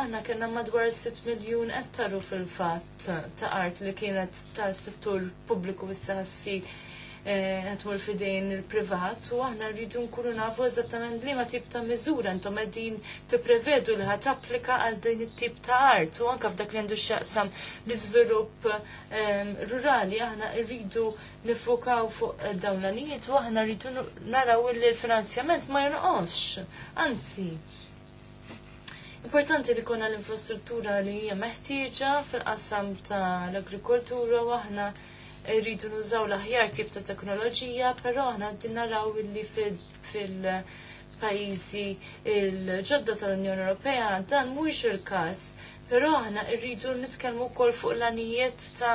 aħna kellna madwar 6 miljun ettaru fil-fatt ta' art li kienet tas-settur pubbliku issa ħassir Eh, għatmur fidejn il-privat u aħna rridu nkunu nafu eżattament li ma tip ta' miżura intom għedin tipprevedu li għat applika għal din it-tip ta' art u anka f'dak li għandu xaqsam l-iżvilupp ehm, rurali aħna rridu nifukaw fuq dawn l u aħna rridu naraw li l-finanzjament ma jonqosx. Anzi, Importanti li konna l-infrastruttura li hija meħtieġa fil-qassam tal-agrikoltura u aħna rridu nużaw l-aħjar tip ta' teknoloġija, però aħna din naraw illi fil-pajjiżi il-ġodda tal-Unjoni Ewropea dan mhuwiex il-każ. Però aħna rridu nitkellmu wkoll fuq l-anijiet ta'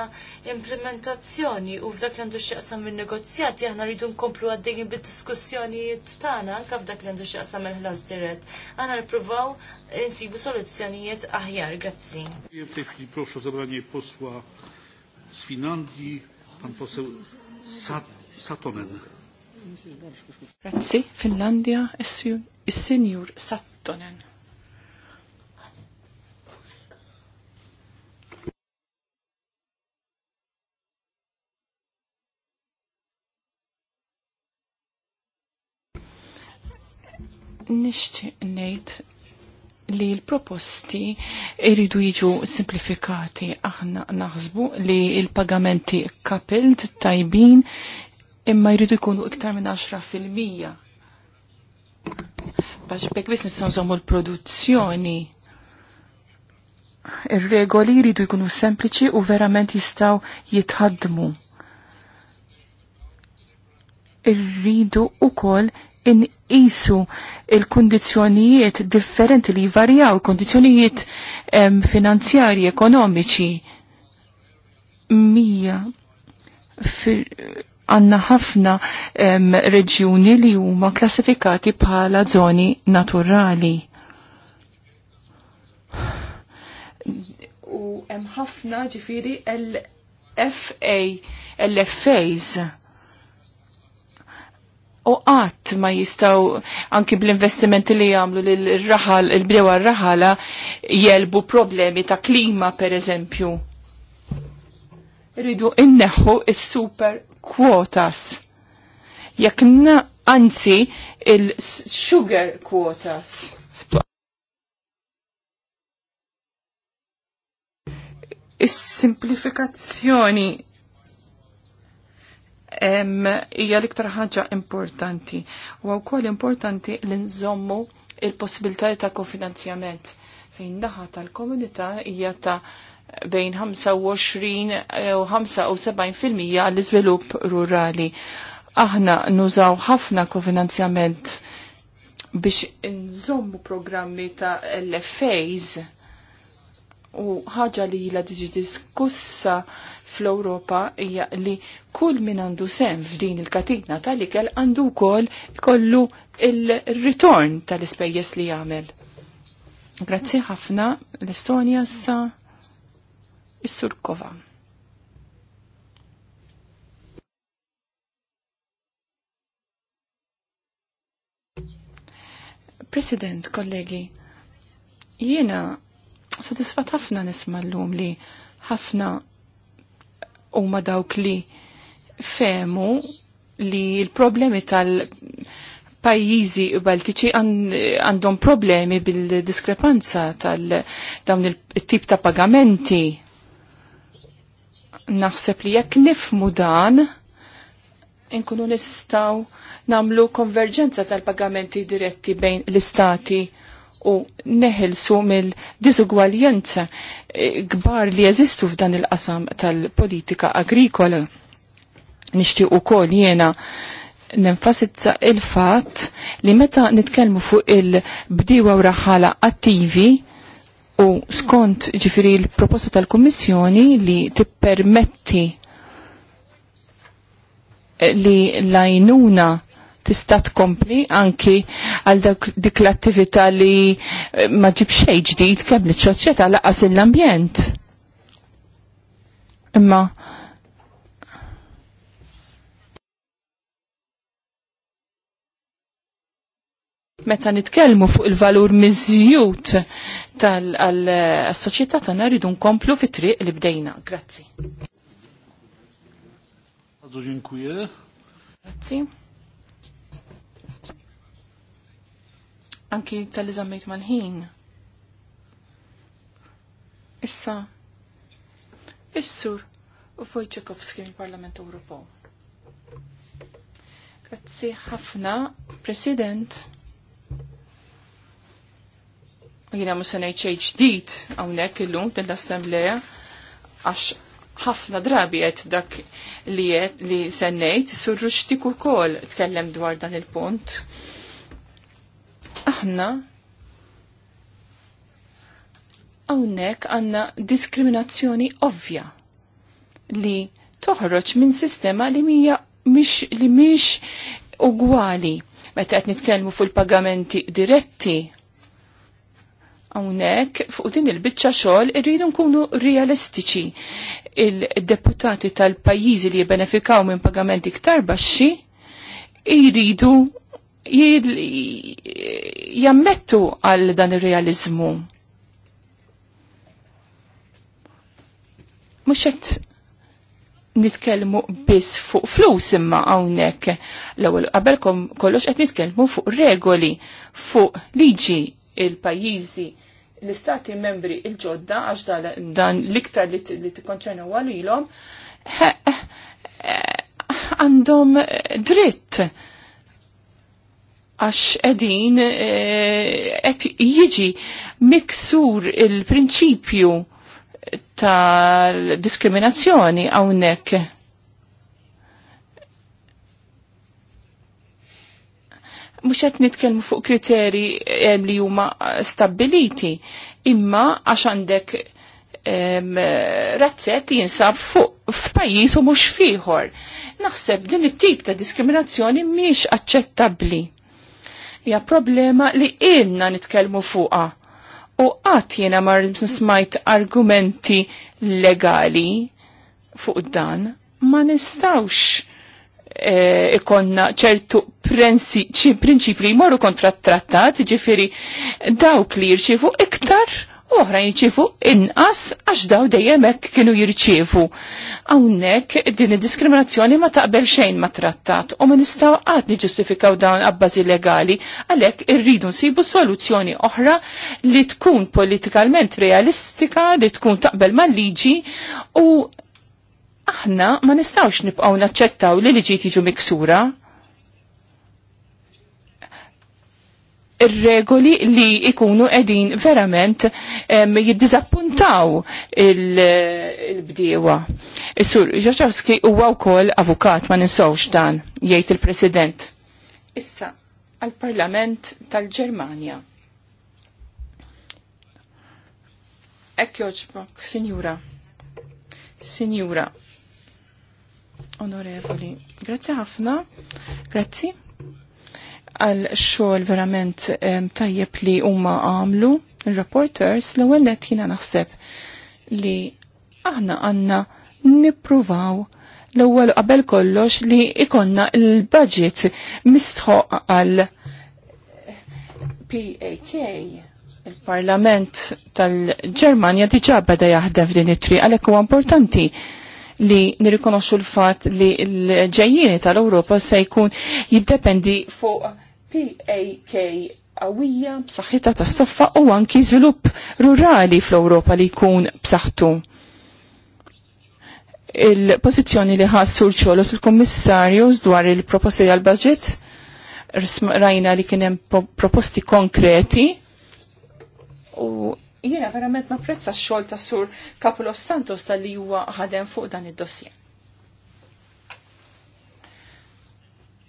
implementazzjoni u f'dak li għandu x'jaqsam minn negozjati aħna rridu nkomplu għaddejjin bid-diskussjonijiet tagħna anke f'dak li għandu x'jaqsam il-ħlas dirett. Aħna nippruvaw insibu soluzzjonijiet aħjar. Grazzi. Z Finlandii Pan poseł Satonen. Grazzi, Finlandia, il-Sinjur Satonen. Nishti Nate li l-proposti iridu jiġu simplifikati. Aħna naħsbu li l-pagamenti coupled tajbin imma jridu jkunu iktar minn 10%. fil-mija. Bax bek business nżommu l-produzzjoni. Ir-regoli jridu jkunu sempliċi u verament jistaw jitħaddmu. Irridu u koll inqisu il-kondizjonijiet differenti li varjaw, kondizjonijiet finanzjari, ekonomiċi. Mija għanna ħafna reġjuni li huma klassifikati bħala zoni naturali. U hemm ħafna ġifiri l-FA, l-FAs u qatt ma jistaw anki bl-investimenti li jagħmlu l-raħal, il-bdewa r-raħala jelbu problemi ta' klima per eżempju. Ridu inneħħu il super quotas. Jekk anzi il-sugar quotas. Is-simplifikazzjoni hija l-iktar ħaġa importanti. U wkoll importanti li nżommu il-possibilitajiet ta' kofinanzjament fejn daħa tal-komunità hija ta' bejn 25 u 75% eh, l-iżvilupp rurali. Aħna nużaw ħafna kofinanzjament biex nżommu programmi ta' l fejz u ħaġa li jila diġi diskussa fl-Ewropa hija li kull min għandu sem f'din il-katina tal-ikel għandu wkoll kollu il-ritorn tal-ispejjeż li jagħmel. Grazzi ħafna l-Estonja sa is-Surkova. President, kollegi, jiena sodisfat ħafna nisma' l-lum li ħafna ma dawk li femu li l-problemi tal- pajjiżi baltiċi għandhom problemi bil-diskrepanza tal-dawn il-tip ta' pagamenti. Naħseb li jekk nifmu dan, inkunu nistaw namlu konverġenza tal-pagamenti diretti bejn l-istati u neħilsu mill-disugwaljenza gbar eh, li jeżistu f'dan il-qasam tal-politika agrikola. Nixtieq ukoll jiena nenfasizza il-fatt li meta nitkellmu fuq il bdiwa u raħala attivi u skont ġifiri l-proposta tal-Kummissjoni li tippermetti li lajnuna tista' tkompli anki għal dik l-attività li eh, ma ġib xejn ġdid kemm liċ-soċjetà laqas l-ambjent. Imma meta nitkellmu fuq il-valur miżjut tal-soċjetà eh, tagħna rridu nkomplu fit-triq li bdejna. Grazzi. Grazzi. anki tal-li mal-ħin. Issa, issur u Wojciechowski mill-Parlament Ewropew. Grazzi ħafna, President. Jina mhux se ngħid xejn ġdid hawnhekk illum assembleja għax ħafna drabi qed dak li qed li sennejt, sur ruxtik ukoll tkellem dwar dan il-punt aħna hawnhekk għandna diskriminazzjoni ovvja li toħroġ minn sistema li mija mhix li mhix ugwali meta qed nitkellmu fuq il-pagamenti diretti Hawnhekk fuq din il-biċċa xogħol irridu nkunu realistiċi. Il-deputati tal-pajjiżi li jibbenefikaw minn pagamenti ktar baxxi jridu jammettu għal dan ir-realizmu. Muxet qed nitkellmu biss fuq flus imma hawnhekk. L-ewwel qabel kollox qed nitkellmu fuq regoli, fuq liġi il-pajjiżi l-istati membri il-ġodda għax dan l-iktar li t-konċena għalilom għandhom dritt għax edin qed eh, jiġi miksur il-prinċipju tal-diskriminazzjoni hawnhekk. Mhux qed nitkellmu fuq kriteri eh, li huma stabiliti imma għax għandek razzet jinsab fuq f'pajjiż u mhux fiħor. Naħseb din it-tip ta' diskriminazzjoni miex aċċettabbli hija problema li ilna nitkellmu fuqha. U qatt jiena mar smajt argumenti legali fuq dan ma nistawx e, ikonna ċertu prinċipri jmorru kontra trattat, ġifiri dawk li jirċivu iktar oħra jinċifu inqas għax daw dejjem hekk kienu jirċievu. Hawnhekk din id-diskriminazzjoni ma taqbel xejn ma trattat u ma nistgħu qatt niġġustifikaw dawn abbażi legali għalhekk irridu nsibu soluzzjoni oħra li tkun politikalment realistika, li tkun taqbel mal-liġi u aħna ma nistgħux nibqgħu naċċettaw li liġi tiġu miksura regoli li ikunu edin verament jiddizappuntaw il-bdiewa. Il Sur, Ġorġavski huwa wkoll avukat ma ninsawx dan, jgħid il-President. Issa, għal-Parlament tal-Ġermanja. Ek joġbok, Sinjura. Sinjura. Onorevoli. Grazie ħafna. Grazie għal xogħol verament tajjeb li huma għamlu il-reporters l-ewwel qed jiena naħseb li aħna għandna nippruvaw l-ewwel qabel kollox li ikonna l-budget mistħoq għal PAK il-Parlament tal-Ġermanja diġà beda jaħdem f'din it-triq għalhekk huwa importanti li nirrikonoxxu l-fatt li l-ġejjieni tal-Ewropa se jkun jiddependi fuq PAK għawija b'saħħitha ta' stoffa u anki żvilupp rurali fl-Ewropa li jkun b'saħħtu il-pozizjoni li ħas sur ċolos il-kommissarju dwar il-proposti għal-budget, rajna li kienem proposti konkreti, u jiena verament napprezza x-xol ta' sur Kapulos Santos tal-li huwa ħadem fuq dan id-dossier.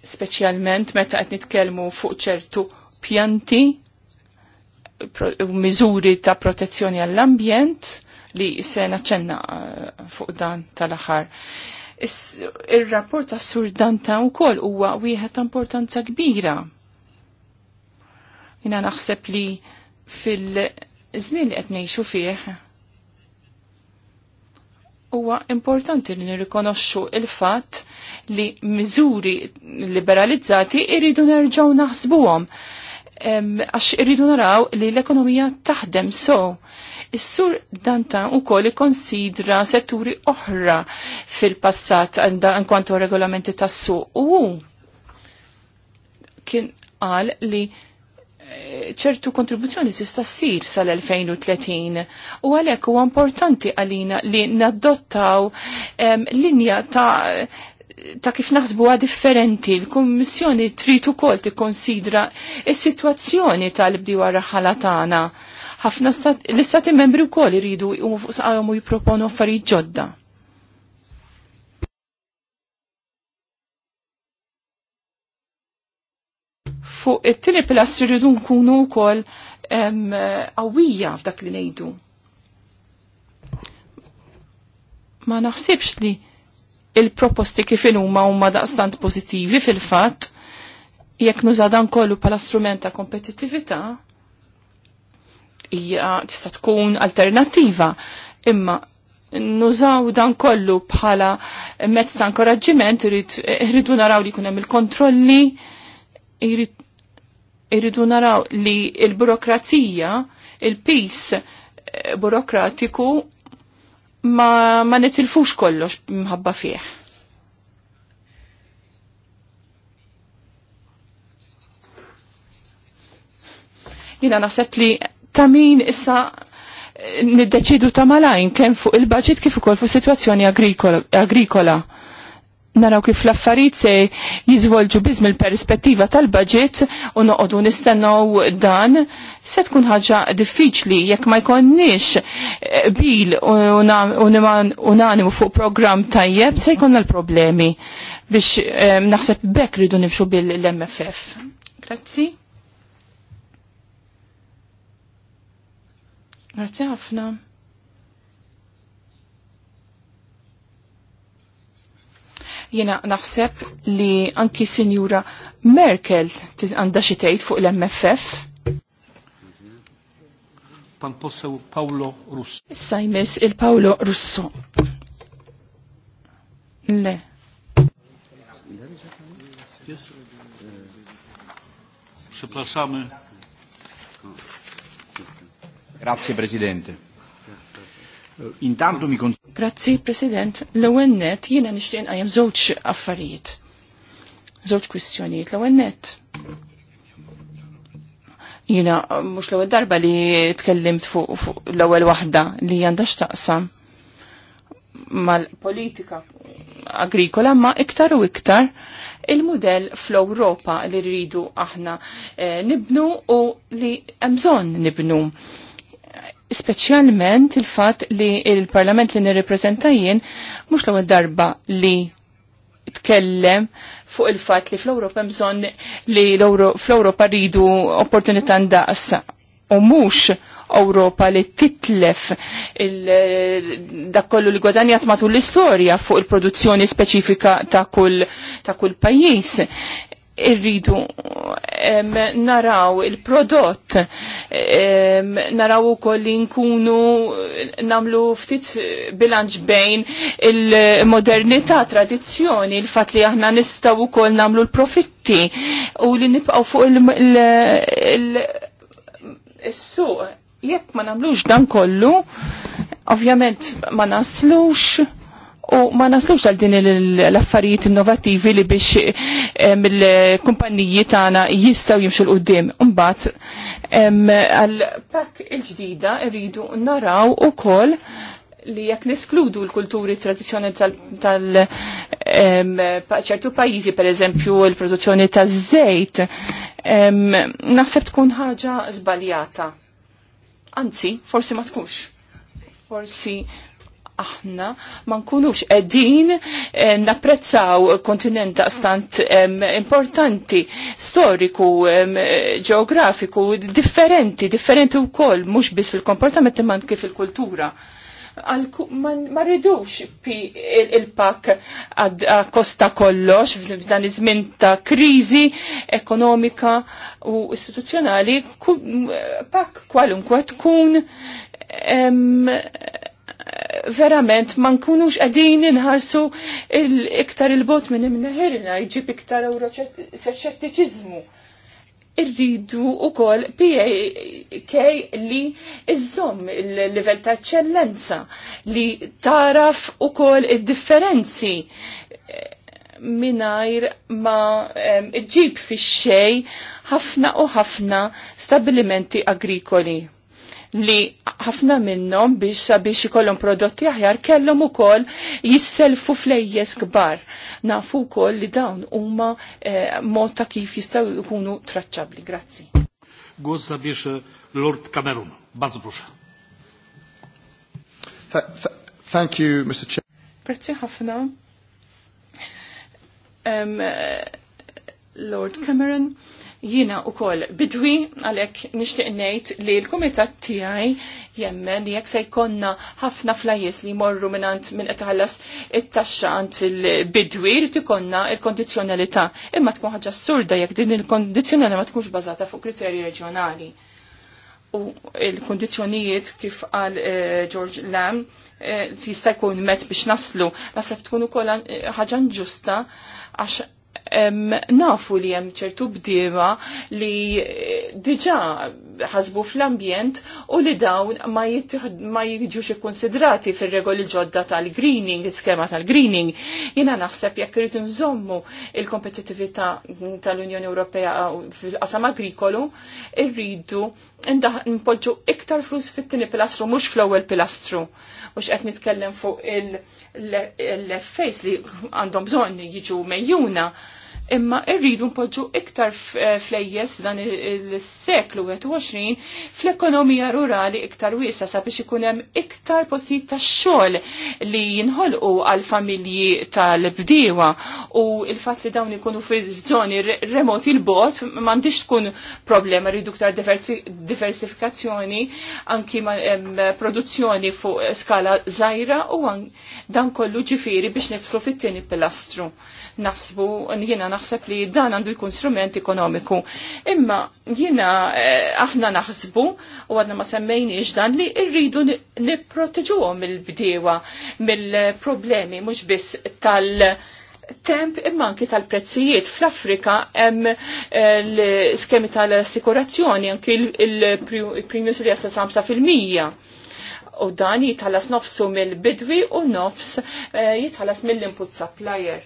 speċjalment meta qed nitkellmu fuq ċertu pjanti miżuri ta' protezzjoni għall-ambjent li se naċċenna eh, fuq dan tal-aħħar. Ir-rapport ta' Sur Danta wkoll huwa wieħed ta' importanza kbira. Jina naħseb li fil-żmien li qed ngħixu fih huwa importanti li nirrikonoxxu il-fatt li miżuri liberalizzati irridu nerġgħu naħsbuhom għax irridu naraw li l-ekonomija taħdem so. Is-sur danta u koll konsidra setturi oħra fil-passat għankwantu regolamenti tas-suq u kien qal li ċertu kontribuzzjoni tista' ssir sal-2030 u għalhekk huwa importanti għalina li naddottaw linja ta' ta' kif naħsbuha differenti, l-Kummissjoni trid ukoll tikkonsidra is-sitwazzjoni tal bdi raħala tagħna. Ħafna l-istati membri wkoll iridu u fuq saqajhom u jipproponu affarijiet ġodda. fuq it-tieni pilastri rridu nkunu wkoll għawija f'dak li ngħidu. Ma naħsibx li il-proposti kif huma huma daqstant pozittivi fil-fatt jekk nużadan dan kollu bħala strument ta' kompetittività hija tista' tkun alternattiva imma nużaw dan kollu bħala mezz ta' inkoraġġiment irridu naraw li jkun hemm il-kontrolli irid irridu naraw li il-burokrazija, il-pis eh, burokratiku ma, ma netilfux kollox mħabba fieħ. Jina naħseb li tamin issa eh, niddeċidu ta' malajn kemm fuq il-baġit kif ukoll fuq situazzjoni agrikola. agrikola naraw kif l-affarijiet se jiżvolġu biss mill-perspettiva tal-budget u noqogħdu nistennew dan se tkun ħaġa diffiċli jekk ma jkollniex eh, bil unanimu fuq programm tajjeb se jkollna l-problemi biex eh, naħseb bekk ridu nimxu bil-MFF. Grazzi. Grazzi ħafna. Jena naħseb li anki Sinjura Merkel għandha xi tgħid fuq l-MFF. Pan possew Paolo Russo. Issa jmiss il-Paolo Russo. Le. Przepraszamy. Grazie Presidente. Eh, intanto mi kon... Grazzi, President. L-ewwel net jiena nixtieq qajjem żewġ affarijiet. Żewġ kwistjonijiet. L-ewwel net. Jiena eh, mhux l-ewwel darba li tkellimt fuq fu, l-ewwel waħda li għandha x'taqsam mal-politika agrikola ma iktar u iktar il-modell fl-Europa li rridu aħna eh, nibnu u li emżon nibnu speċjalment il-fat li il-parlament li nirrepreżenta jien mhux l-ewwel darba li tkellem fuq il-fat li fl-Ewropa bżonn li fl-Ewropa ridu opportunità ndaqs u mhux Ewropa li titlef dak kollu li għadanjat matul l-istorja fuq il-produzzjoni speċifika ta' kull ta' kull pajjiż irridu naraw il-prodott, naraw u koll nkunu namlu ftit bilanċ bejn il-modernità, tradizzjoni, il-fat li aħna nistaw u koll namlu l-profitti u li nipqaw fuq il-suq. Jekk ma namlux dan kollu, ovvjament ma naslux u ma naslux għal din l-affarijiet innovativi li biex mill-kumpanniji tagħna jistgħu jimxu l qoddim Imbagħad għal pak il-ġdida rridu naraw ukoll li jekk niskludu l-kulturi tradizjoni tal- ċertu pajjiżi, per eżempju, l-produzzjoni ta' żejt, naħseb tkun ħaġa żbaljata. Anzi, forsi ma tkunx. Forsi aħna ma nkunux edin eh, napprezzaw kontinent stant importanti, storiku, ġeografiku, differenti, differenti u koll, mux bis fil-komportament imma kif fil-kultura. Ma rridux il-pak għad kosta kollox f'dan iż-żmien ta' kriżi ekonomika u istituzzjonali, pak kwalunkwe tkun verament ma nkunux qegħdin inħarsu iktar il-bot minn imneħirna jġib iktar euroċettiċiżmu. Irridu u kol PAK li iżom il-level ta' eccellenza li taraf u kol id-differenzi minnajr ma iġib fi xej ħafna u ħafna stabilimenti agrikoli li ħafna minnhom biex sabiex ikollhom prodotti aħjar kellhom ukoll jisselfu flejjes kbar. Nafu wkoll li dawn huma eh, mod ta' kif jistgħu jkunu traċċabbli. Grazzi. Głos zabierze Lord Cameron. Bazz Bruxa. thank you, Mr. Chair. Grazzi ħafna. Eh, Lord Cameron Jina u kol bidwi għalek nishtiq nejt li l-komitat tijaj jemmen li jek se ħafna flajis li morru minnant minn għetħallas it-taxxa għant il-bidwi li tikonna il kondizjonalita Imma tkun ħagġa surda jek din il kondizjonalita ma tkunx bazata fuq kriterji reġjonali. U il-kondizjonijiet kif għal eh, George Lamb eh, jista' jkun met biex naslu, nasab tkun ukoll ħaġa ġusta għax Um, nafu li hemm ċertu bdiema li eh, diġa ħasbu fl-ambjent u li dawn ma, ma jiġux ikkonsidrati fir-regoli ġodda tal-greening, iskema tal-greening. Jiena naħseb jekk irid nżommu il kompetitività tal-Unjoni Ewropea eh, fil-qasam agrikolu, irridu npoġġu iktar flus fit-tieni pilastru mhux fl-ewwel pilastru. Mhux qed nitkellem fuq il-face li għandhom bżonn jiġu mejjuna imma irridu npoġġu iktar eh, flejjes f'dan il-seklu 21 fl-ekonomija rurali iktar wiesa sabiex ikun hemm iktar postijiet ta' xogħol li jinħolqu għal familji tal-bdiewa u il-fatt li dawn ikunu fiż-żoni remoti l-bot m'għandix tkun problema rridu iktar diversifikazzjoni anki produzzjoni fuq skala żgħira u dan kollu ġifieri biex nidħlu fit-tieni pilastru. Naħsbu jiena naħseb li dan għandu jkun strument ekonomiku. Imma jina eh, aħna naħsbu u għadna ma semmejniex dan li rridu niproteġuhom il-bdiewa mill-problemi mhux biss tal- temp imma anki tal-prezzijiet fl-Afrika hemm eh, l-skemi tal-assikurazzjoni anki il-premius li jasta mija u dan jitħallas nofsu mill-bidwi u nofs eh, jitħallas mill-input supplier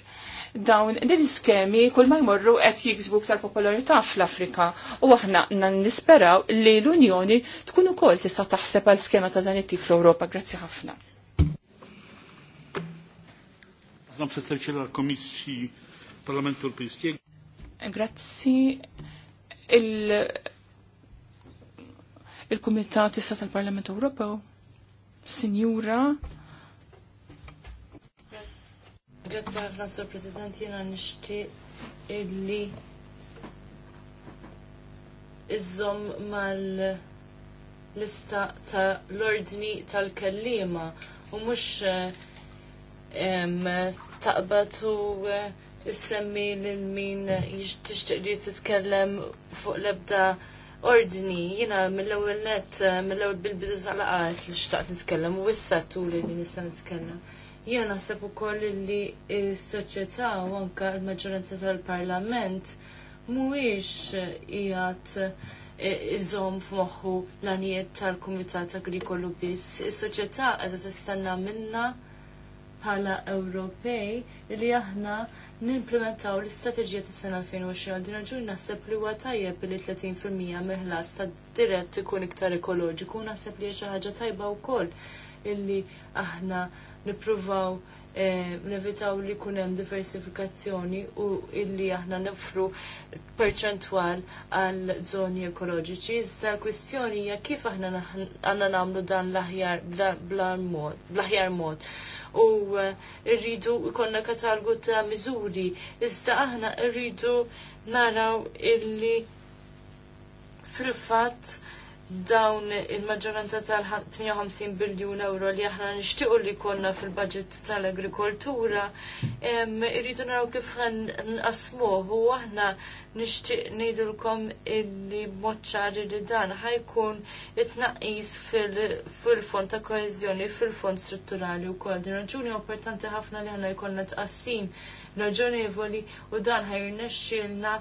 dawn l-iskemi kull ma jmorru qed jiksbu ktar popolarità fl-Afrika u aħna nisperaw li l-Unjoni tkun ukoll tista' taħseb għal skema ta' dan it-tif fl-Ewropa. Grazzi ħafna. Grazzi. Il, kumitat issa tal-Parlament Ewropew, Sinjura, Grazzi ħafna, Sur President, jena nixtieq illi iżom mal lista ta' l-ordni tal kelliema u mhux eh, taqbad u eh, issemmi lil min tixtieq li titkellem fuq l-ebda ordni. Jiena mill-ewwel net eh, mill-ewwel bil-bidu tal li xtaqt nitkellem u issa tuli li nista' nitkellem. Jiena naħseb ukoll li s-soċjetà u anke l-maġġoranza tal-Parlament mhuwiex jgħat iżom f'moħħu l-anijiet tal-Kumitat Agrikolu biss. Is-soċjetà qiegħda tistenna minna bħala Ewropej li aħna nimplementaw l-istrateġija ta' sena 2020 din ġuri naħseb li huwa tajjeb li 30% mill-ħlas ta' dirett ikun iktar ekoloġiku naħseb li hija xi ħaġa tajba wkoll illi aħna nippruvaw eh, nevitaw li jkun hemm diversifikazzjoni u illi aħna nifru perċentwal għal żoni ekoloġiċi. Iżda l-kwistjoni hija kif aħna għandna nagħmlu dan l-aħjar bl-aħjar mod. U eh, rridu jkollna katalgu ta' miżuri, iżda aħna rridu naraw illi fil-fatt dawn il-maġġoranza tal-58 biljun euro li aħna nixtiequ li konna fil-budget tal-agrikoltura, irridu naraw kif nqasmuh u aħna nixtieq ngħidulkom illi moċċari li dan ħajkun it-tnaqqis fil-fond ta' koeżjoni, fil-fond strutturali wkoll. Din raġuni importanti ħafna li aħna jkollna tqassim raġonevoli u dan ħajrna xilna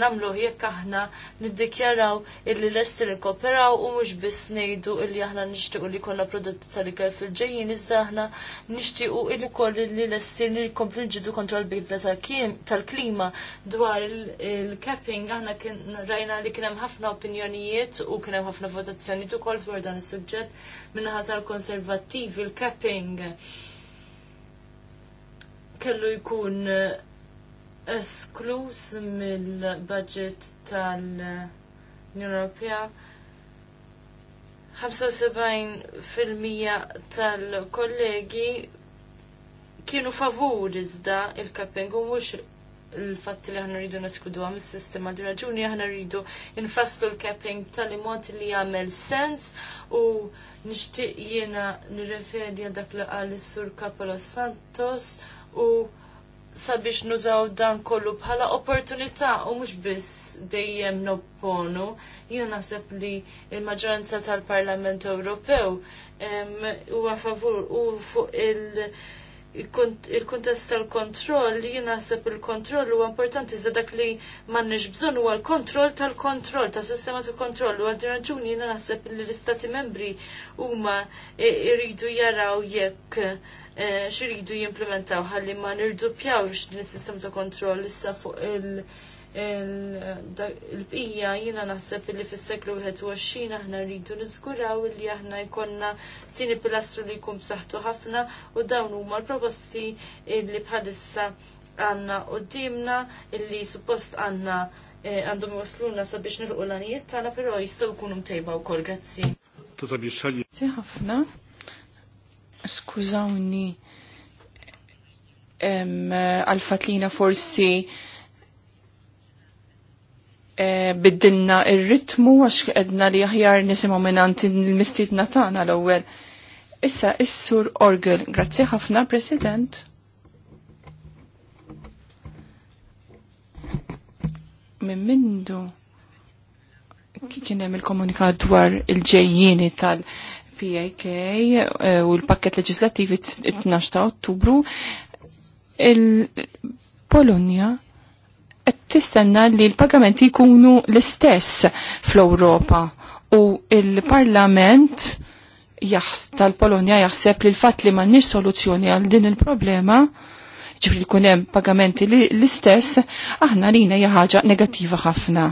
namlu jekk aħna niddikjaraw illi lesti li kooperaw u mhux biss ngħidu illi aħna nixtiequ li jkollna prodotti tal-ikel fil-ġejjin iżda aħna nixtiequ illi koll li lesti li nkomplu nġidu kontra l-bidla tal-klima dwar il-capping aħna rajna li kien hemm ħafna opinjonijiet u kien hemm ħafna votazzjonijiet ukoll dwar dan is-suġġett minn tal konservattiv il-capping kellu jkun eh, esklus mill-budget tal-Unjoni Ewropea. 75% tal-kollegi kienu favur iżda il-kapping u mhux il-fatt li aħna rridu naskudu għam il-sistema di raġuni aħna rridu infaslu l-capping tal-imot li jagħmel sens u nixtieq jiena nirreferi għadak dak li qal is-sur Kapolo Santos u sabiex nużaw dan kollu bħala opportunità u mhux biss dejjem nopponu. Jien naħseb li l-maġġoranza tal-Parlament Ewropew huwa favur u fuq il- il-kuntest tal-kontroll, li naħseb il-kontroll huwa importanti za dak li m'għandniex bżonn huwa l-kontroll tal-kontroll, ta' sistema ta' kontroll, u għaddi raġuni jiena naħseb li l-istati membri huma jridu e, jaraw jekk e, xiridu jimplementaw ħalli ma nirdupjawx din is-sistema ta' kontroll issa fuq il- il-bqija jiena naħseb li fis-seklu 21 aħna rridu niżguraw li aħna jkollna tieni pilastru li jkun b'saħħtu ħafna u dawn huma l-proposti li bħalissa għandna qudiemna illi suppost għandna eh, għandhom wasluna sabiex nilqu l-għanijiet tagħna però jistgħu jkunu mtejba wkoll grazzi. Grazzi ħafna. Skużawni għal-fatlina forsi Biddinna e, biddilna ritmu għax edna li aħjar nisimgħu minant il-mistidna tagħna l-ewwel. Issa is-sur Orgel, grazzi ħafna President. Min mindu kien hemm il-komunikat dwar il ġejjini tal-PAK e, u l-pakket leġislattivi 12 ta' Ottubru il polonia tistenna li l-pagamenti jkunu l-istess fl-Ewropa u il-Parlament tal-Polonja jaħseb li l-fatt li m'għandniex soluzzjoni għal din il-problema ġifri jkun hemm pagamenti li l-istess aħna rina hija ħaġa negattiva ħafna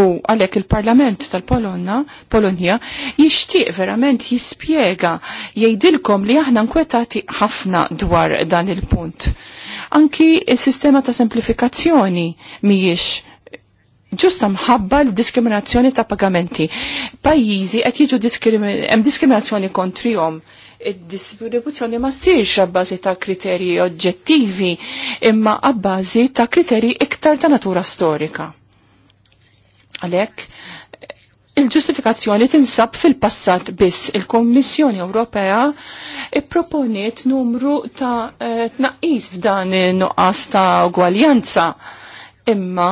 u għalek il-Parlament tal-Polonna, Polonia, jishtiq verament jispiega jgħidilkom li aħna nkwetati ħafna dwar dan il-punt. Anki il-sistema ta' semplifikazzjoni miex ġusta mħabba l-diskriminazzjoni ta' pagamenti. Pajjiżi qed jiġu hemm diskriminazzjoni kontrihom id-distribuzzjoni ma ssirx għabbażi ta' kriterji oġġettivi imma għabbażi ta' kriterji iktar ta' natura storika Għalhekk il-ġustifikazzjoni tinsab fil-passat biss. Il-Kommissjoni Ewropea ipproponiet numru ta' eh, tnaqqis f'dan nuqqas ta' ugwaljanza imma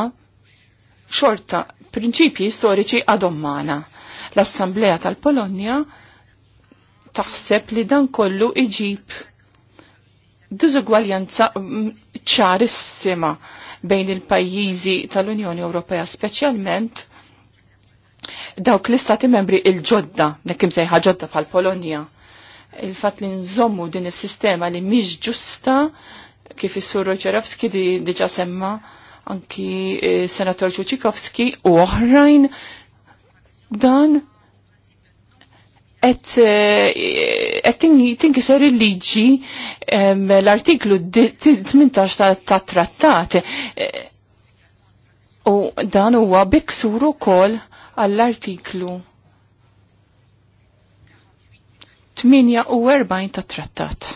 xorta prinċipji storiċi għadommana. L-Assemblea tal-Polonja taħseb li dan kollu iġib diżugwaljanza mm, ċarissima bejn il-pajjiżi tal-Unjoni Ewropea, speċjalment dawk l-istati membri il-ġodda, nekkim sejħa ġodda bħal Polonja. Il-fat li nżommu din is-sistema li mhix ġusta kif is-sur Roċerowski di diġa semma anki eh, senator Ġuċikowski u oħrajn dan et eh, tinkiser il-liġi l-artiklu 18 ta' trattat. Eh, u dan huwa biksuru kol għall-artiklu 48 ta' trattat.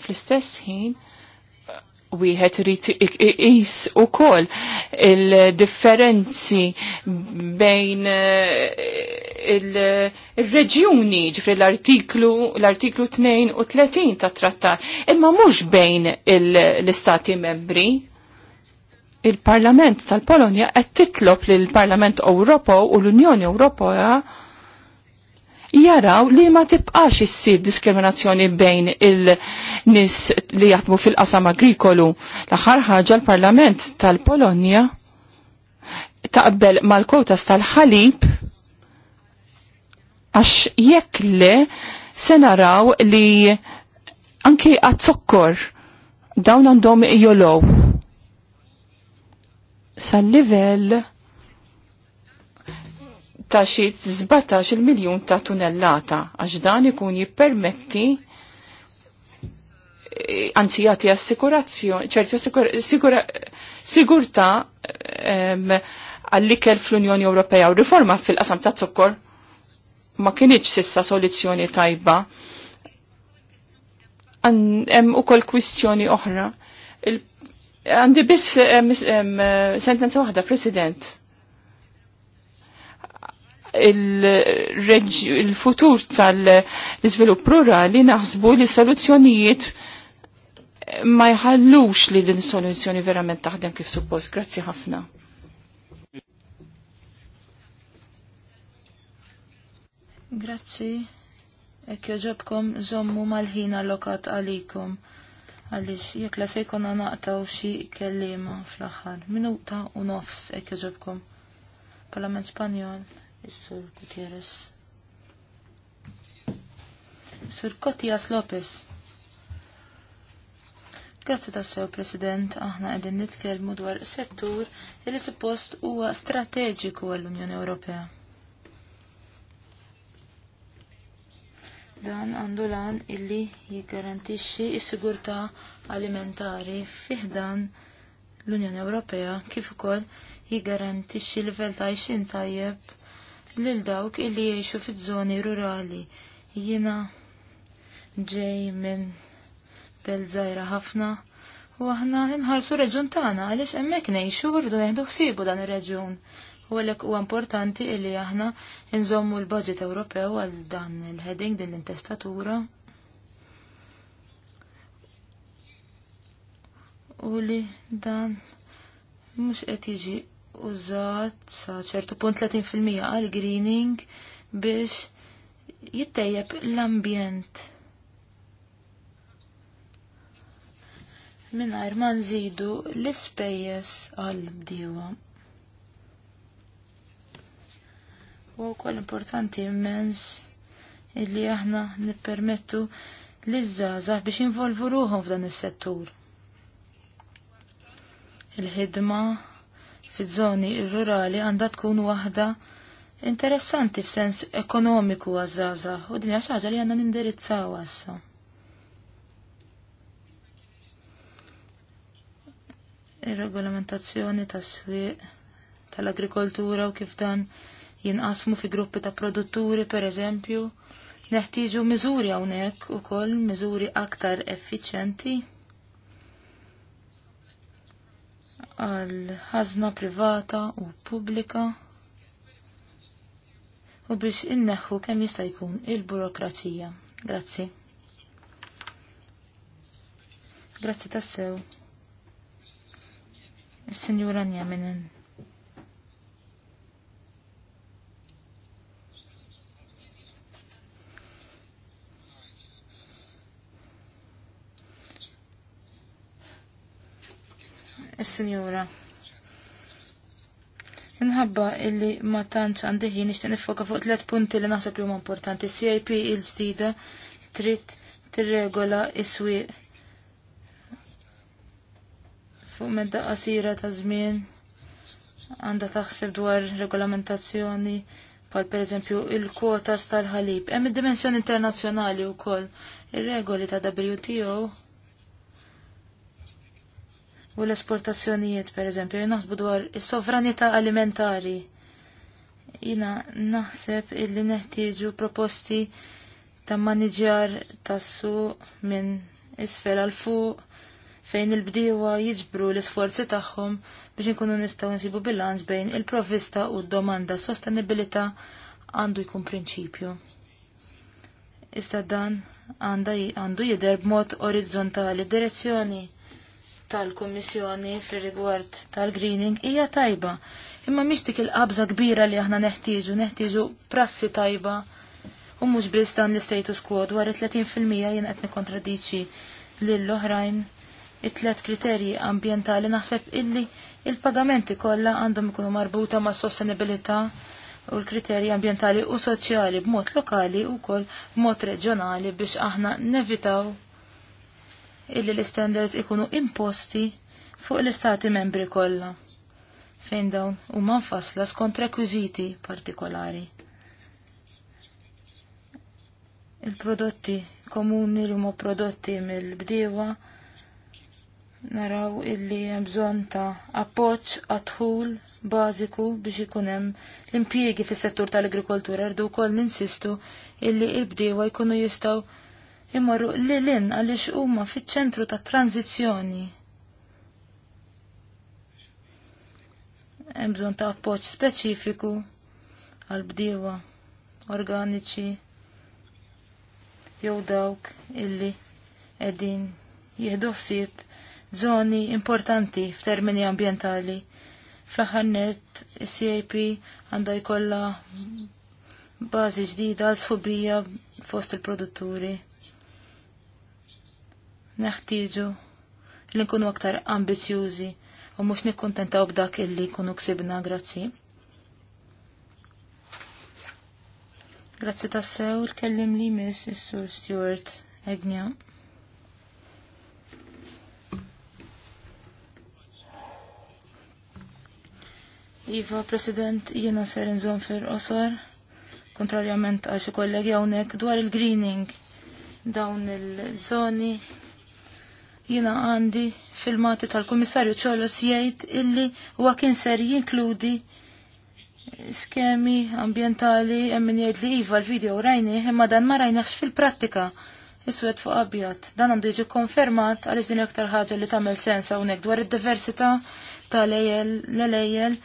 Fl-istess ħin, wieħed irid iqis ukoll il-differenzi bejn eh, il-reġjuni ġifri l-artiklu l-artiklu 32 ta' trattat, imma mhux bejn l-istati membri. Il-Parlament tal-Polonja qed titlob lill-Parlament Ewropew u l-Unjoni Ewropea jaraw li ma tibqax issir diskriminazzjoni bejn il-nis li jatmu fil-qasam agrikolu. L-aħħar ħaġa l-Parlament tal-Polonja taqbel mal-kotas tal-ħalib għax jekk le se naraw li anki għazzokkor dawn għandhom jolow. Sal-livell ta' xi 17 miljun ta' tunellata għax dan ikun jippermetti eh, anzi jagħti assikurazzjoni ċerti sigurtà ehm, għall-ikel fl-Unjoni Ewropea u riforma fil-qasam ta' zukkor ma kienieċ sissa soluzzjoni tajba. Hemm ukoll kwistjoni oħra. Għandi biss eh, eh, sentenza waħda, President il-futur il futur tal izvilupp rurali naħsbu li soluzzjonijiet ma jħallux li din soluzzjoni verament taħdem kif suppost. Grazzi ħafna. Grazzi. Ek joġobkom zommu mal ħina allokat għalikom. Għalix, jek la sejkon għanaqtaw xie kellima fl-axar. Minuta u nofs ek joġobkom. Parlament Spanjol. Is-Sur Gutierrez. Sur Kotias Lopez. Grazzi tassew, President, aħna għedin nitkelmu dwar settur li suppost huwa strateġiku għall-Unjoni Ewropea. Dan għandu lan illi jiggarantixxi s-sigurtà alimentari fiħdan l-Unjoni Ewropea kif ukoll jiggarantixxi livell ta' tajjeb lil dawk illi jgħixu fiż-żoni rurali. Jiena ġej minn belżajra ħafna u aħna nħarsu reġun tagħna għaliex hemmhekk ngħixu rridu neħdu ħsiebu dan ir-reġun. U għalhekk huwa importanti illi aħna nżommu l-budget Ewropew għal dan il-heading din l-intestatura. u li dan mux qed jiġi użat sa ċertu punt 30% għal greening biex jittejjeb l-ambjent. Minnajr ma nżidu l-ispejjeż għal bdiewa. U wkoll importanti immens illi aħna nippermettu l izzaza biex involvuruħom ruħhom f'dan is-settur. Il-ħidma fiż-żoni rurali għandha tkun waħda interessanti f'sens ekonomiku għaż-żgħażagħ u din hija ħaġa li għandna nindirizzaw għassa. Ir-regolamentazzjoni tas-swieq tal-agrikoltura u kif dan jinqasmu fi gruppi ta' produtturi pereżempju, neħtieġu miżuri hawnhekk ukoll miżuri aktar effiċjenti għal ħazna privata u pubblika u biex inneħħu kemm jista' jkun il-burokrazija. Grazzi. Grazzi tassew. il sinjura Njeminen. is-Sinjura. Minħabba illi ma tantx għandi ħin nixtieq nifoka fuq tliet punti li naħseb li huma importanti. CIP il-ġdida trid tirregola is-swieq fuq medda qasira ta' żmien għandha taħseb dwar regolamentazzjoni pal per eżempju il-kwotas tal-ħalib. Hemm id-dimensjoni internazzjonali wkoll. Ir-regoli ta' WTO u l-esportazzjonijiet, per eżempju, naħsbu dwar is-sovranità alimentari. Jina naħseb illi neħtieġu proposti ta' maniġjar tassu minn isfel għal fuq fejn il-bdiewa jiġbru l-isforzi tagħhom biex inkunu nistgħu nsibu bilanċ bejn il-provvista u d-domanda sostenibilità għandu jkun prinċipju. Iżda dan għandu jidher b'mod orizzontali direzzjoni tal-Kummissjoni fir-rigward tal-greening hija tajba. Imma mhix dik il-qabża kbira li aħna neħtieġu, neħtieġu prassi tajba. U mhux biss dan l-status quo dwar 30% jien qed nikkontradiċi lill oħrajn it-tlet kriterji ambjentali naħseb illi il-pagamenti kollha għandhom ikunu marbuta ma' sostenibilità u l-kriterji ambjentali u soċjali b'mod lokali u kol b'mod reġjonali biex aħna nevitaw illi l-standards ikunu imposti fuq l-istati membri kollha fejn dawn huma nfassla skont rekwiżiti partikolari. Il-prodotti komuni li huma prodotti mill-bdiewa naraw illi hemm bżonn ta' appoġġ għadħul bażiku biex ikun hemm l-impjiegi fis-settur tal-agrikoltura rdu wkoll ninsistu illi l-bdiewa jkunu jistgħu imorru lilin għaliex huma fiċ-ċentru ta' tranzizjoni. Hemm bżonn ta' appoġġ speċifiku għal bdiewa organiċi jew dawk illi qegħdin jieħdu ħsieb żoni importanti f'termini ambjentali. Fl-aħħar net cap għandha jkollha bażi ġdida għal sħubija fost il-produtturi. Neħtiġu li nkunu aktar ambizjużi u mhux nikkuntentaw b'dak illi jkunu ksibna, grazzi. Grazzi tassew kellim li miss is-Sur Stewart Egnja. Iva, President, jiena ser inżon fir qosor kontrarjament għal xi kollegi hawnhekk dwar il-greening dawn il-żoni Jina għandi filmati tal-Komissarju ċolos jgħid illi huwa kien ser jinkludi skemi ambientali emmin jgħid li iva l-video rajni imma dan ma rajnax fil-prattika iswed fuq abjad. Dan għandu jiġi konfermat għaliex din aktar ħaġa li tagħmel sens hawnhekk dwar id-diversità tal-ejjel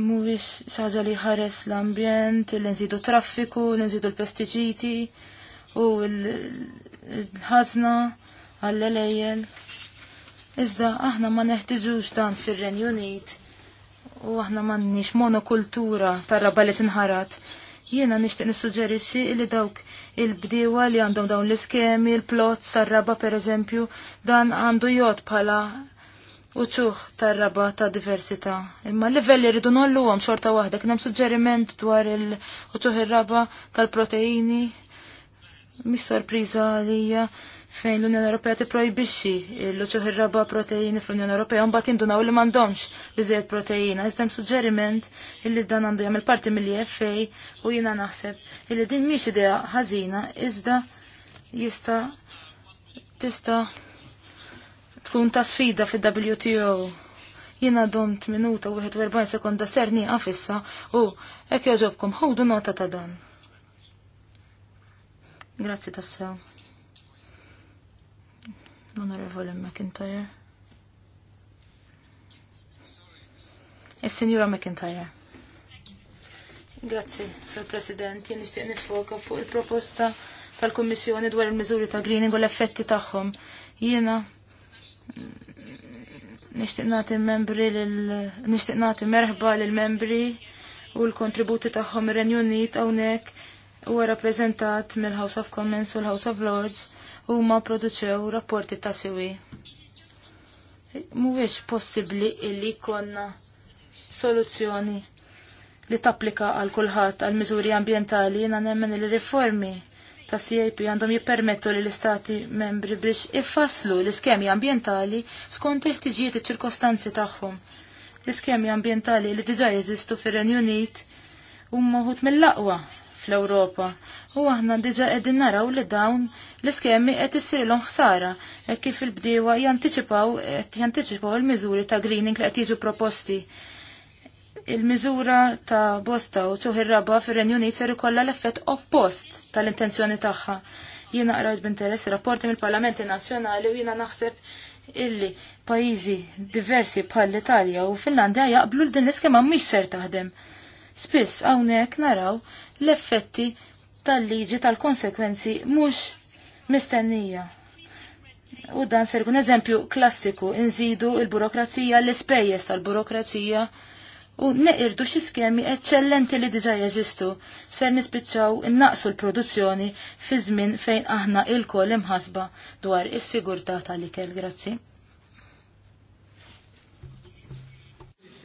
mhuwiex xaġa li ħares l-ambjent, li nżidu traffiku, li nżidu l pestiġiti u ħazna għall lejjel Iżda aħna ma neħtiġux dan fir-Renju Unit u aħna m'għandniex monokultura tar-raba li tinħarat. Jiena nixtieq nissuġġerixxi li dawk il-bdiewa li għandhom dawn l-iskemi, l plot sar-raba pereżempju, dan għandu jod bħala uċuħ tar-raba ta' diversità. Imma l livelli rridu nollu għom xorta waħda, kien suġġeriment dwar il-uċuħ ir-raba tal-proteini Mis sorpriża għalija fejn l-Unjoni Ewropea tipprojbixxi l-uċuħ ir-raba proteini fl-Unjoni Ewropea u mbagħad jindunaw li m'għandhomx biżejjed proteina. Iżda hemm suġġeriment illi dan għandu jagħmel parti mill-EFA u jiena naħseb illi din mhix idea ħażina iżda jista' tista' tkun ta' sfida fil-WTO. Jina domt minuta u 41 sekonda ser nieqa fissa u ek joġobkom ħudu nota ta' dan. Grazzi tassew. L-Onorevole McIntyre. Il-Sinjura McIntyre. Grazzi, Sir President. Jien nixtieq nifoka fuq il-proposta tal-Kummissjoni dwar il-miżuri ta' greening u l-effetti tagħhom. Jiena nixtieq nagħti membri lil nixtieq nagħti merħba lil membri u l-kontributi tagħhom ir-Renju Unit hawnhekk u rappresentat mill-House of Commons u l-House of Lords u ma produċew rapporti ta' siwi. Mhuwiex possibbli illi konna soluzzjoni li tapplika għal kulħadd għal miżuri ambjentali jiena nemmen il-riformi ta' CAP għandhom jippermettu li l-istati membri biex ifasslu l-iskemi ambjentali skont il-ħtiġijiet iċ-ċirkostanzi tagħhom. L-iskemi ambjentali li diġà jeżistu fir-Renju Unit huma wħud mill-aqwa fl-Ewropa. U aħna diġa qegħdin naraw li dawn l-iskemi qed issirilhom ħsara hekk kif il-bdiewa jantiċipaw qed jantiċipaw il-miżuri ta' greening li qed jiġu proposti. Il-miżura ta' bosta u ċuħi ir-raba fir-Renju Unit ser ikollha l-effett oppost tal-intenzjoni tagħha. Jiena qrajt b'interess rapporti mill-Parlamenti Nazzjonali u jiena naħseb illi pajizi diversi bħal l-Italja u Finlandja jaqblu l-din l-iskema mhix ser taħdem. Spiss hawnhekk naraw l-effetti tal-liġi tal-konsekwenzi mhux mistennija. U dan ser jkun eżempju klassiku inżidu il-burokrazija l-ispejjeż tal-burokrazija u neqirdu xi skemi eċċellenti li diġa' jeżistu ser nispiċċaw innaqsu l-produzzjoni fi żmien fejn aħna il-koll imħasba dwar is-sigurtà tal-ikel. Grazzi.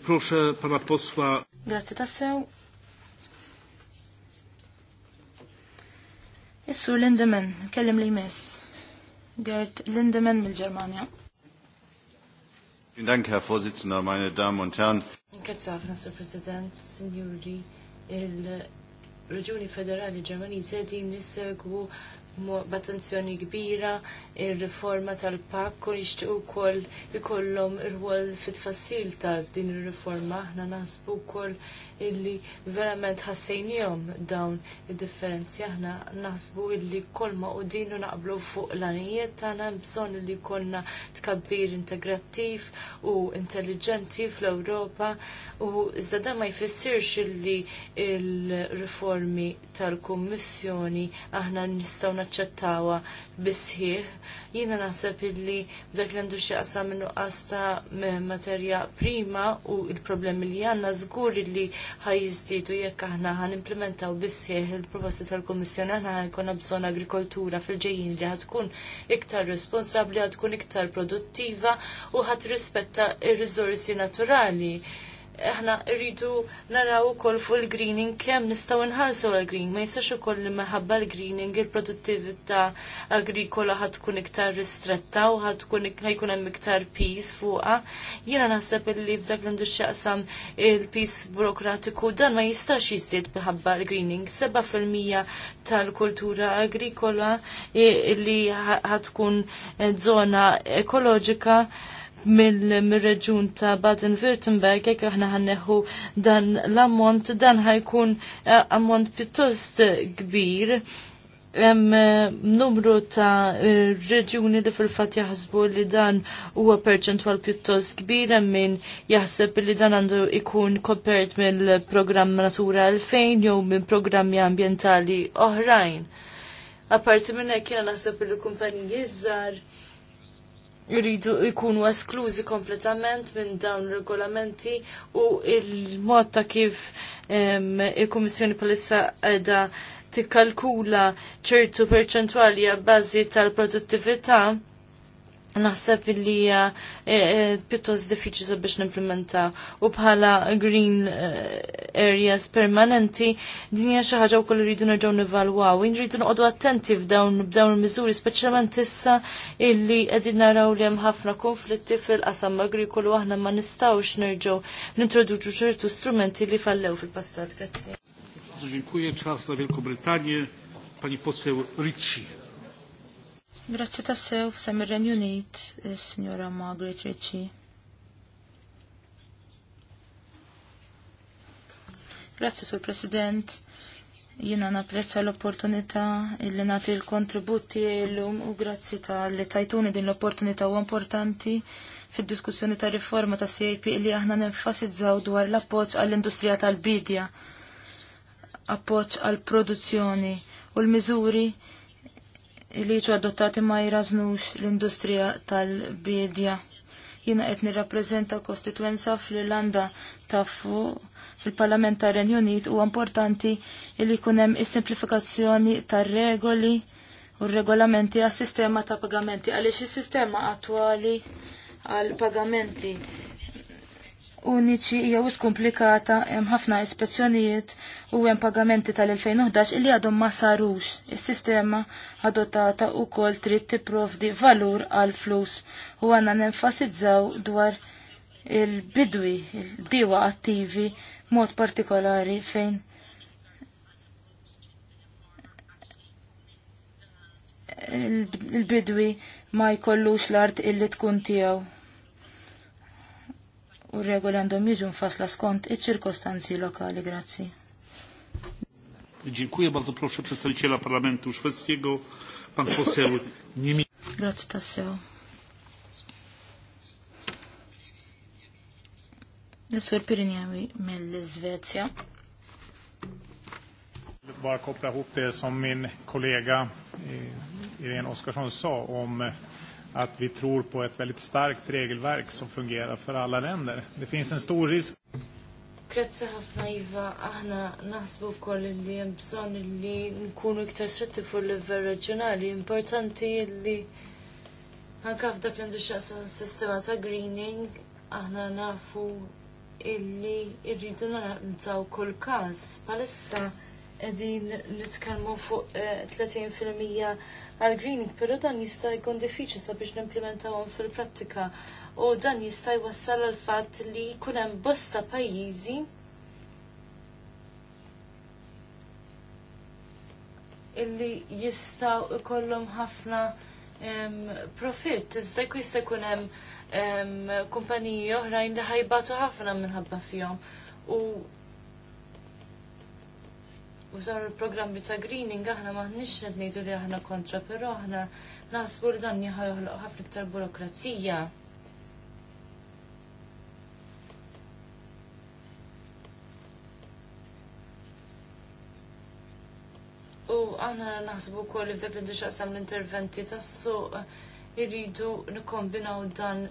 Proszę pana posła. Grazie tassew. Issu Lindemann, kellim li jmiss. Gert Lindemann mill-Germania. Vielen Dank, Herr Vorsitzender, meine Damen und Herren. Grazie, Mr. President, signori. Il-Reġuni Federali Ġermaniżi din nissegwu b'attenzjoni kbira il-reforma tal-pakk u jixtiequ wkoll ikollhom ir wol fit fassil tal din il-reforma. Aħna nasbu kol illi verament ħassejnijom dawn id-differenzi aħna naħsbu illi kolma u dinu naqblu fuq l-anijiet tagħna bżonn illi konna tkabbir integrattiv u intelligenti fl-Ewropa u iżda dan ma jfissirx illi il-riformi tal-Kummissjoni aħna nistgħu naċċettawha bisħieħ Jiena naħseb illi b'dak li għandu xi qasam minnu ta' materja prima u il-problemi li għandna zgur illi ħajjiżdiedu jekk aħna ħan implementaw bissieħ il-proposti tal-Kummissjoni aħna jkollna bżonn agrikoltura fil-ġejjin li ħatkun iktar responsabbli, ħatkun iktar produttiva u ħadd rispetta ir rizorsi naturali aħna rridu naraw ukoll fuq il-greening kemm nistgħu nħallsu l-green. Ma jistax ukoll li meħabba l-greening il-produttività agrikola ħad tkun iktar ristretta u ħad tkun ħajkun hemm iktar peace fuqha. Jiena naħseb li f'dak l xaqsam il peace burokratiku dan ma jistax jiżdied minħabba l-greening. Seba' fil-mija tal-kultura agrikola li ħad tkun zona ekoloġika mill-reġun ta' Baden-Württemberg, jekk aħna ħanneħu dan l-ammont, dan ħajkun eh, ammont pjuttost kbir. Hemm eh, numru ta' reġuni li fil-fatt jaħsbu li dan huwa perċentwal pjuttost kbir hemm min jaħseb li dan għandu ikun kopert mill-programm Natura 2000 jew minn programmi ambjentali oħrajn. Apparti minn hekk jiena naħseb li kumpaniji żgħar jridu jkunu esklużi kompletament minn dawn regolamenti u il-mod ta' kif il-Kummissjoni palissa edha tikkalkula ċertu perċentwali għabbażi tal-produttività. tal tal produttività naħseb li hija eh, eh, pjuttost diffiċli biex nimplementa u bħala green eh, areas permanenti din hija xi ħaġa wkoll irridu nerġgħu nivalwaw. Inridu noqogħdu attenti f'dawn b'dawn il-miżuri speċjalment issa illi qegħdin naraw li hemm ħafna konflitti fil-qasam agrikolu aħna ma nistgħux nerġgħu nintroduċu ċertu strumenti li fallew fil-pastat. Grazzi. Dziękuję. Czas dla Wielkiej Brytanii Pani poseł Ricci. Grazzi tassew, sem ir-Renju Unit, signora Margaret Ricci. Grazzi, Sur President. Jina napprezza l-opportunità illi nagħti l-kontributi l-lum u grazzi ta' li tajtuni din l-opportunità u importanti fid-diskussjoni ta' riforma ta' CIP li aħna nenfasizzaw dwar l-appoġġ għall-industrija tal-bidja, appoġġ għall-produzzjoni u l-miżuri li ġu adottati ma jrażnux l-industrija tal-bidja. Jina qed nirrappreżenta kostituenza fl-Irlanda ta' fil-Parlament tar Renju Unit u importanti li jkun hemm is-simplifikazzjoni tar-regoli u r-regolamenti għas-sistema ta' pagamenti għaliex is-sistema attwali għal pagamenti uniċi hija wis komplikata hemm ħafna ispezzjonijiet u hemm pagamenti tal-2011 li għadhom ma sarux. Is-sistema adottata wkoll trid tipprovdi valur għal flus u għandna nenfasizzaw dwar il-bidwi, il-bdiewa attivi mod partikolari fejn il-bidwi ma jkollux l-art illi tkun tiegħu u regolandom għandhom jiġu nfasla skont iċ-ċirkostanzi lokali. Grazzi. Dziękuję bardzo proszę przedstawiciela Parlamentu Szwedzkiego, pan poseł Niemiec. Grazie Tasseo. L-Sur mill-Svezja. Bara koppla ihop det som min kollega eh, Irene Oskarsson sa om att vi tror på ett väldigt starkt regelverk som fungerar för alla länder. Det finns en stor risk. Kretsa ħafna iva. aħna naħsbu li li nkunu iktar reġjonali, importanti li f'dak sistema ta' greening, aħna nafu illi kull Palissa nitkellmu fuq 30% eh, għal greening, però dan jista' jkun diffiċli sabiex nimplementawhom fil-prattika u dan jista' jwassal għal fatt li jkun hemm bosta pajjiżi illi jistaw ikollhom ħafna profitt. Iżda jista' jkun hemm kumpaniji oħrajn li ħajbatu ħafna minħabba fihom. U U f'dan il-programmi ta' greening aħna maħniex qed ngħidu li aħna kontra, però aħna naħsbu li dan joħloq ħafna iktar burokrazija. U aħna naħsbu wkoll li f'dak li dixaqsam l-interventi tas-suq irridu nikkombinaw dan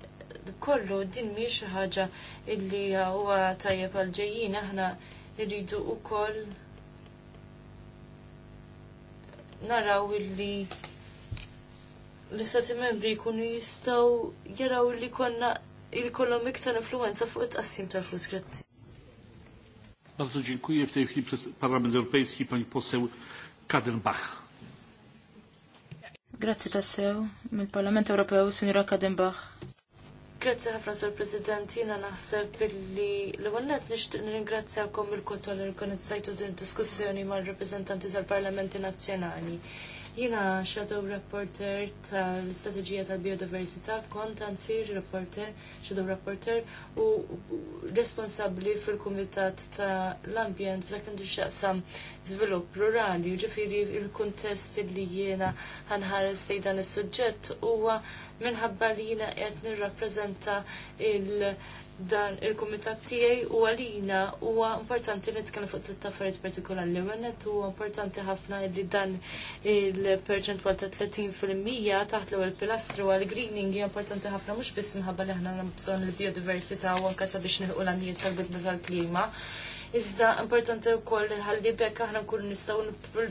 kollu din mhix xi ħaġa illi huwa tajjeb għal ġejjin aħna u wkoll naraw illi l-istati membri jkunu jistaw jaraw illi konna il-kollom iktar influenza fuq it-qassim tal-flus grazzi. Bardzo dziękuję. W tej chwili przez Parlament Europejski pani poseł Kadenbach. Grazzi tassew mill-Parlament Ewropew, Sinjura Kadenbach. Grazzi ħafna sur President, jiena naħseb illi l-għannet nixtieq nirringrazzjakom il-kotol li organizzajtu din diskussjoni mal-rappreżentanti tal-Parlamenti Nazzjonali. Jiena Shadow Reporter tal-Istrateġija tal-Biodiversità, kont anzi reporter, Shadow Reporter u responsabbli fil-Kumitat tal-Ambjent f'dak li xaqsam żvilupp rurali, ġifieri il-kuntest li jiena ħanħares lejn dan is-suġġett huwa minħabba li jina qed nirrappreżenta il- dan il-kumitat tiegħi u għalina huwa importanti nitkellem fuq tliet affarijiet partikolari. li ewwel huwa importanti ħafna li dan il-perċentwal ta' 30% taħt l-ewwel pilastru għal greening hija importanti ħafna mhux biss minħabba li aħna bżonn il-biodiversità u anke sabiex nilqu l-għanijiet tal-bidla tal-klima. tal bidna tal klima iżda importanti wkoll ħalli bekk aħna nkunu nistgħu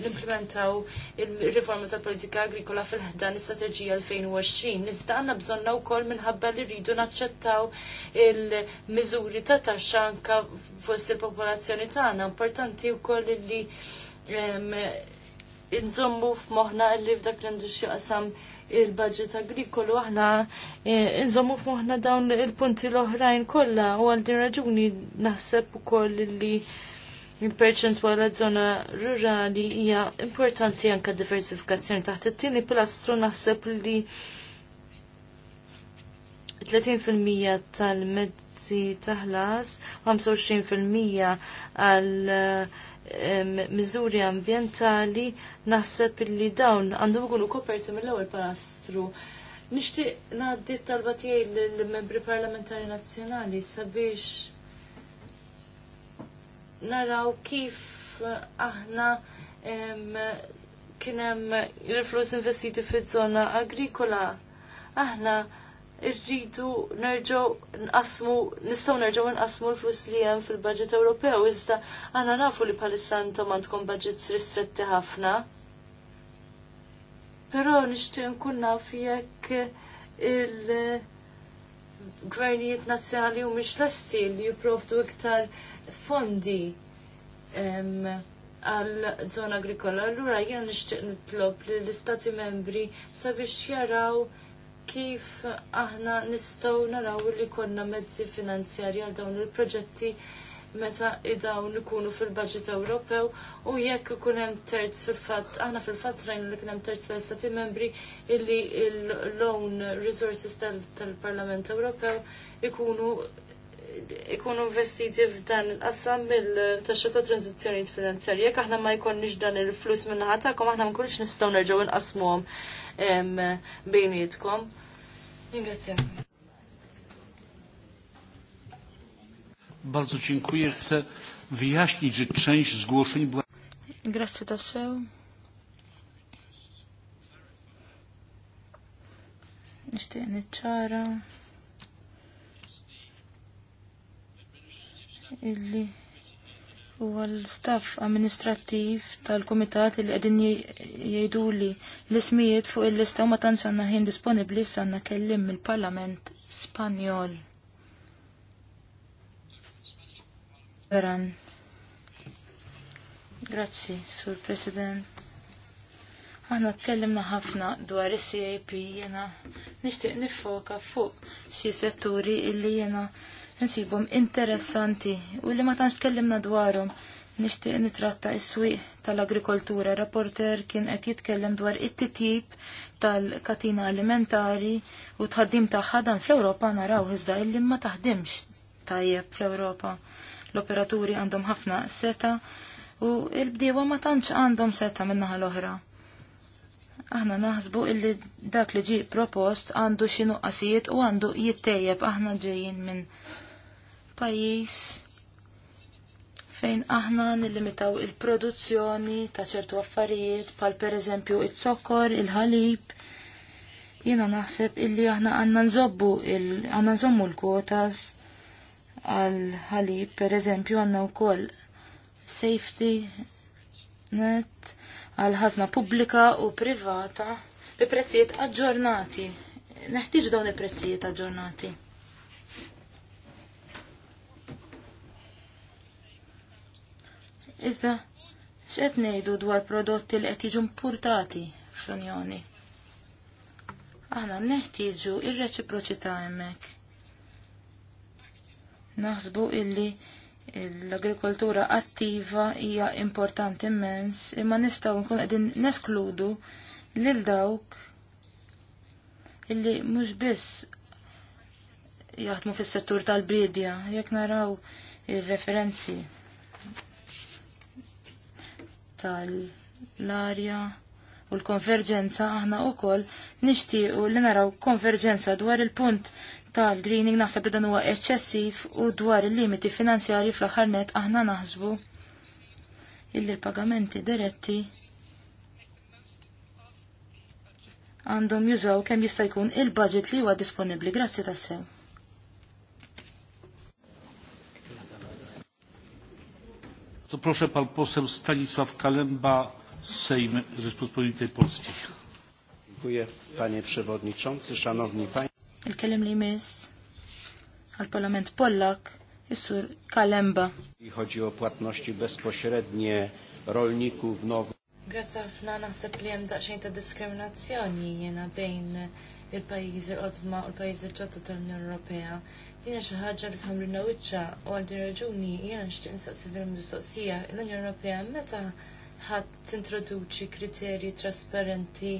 nimplementaw il-riforma tal-politika agrikola fil-ħdan is-strateġija 2020. Iżda għandna bżonna wkoll minħabba li rridu naċċettaw il-miżuri ta' taxxa anke fost il-popolazzjoni tagħna. Importanti wkoll li nżommu f'moħħna li f'dak l-industri qasam il-budget agrikolu aħna eh, nżommu aħna dawn il-punti l-oħrajn kollha u għal din raġuni naħseb ukoll li il-perċentwal żona rurali hija importanti anke diversifikazzjoni taħt it-tieni pilastru naħseb li 30% tal-mezzi taħlas, 25% għal uh, miżuri ambjentali naħseb li dawn għandhom ikunu koperti mill-ewwel palastru. Nixtieq ngħaddi talba tiegħi lill-membri parlamentari nazzjonali sabiex naraw kif aħna kien hemm il-flus investiti fiż-żona agrikola. Aħna irridu nerġaw nqasmu nistgħu nerġgħu nqasmu l-flus li hemm fil-budget Ewropew iżda aħna nafu li bħalissa intom għandkom budgets ristretti ħafna. Però nixtieq nkun naf jekk il-gvernijiet nazzjonali mhumiex lesti li jipprovdu iktar fondi għal żona agrikola. Allura jien nixtieq nitlob li l-istati membri sabiex jaraw kif aħna nistgħu naraw li konna mezzi finanzjarji għal dawn il-proġetti meta id-dawn ikunu fil-budget Ewropew u jekk ikun hemm terz fil-fatt aħna fil-fatt rajna li kien hemm terz tal-istati membri illi l-loan resources tal-Parlament Ewropew ikunu ikunu investiti f'dan il-qassam il taxxa ta' tranzizzjoni finanzjarja. Jekk aħna ma jkollniex dan il-flus minnaħa tagħkom aħna ma nkunux nistgħu nerġgħu nqasmuhom bejnietkom. Ringrazzjak. Bardzo dziękuję. Chcę wyjaśnić, że część zgłoszeń była... Grazie Jeszcze jedna czara. illi U għal staff amministrattiv tal-komitat li qegħdin jgħidu li l-ismijiet fuq il-lista u ma tantx għandna ħin disponibbli s'anna għandna kellim mill-Parlament Spanjol. Veran. Grazzi, Sur President. Aħna tkellimna ħafna dwar is-CAP jena nixtieq nifoka fuq xi setturi illi jena nsibhom interessanti u li ma tantx tkellimna dwarhom. Nixtieq nitratta is-swieq tal-agrikoltura. Rapporter kien qed jitkellem dwar it-titjib tal-katina alimentari u tħaddim tagħha dan fl-Ewropa naraw iżda illi ma taħdimx tajjeb fl-Ewropa. L-operaturi għandhom ħafna seta u l-bdiewa ma tantx għandhom seta min-naħa l-oħra aħna naħsbu illi dak li ġi propost għandu xi nuqqasijiet u għandu jittejjeb aħna ġejjin minn pajis fejn aħna nillimitaw il-produzzjoni ta' ċertu affarijiet pal per eżempju it-sokkor, il-ħalib. Jiena naħseb illi aħna għandna nżobbu għanna nżommu l-kwotas għal ħalib per eżempju għandna wkoll safety net għal ħazna pubblika u privata bi prezzijiet aġġornati. Neħtieġ dawn il-prezzijiet aġġornati. Iżda, x'qed ngħidu dwar prodotti li qed jiġu importati fl-Unjoni? Aħna neħtieġu r reċiproċità hemmhekk. Naħsbu illi l-agrikoltura attiva hija importanti immens, imma nistgħu nkun qegħdin neskludu lil dawk illi mhux biss jaħdmu fis-settur tal-bidja, jekk naraw ir-referenzi tal-arja u l-konverġenza aħna u koll nishtiqu li naraw konverġenza dwar il-punt tal-greening naħseb li dan huwa eċċessiv u dwar il-limiti finanzjarji fl-aħħar net aħna naħsbu illi l-pagamenti diretti għandhom jużaw kemm jista' jkun il-budget li huwa disponibbli. Grazzi tassew. To proszę pan poseł Stanisław Kalemba, Sejm Rzeczpospolitej Polskiej. Dziękuję panie przewodniczący, szanowni państwo. Il-kellim li mis għal-Parlament Pollak, jissur Kalemba. Chodzi o płatności bezpośrednie rolników nowych. Grazie ħafna naħseb li hemm daqsxejn ta' diskriminazzjoni jiena bejn il-pajjiżi l-qodma u l-pajjiżi l-ġodda tal-Unjoni Ewropea Jiena xi ħaġa li tħamrilna wiċċa u għal din raġuni jiena nixtieq nistaqsi din mistoqsija l-Unjoni Ewropea meta ħadd tintroduċi kriterji trasparenti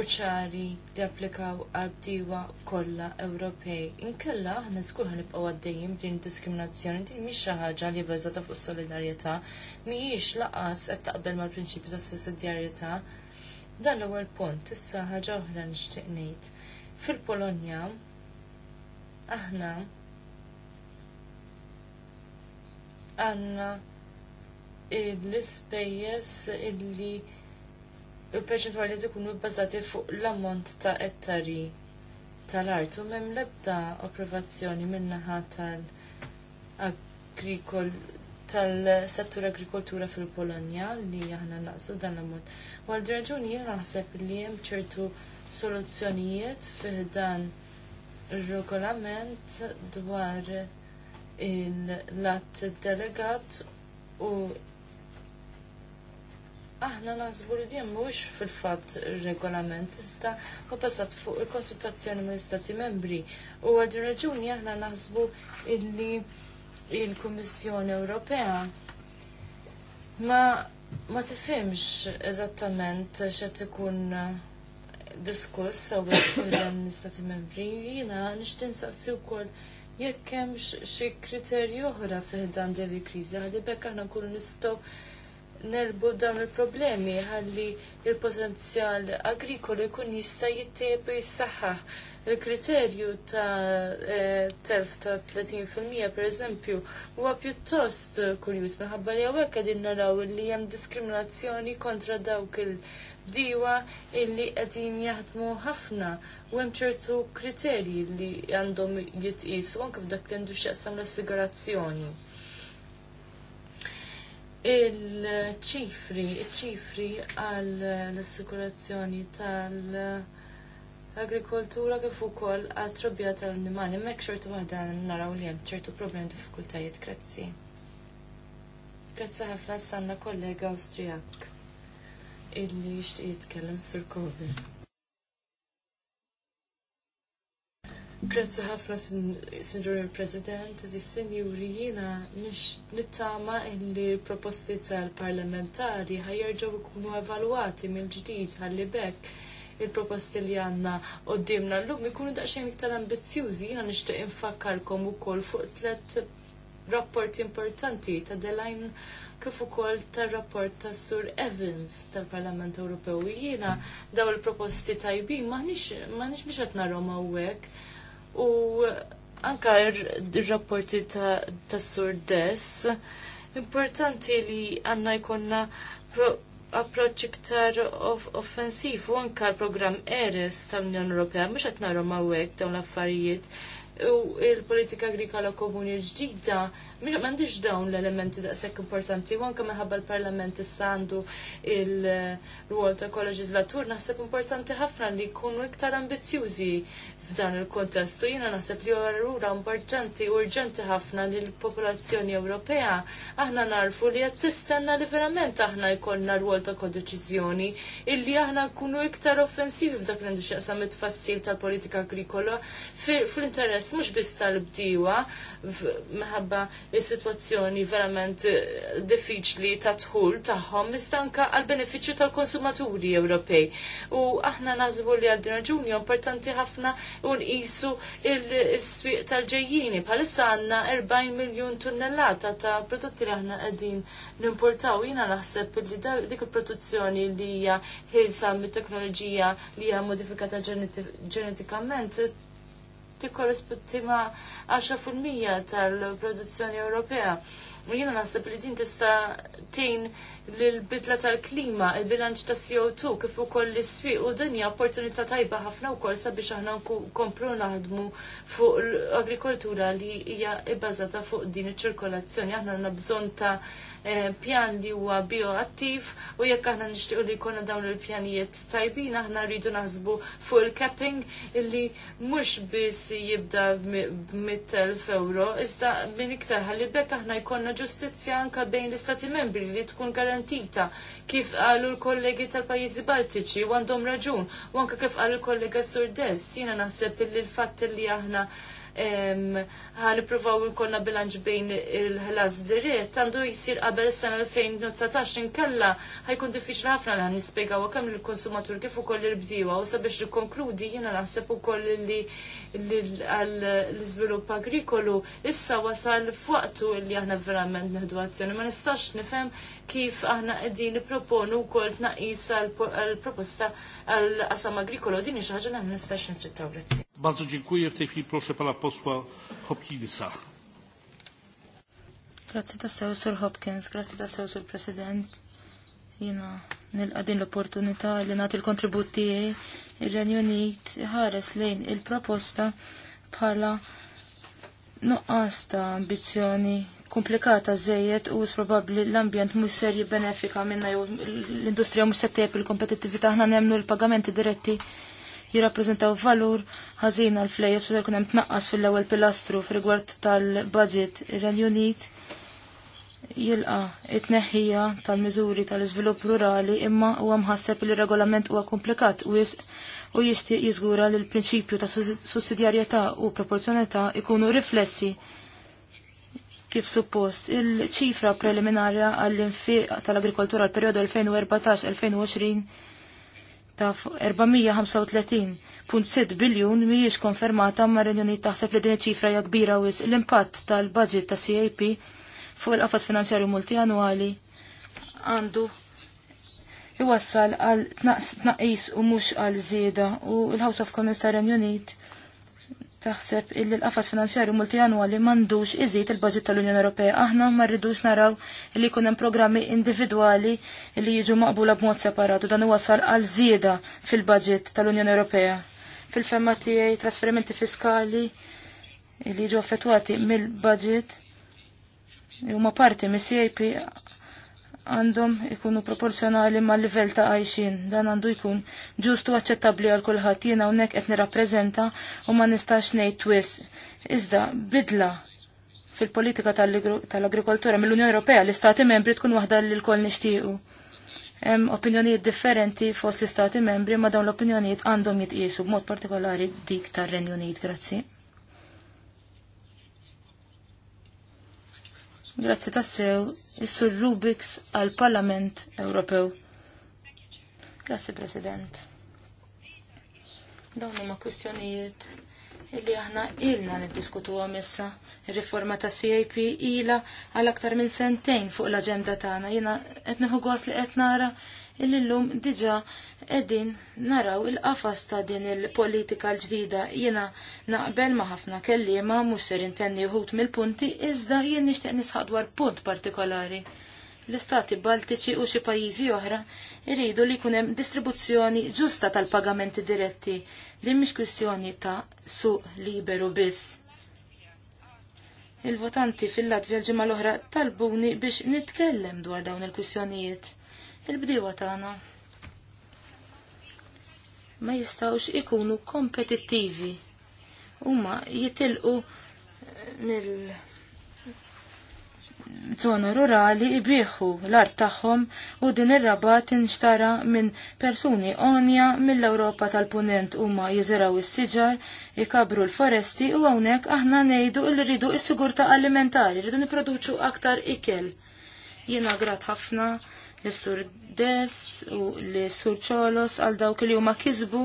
u ċari li applikaw għal bdiewa kollha Ewropej. Inkella aħna żgur ħanibqgħu għaddejjin din diskriminazzjoni din mhix xi ħaġa li bbażata fuq solidarjetà, mhijiex laqas qed taqbel mal-prinċipju ta' sussidjarjetà. Dan l-ewwel punt issa ħaġa oħra nixtieq ngħid. Fil-Polonja aħna għanna l-ispejjeż illi il-perċentwali ikunu bbażati fuq l-ammont ta' ettari tal-art u m'hemm l-ebda approvazzjoni min-naħa tal-agrikol tal-settur agrikoltura fil-Polonja li aħna naqsu dan l-ammont. Għal raġuni jena naħseb li hemm ċertu soluzzjonijiet fiħdan dan regolament dwar il-lat delegat u aħna naħsbu li din mhuwiex fil-fatt ir-regolament iżda u basat fuq il-konsultazzjoni mill-Istati Membri. U għal din raġuni aħna naħsbu illi il-Kummissjoni Ewropea ma ma tifimx eżattament xa tikun diskuss għawek l-Stati Membri, jina nishtin saqsi u kol jekk kem xi kriterju oħra fiħdan din il-kriżi ħalli bekk aħna kullu nistgħu nerbu dawn il-problemi għalli il-potenzjal agrikolu jkun jista' jittejjeb u Il-kriterju ta' eh, telf ta' 30% per eżempju huwa pjuttost kurjuż minħabba li għawek għedin naraw li hemm diskriminazzjoni kontra dawk il- diwa illi qegħdin jaħdmu ħafna u hemm ċertu kriterji li għandhom jitqisu anke f'dak li għandu x'jaqsam l-assigurazzjoni. Il-ċifri, il-ċifri għal l-assigurazzjoni tal- agrikoltura kif ukoll għal trobbija tal-annimali, hemmhekk xorta waħda naraw li hemm ċertu problemi diffikultajiet, grazzi. Grazzi ħafna s-sanna kollega Awstrijak illi jixtieq jitkellem sur Covid. Grazzi ħafna, Sinjur President, zi Sinjuri, jina nittama illi proposti tal-parlamentari ħajjerġaw ikunu evalwati mill-ġdid ħalli bekk il-proposti li għanna u dimna l-lum ikunu daqxajn iktar ambizjużi għan nishtiq infakkarkom u kol fuq tlet rapporti importanti ta' delajn kif ukoll tar-rapport tas Sur Evans tal-Parlament Ewropew. Jiena daw il-proposti tajbin m'aħniex biex qed narhom hawnhekk. U anke r-rapporti tas Sur Des importanti li għandna jkollna approċċ iktar offensiv u anke l-programm Eres tal-Unjoni Ewropea mhux qed narhom hawnhekk dawn l-affarijiet u il-politika agrikola komuni ġdida m'għandix dawn l-elementi daqshekk importanti u anke minħabba l-Parlament issa għandu il ruol ta' kol-leġislatur naħseb importanti ħafna li jkunu iktar ambizjużi f'dan il-kontestu jiena naħseb li għarura importanti urġenti ħafna li l-popolazzjoni Ewropea aħna narfu li qed tistenna li verament aħna jkollna rwol ta' kodeċiżjoni illi aħna nkunu iktar offensivi f'dak li għandu x'jaqsam it-tfassil tal-politika agrikola fl-interess mhux biss tal-bdiewa minħabba is-sitwazzjoni verament eh, diffiċli ta' tħul tagħhom iżda anke għall-benefiċċju tal-konsumaturi Ewropej. U aħna nażbu li għal din raġuni importanti ħafna u nqisu il-swieq tal-ġejjini. Bħalissa għandna 40 miljun tunnellata ta' prodotti li aħna qegħdin importaw Jiena naħseb li dik il-produzzjoni li hija ħilsa mit-teknoloġija li hija modifikata ġenetikament tikkorrispondi ma' 10% tal-produzzjoni Ewropea. U jiena naħseb li din tista' tgħin lill-bidla tal-klima, il-bilanċ ta' CO2 kif ukoll l-isfiq u dinja opportunità tajba ħafna wkoll sabiex aħna nkomplu naħdmu fuq l-agrikoltura li hija ibbażata fuq din iċ-ċirkolazzjoni. Aħna għandna bżonn ta' Eh, pjan li huwa bioattiv u jekk aħna nixtiequ li jkollna dawn il-pjanijiet tajbin aħna rridu naħsbu fuq il-capping li mhux biss jibda mit 100000 euro, iżda minn iktar ħalli bekk aħna jkollna ġustizzja anke bejn l-istati membri li tkun garantita kif qalu l-kollegi tal-pajjiżi Baltiċi u għandhom raġun u anke kif qalu l-kollega Surdess, jiena naħseb illi l-fatt li aħna ħanipruvaw nkollna bilanċ bejn il-ħlas dirett għandu jsir qabel is-sena 2019 inkella ħajkun diffiċli ħafna li nispjegaw kemm l konsumatur kif ukoll il-bdiewa u sabiex nikkonkludi jiena naħseb ukoll li l-iżvilupp agrikolu issa wasal fuqtu li aħna verament neħdu azzjoni ma nistax nifhem kif aħna qegħdin nipproponu wkoll tnaqqis għall-proposta għall-qasam agrikolo din xi ħaġa li nistax naċċettaw grazzi. Bardzo dziękuję. W tej pala proszę Hopkinsa. Grazzi ta' sew sur Hopkins, grazzi ta' sew sur President. Jina nilqa din l-opportunità li nagħti l-kontribut tiegħi ir-Renju Unit ħares lejn il-proposta bħala nuqqas ta' ambizzjoni komplikata zejet u probabbli l-ambjent mhux ser jibbenefika minna jew l-industrija mhux se il kompetitivita aħna nemmnu l-pagamenti diretti jirrappreżentaw valur ħażin għal flejjes su jkun hemm tnaqqas fil-ewwel pilastru f'rigward tal-budget ir-Renju Unit jilqa it-neħħija tal-miżuri tal-iżvilupp rurali imma u mħasseb li regolament huwa komplikat u u jixtieq jiżgura li l-prinċipju ta' sussidjarjetà u proporzjonalità ikunu riflessi kif suppost. Il-ċifra preliminarja għall-infiq tal-agrikoltura għal-periodu 2014-2020 ta' 435.6 biljun mhijiex konfermata ma' Renjoni taħseb li din iċ-ċifra hija kbira wis l-impatt tal-budget ta' CAP fuq il-qafas finanzjarju multianwali għandu iwassal għal tnaqis u mhux għal żieda u l-House of Commons ta' Renjonit taħseb illi l-qafas finanzjarju multijanwali mandux iżid il-budget tal-Unjoni Ewropea. Aħna ma rridux naraw li jkun hemm programmi individwali li jiġu maqbula b'mod separatu. u dan iwassal għal żieda fil-budget tal-Unjoni Ewropea. Fil-femma tiegħi trasferimenti fiskali li jiġu affettwati mill-budget huma parti mis-CIP għandhom ikunu proporzjonali ma' livell ta' għajxin. Dan għandu jkun ġustu għacċettabli għal kulħadd jiena hawnhekk qed nirrappreżenta u ma nistax ngħid twiss. Iżda bidla fil-politika tal-agrikoltura mill-Unjoni Ewropea l-Istati membri tkun waħda li l-kol nixtiequ. Hemm opinjonijiet differenti fost l-Istati membri ma dawn l-opinjonijiet għandhom jitqiesu b'mod partikolari dik tar-Renju Unit. Grazzi. Grazzi tassew, is-Sur Rubiks għal Parlament Ewropew. Grazzi President. Dawn huma kwistjonijiet illi aħna ilna niddiskutu issa. Ir-riforma ta' CAP ila għal aktar minn sentejn fuq l-aġenda tagħna. Jiena qed neħu gost li qed nara illi llum diġà Edin, naraw il-qafas ta' din il-politika l-ġdida jiena naqbel ma' ħafna kellima mhux ser intenni uħut mill-punti iżda jien nixtieq nisħaq dwar punt partikolari. L-istati Baltiċi u xi pajjiżi oħra jridu li jkun hemm distribuzzjoni ġusta tal-pagamenti diretti li mhix kwistjoni ta' suq liberu biss. Il-votanti fil-Latvja l-ġimgħa l-oħra talbuni biex nitkellem dwar dawn il-kwistjonijiet. Il-bdiewa tagħna ma jistawx ikunu kompetittivi. Huma jitilqu eh, mill zona rurali ibiħu l-art tagħhom u din ir-raba inxtara minn persuni onja mill-Ewropa tal-Punent huma jiżeraw is-siġar, ikabru l-foresti u hawnhekk aħna ngħidu li rridu s-sigurta alimentari, rridu niproduċu aktar ikel. Jiena grat ħafna l-istur Dess u li Sur Ċolos għal dawk li huma kisbu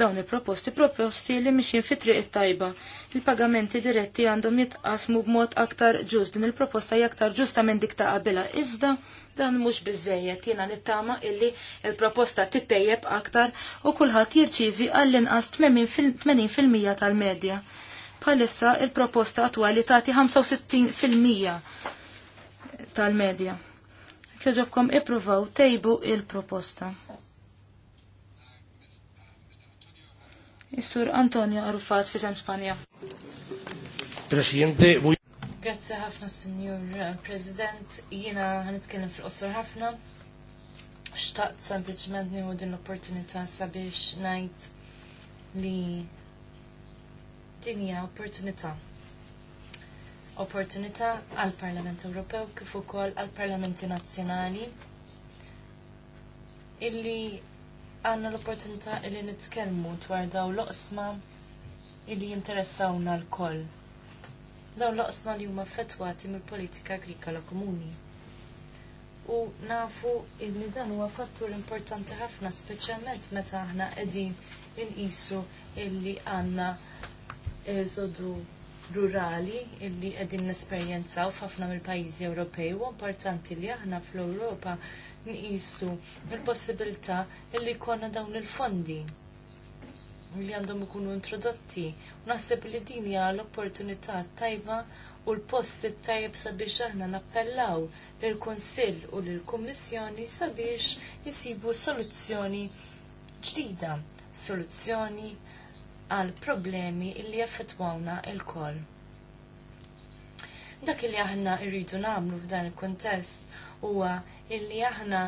dawn il-proposti proposti li mixin fitri it-tajba. Il-pagamenti diretti għandhom jitqasmu b'mod aktar ġust. din il-proposta jaktar ġusta minn dik ta' qabila. Iżda dan mhux biżejjed jiena nittama illi il-proposta tittejjeb aktar u kulħadd jirċivi għall-inqas 80% tal-medja. Bħalissa il-proposta attwali tagħti 65% tal-medja kjoġobkom ippruvaw tejbu il-proposta. Is-sur Antonio Arufat fi Spanja. Presidente, buj. Grazie ħafna, Signor President. Jiena ħanitkellem fil-qosor ħafna. Xtaqt sempliċement nieħu din l-opportunità sabiex ngħid li hija opportunità opportunità għall parlament Ewropew kif ukoll għall parlamenti nazzjonali illi għandna l-opportunità illi nitkellmu dwar dawn l-oqsma illi jinteressawna lkoll. Daw l-oqsma li huma fetwati mill-politika agrikola komuni. U nafu illi dan huwa fattur importanti ħafna speċjalment meta aħna qegħdin inqisu illi għandna eżodu eh, rurali illi qegħdin nesperjenzaw f'ħafna mill-pajjiżi Ewropej u importanti li aħna fl-Ewropa nqisu il-possibilità illi jkollna dawn il-fondi li għandhom ikunu introdotti u naħseb li din hija l-opportunità tajba u l-post it-tajb sabiex aħna nappellaw lill kunsill u lill kummissjoni sabiex jisibu soluzzjoni ġdida, soluzzjoni għal problemi li jaffetwawna il-koll. Dak li aħna irridu namlu f'dan il-kontest huwa illi aħna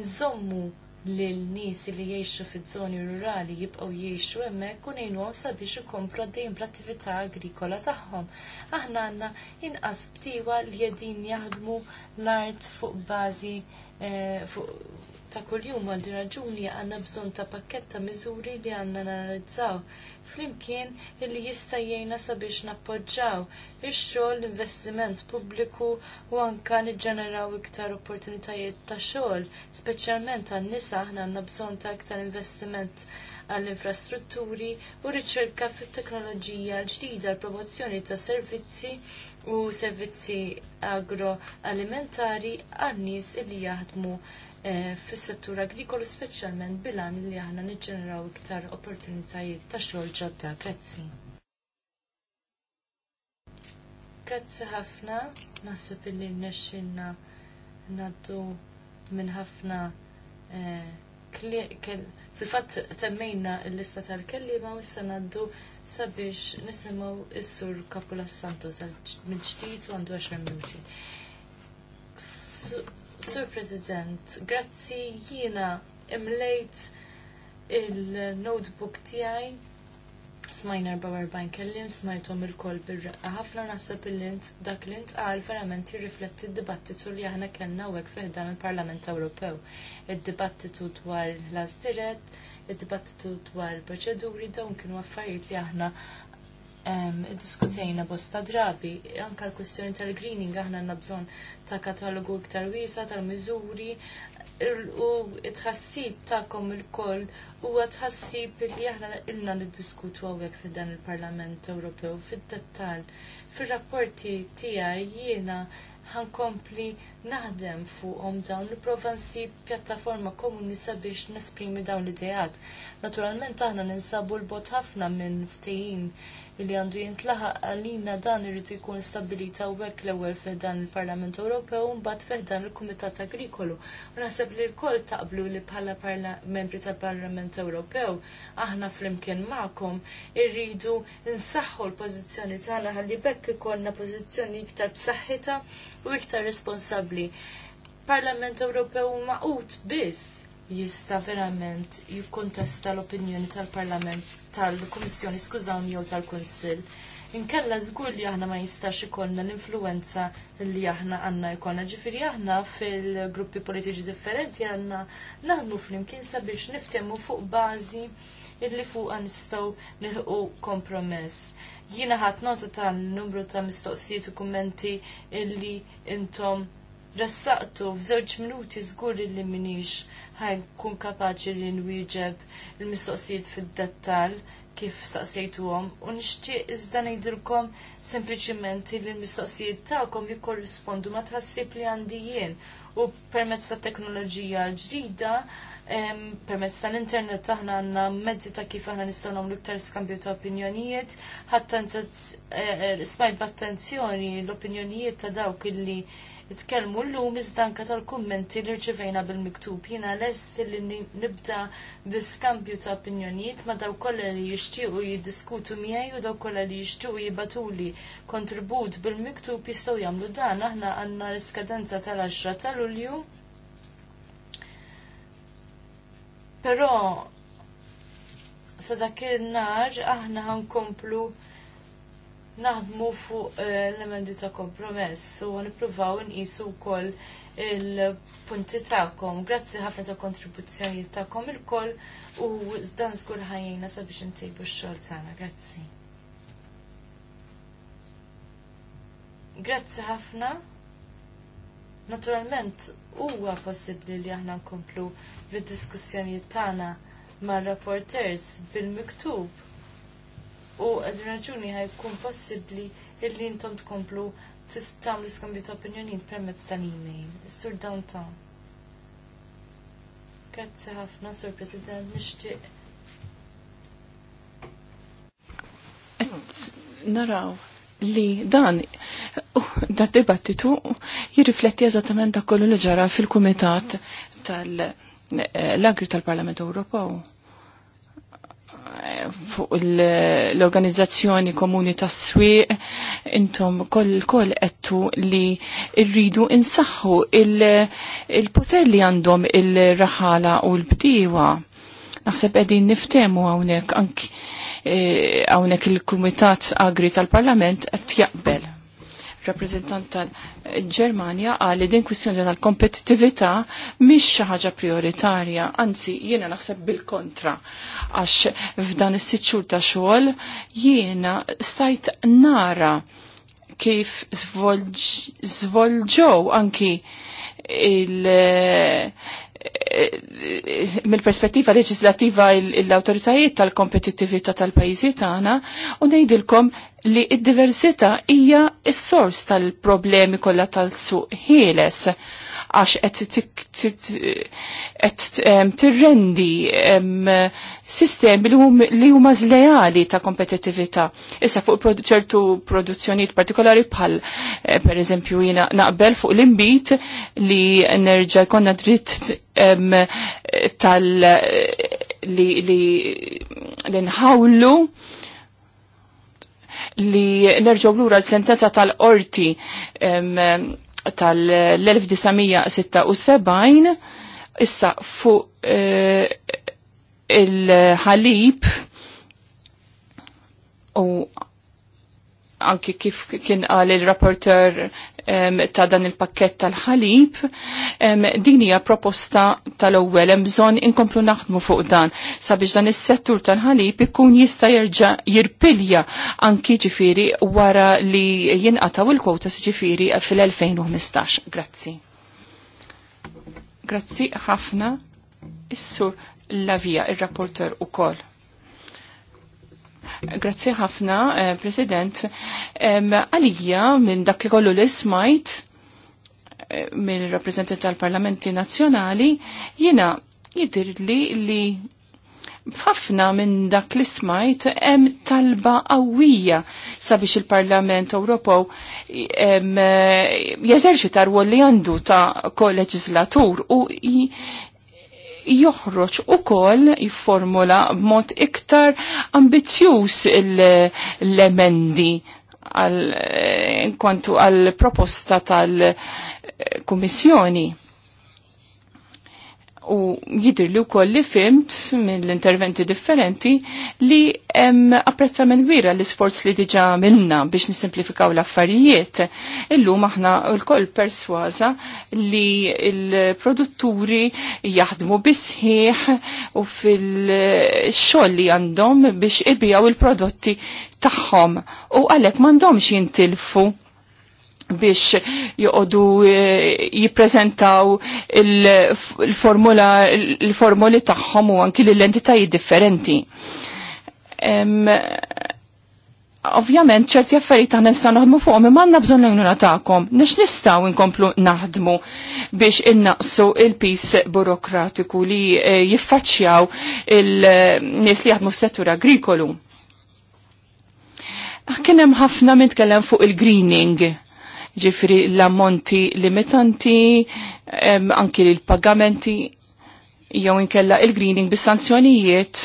nżommu lil nies li jgħixu fiż-żoni rurali jibqgħu jgħixu hemmhekk u ngħinuhom sabiex ikomplu għaddejjin bl-attività agrikola tagħhom. Aħna għandna inqas btiwa li qegħdin jaħdmu l-art fuq bażi eh, fuq ta' kuljum għal din raġuni għandna bżonn ta' pakkett ta' miżuri li għandna nanalizzaw flimkien illi jista' jgħinna sabiex nappoġġaw ix-xogħol l-investiment pubbliku u anke niġġeneraw iktar opportunitajiet ta' xogħol, speċjalment għan-nisa aħna għandna bżonn ta' iktar investiment għall-infrastrutturi u riċerka fit-teknoloġija l-ġdida l-promozzjoni ta' servizzi u servizzi agroalimentari għan-nies illi jaħdmu Eh, fis-settur agrikolu speċjalment bilan li aħna niġġeneraw iktar opportunitajiet ta' xogħol ġodda. Grazzi. Grazzi ħafna, naħseb illi nnexxinna naddu minn ħafna eh, fil-fatt temmejna l-lista tal kelliema u issa naddu sabiex nisimgħu is-sur Kapula Santos minn ġdid u għandu 20 minuti Sur President, grazzi jiena imlejt il-notebook tiegħi smajna 44 kellim, smajtom il-kol bil ħafna naħseb il-lint dak l-int għal verament jirrifletti d-dibattitu li aħna kellna għek fiħdan il-Parlament Ewropew. Id-dibattitu dwar l-azdiret, id-dibattitu dwar proċeduri dawn kienu affarijiet li aħna diskutejna bosta drabi. Anka l-kwestjoni tal-greening aħna għanna bżonn ta' katalogu iktar wiesa tal-miżuri u tħassib tagħkom il-koll huwa tħassib li aħna ilna niddiskutu għawek fid-dan il-Parlament Ewropew fid-dettall. Fir-rapporti tiegħi jiena ħankompli naħdem fuqhom dawn nipprova nsib pjattaforma komuni sabiex nesprimi dawn l-idejat. Naturalment aħna ninsabu l-bot ħafna minn ftehim li għandu jintlaħaq għalina dan irid ikun stabilita u hekk l-ewwel fiħdan il-Parlament Ewropew u mbagħad fiħdan il-Kumitat Agrikolu. U naħseb li l-koll taqblu li bħala membri tal-Parlament Ewropew aħna flimkien magħkom irridu nsaħħu l-pożizzjoni tagħna ħalli bekk ikollna pożizzjoni iktar bsaħħita u iktar responsabbli. Parlament Ewropew maqut biss jista verament jikkontesta l-opinjoni tal-Parlament, tal-Kummissjoni, skużawni jew tal-Kunsill. Inkella żgur li aħna ma jistax ikollna l-influenza li aħna għandna jkollna. Ġifieri aħna fil-gruppi politiċi differenti għandna naħdmu flimkien sabiex niftehmu fuq bażi illi fuqha nistgħu nilħqu kompromess. Jiena ħadd notu tan numru ta' mistoqsijiet u kummenti illi intom ressaqtu f'żewġ minuti żgur illi minix kun kapaċi li nwieġeb il-mistoqsijiet fid-dettal kif għom u nixtieq iżda ngħidilkom sempliciment li l-mistoqsijiet tagħkom jikkorrispondu ma tħassib li għandi jien u permezz ta' teknoloġija ġdida permezz tal-internet aħna għandna mezzi ta' kif aħna nistgħu nagħmlu iktar skambju ta' opinjonijiet, ħadd eh, eh, smajt b'attenzjoni l-opinjonijiet ta' dawk illi nitkellmu llum iżda anke tal-kummenti li rċevejna bil-miktub. Jiena lest li nibda biskambju ta' opinjonijiet ma' daw kollha li jixtiequ jiddiskutu miegħi u daw kollha li jixtiequ jibatuli kontribut bil-miktub jistgħu jagħmlu dan aħna għandna l-iskadenza tal-10 ta' Lulju. Però sa dak il-nar aħna ħankomplu komplu naħdmu fuq eh, l-emendi ta' kompromess u nippruvaw nqisu wkoll il-punti tagħkom. Grazzi ħafna ta' kontribuzzjoni tagħkom ilkoll u żdan żgur ħajjina sabiex intejbu x-xogħol tagħna. Grazzi. Grazzi ħafna. Naturalment huwa possibbli li aħna nkomplu fid diskussjonijiet tagħna mar-rapporters bil-miktub u għad raġuni ħajkun possibbli illi intom tkomplu tagħmlu skambju ta' opinjonijiet permezz e-mail. Sur downtown. Grazzi ħafna, Sur President, nixtieq. Naraw li dan uh, da dibattitu jirrifletti eżattament dak kollu li ġara fil-Kumitat tal eh, lagri tal-Parlament Ewropew fuq l-organizzazzjoni komuni tas swieq intom koll koll ettu li rridu insaħħu il-poter li għandhom il-raħala u l bdiwa Naħseb qegħdin niftemu hawnhekk anki eh, hawnhekk il-Kumitat Agri tal-Parlament qed jaqbel rappresentant tal germania għal din kwistjoni tal-kompetitività mhix xi ħaġa prioritarja, anzi jiena naħseb bil-kontra għax f'dan is-siċċur ta' xogħol jiena stajt nara kif zvolġow anki il- mill-perspettiva leġislativa l-autoritajiet tal-kompetittività tal-pajjiżi tagħna u ngħidilkom li id-diversità hija s-sors tal-problemi kollha tal-suq ħieles għax qed tirrendi sistemi li huma żlejali ta' kompetittività. Issa fuq ċertu produzzjonijiet partikolari bħal eh, pereżempju jiena naqbel fuq l-imbit li nerġa' jkollna dritt tal li nħawlu li nerġgħu lura l-sentenza tal-qorti tal-1976 issa fuq e, il-ħalib u anki kif kien għal il-rapporter ta' dan il-pakket tal-ħalib, din hija proposta tal-ewwel hemm bżonn inkomplu naħdmu fuq dan sabiex dan is-settur tal-ħalib ikun jista' jerġa' jirpilja anki ġifieri wara li jinqataw il-kwotas ġifieri fil-2015. Grazzi. Grazzi ħafna. Is-sur Lavia, ir-rapporter ukoll. Grazzi ħafna, eh, President. Għalija minn dak li kollu li smajt eh, mill rappresentanti tal-Parlamenti Nazzjonali, jiena jidir li li ħafna minn dak li smajt hemm talba qawwija sabiex il-Parlament Ewropew eh, jeżerċita rwol li għandu ta' koleġislatur u joħroġ ukoll jifformula b'mod iktar ambizjus l-emendi għal eh, kontu għal proposta tal-Kummissjoni u jidir li wkoll li fimt mill-interventi differenti li apprezza apprezzament gwira l-isforz li diġa minna biex nisimplifikaw l-affarijiet. Illum aħna l-koll perswaza li l-produtturi jaħdmu bisħiħ u fil-xogħol li għandhom biex ibijaw il-prodotti tagħhom u għalhekk m'għandhomx jintilfu biex joqodu eh, jiprezentaw il formuli tagħhom u anki l-entitajiet differenti. Ovvjament ċerti affarijiet aħna nistgħu naħdmu fuqhom imma għandna bżonn l-għnuna tagħkom. Nix nistgħu nkomplu naħdmu biex innaqsu il-pis burokratiku li eh, jiffaċċjaw il-nies li jaħdmu f'settur agrikolu. Kien hemm ħafna mitkellem fuq il-greening ġifri l-ammonti limitanti, anki l-pagamenti, jew inkella il-greening bis-sanzjonijiet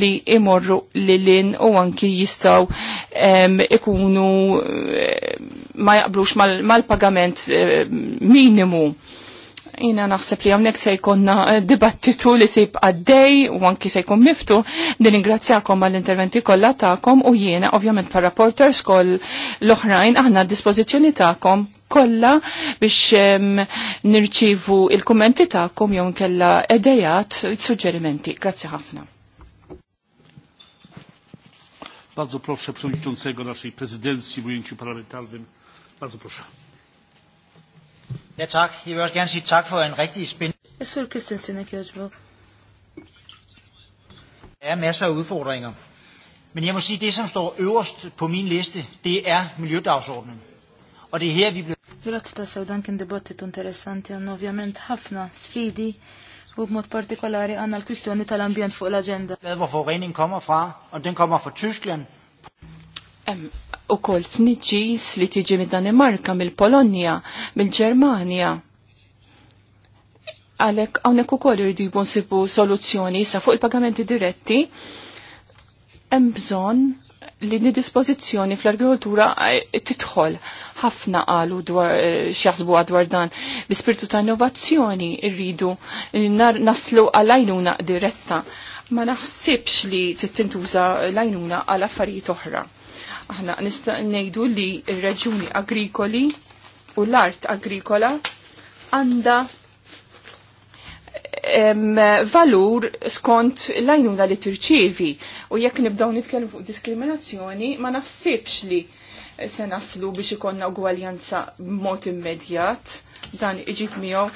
li imorru li lin u anki jistaw ikunu eh, ma jaqblux mal-pagament mal eh, minimu jina naħseb li għamnek se jkonna eh, dibattitu li se għaddej u anki se jkun miftu, din ingrazzjakom għall-interventi kollha tagħkom u jiena ovvjament par reporters koll l-oħrajn aħna d-dispożizzjoni tagħkom kollha biex ehm, nirċivu il-kummenti tagħkom jew nkella edejat suġġerimenti. Grazzi ħafna. Bardzo proszę przewodniczącego naszej prezydencji w ujęciu parlamentarnym. Bardzo proszę. Ja, tak. Jeg vil også gerne sige tak for en rigtig spændende... Jeg synes, Christensen er kjørsbog. Der er masser af udfordringer. Men jeg må sige, det, som står øverst på min liste, det er miljødagsordenen. Og det er her, vi bliver... Grazie ta' sew dan kien dibattitu interessanti hanno ovviamente ħafna sfidi u b'mod partikolari għanna l-kwistjoni tal-ambjent fuq Dove la forurening kommer fra, og den kommer fra Tyskland, u kol sniġis li tiġi mid-Danimarka, mill-Polonja, mill Germania. Għalek, għonek u kol jibun sibu soluzzjoni sa fuq il-pagamenti diretti, hemm bżonn li nidispożizzjoni fl-agrikoltura eh, titħol ħafna qalu dwar eh, xjaħsbu dwar dan bispirtu ta' innovazzjoni rridu naslu għal ajnuna diretta ma naħsibx li tittintuża l-għajnuna għal affarijiet oħra. Aħna nista' ngħidu li r-raġuni agrikoli u l-art agrikola għandha valur skont l-għajnuna li tirċivi u jekk nibdaw nitkellmu fuq diskriminazzjoni ma naħsibx li se naslu biex ikonna ugwaljanza mod immedjat dan iġib miegħu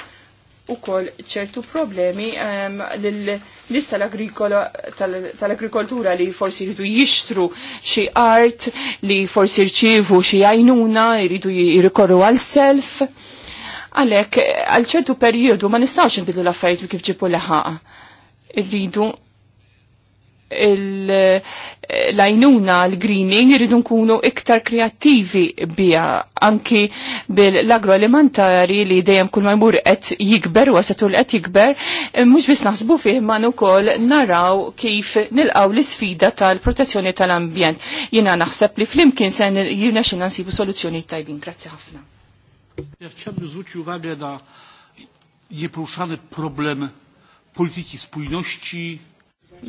u kol ċertu problemi um, ehm, l-lista tal-agrikoltura li forsi jridu jixtru xi art, li forsi rċivu xi għajnuna, jridu jirrikorru għal-self. Għalek, għal ċertu periodu ma nistawx nbidlu l-affarijiet kif l-ħaqa. rridu l ajnuna l-greening jridu nkunu iktar kreattivi bija anki bil-agroalimentari li dejjem kull ma jmur qed jikber u għasetu l qed jikber eh, mhux biss naħsbu fih man ukoll naraw kif nilqaw l-isfida tal-protezzjoni tal-ambjent. Jiena naħseb li flimkien se jirnexxina nsibu soluzzjoni tajbin. Grazzi ħafna. Ja chciałbym zwrócić uwagę na nieporuszany problem polityki spójności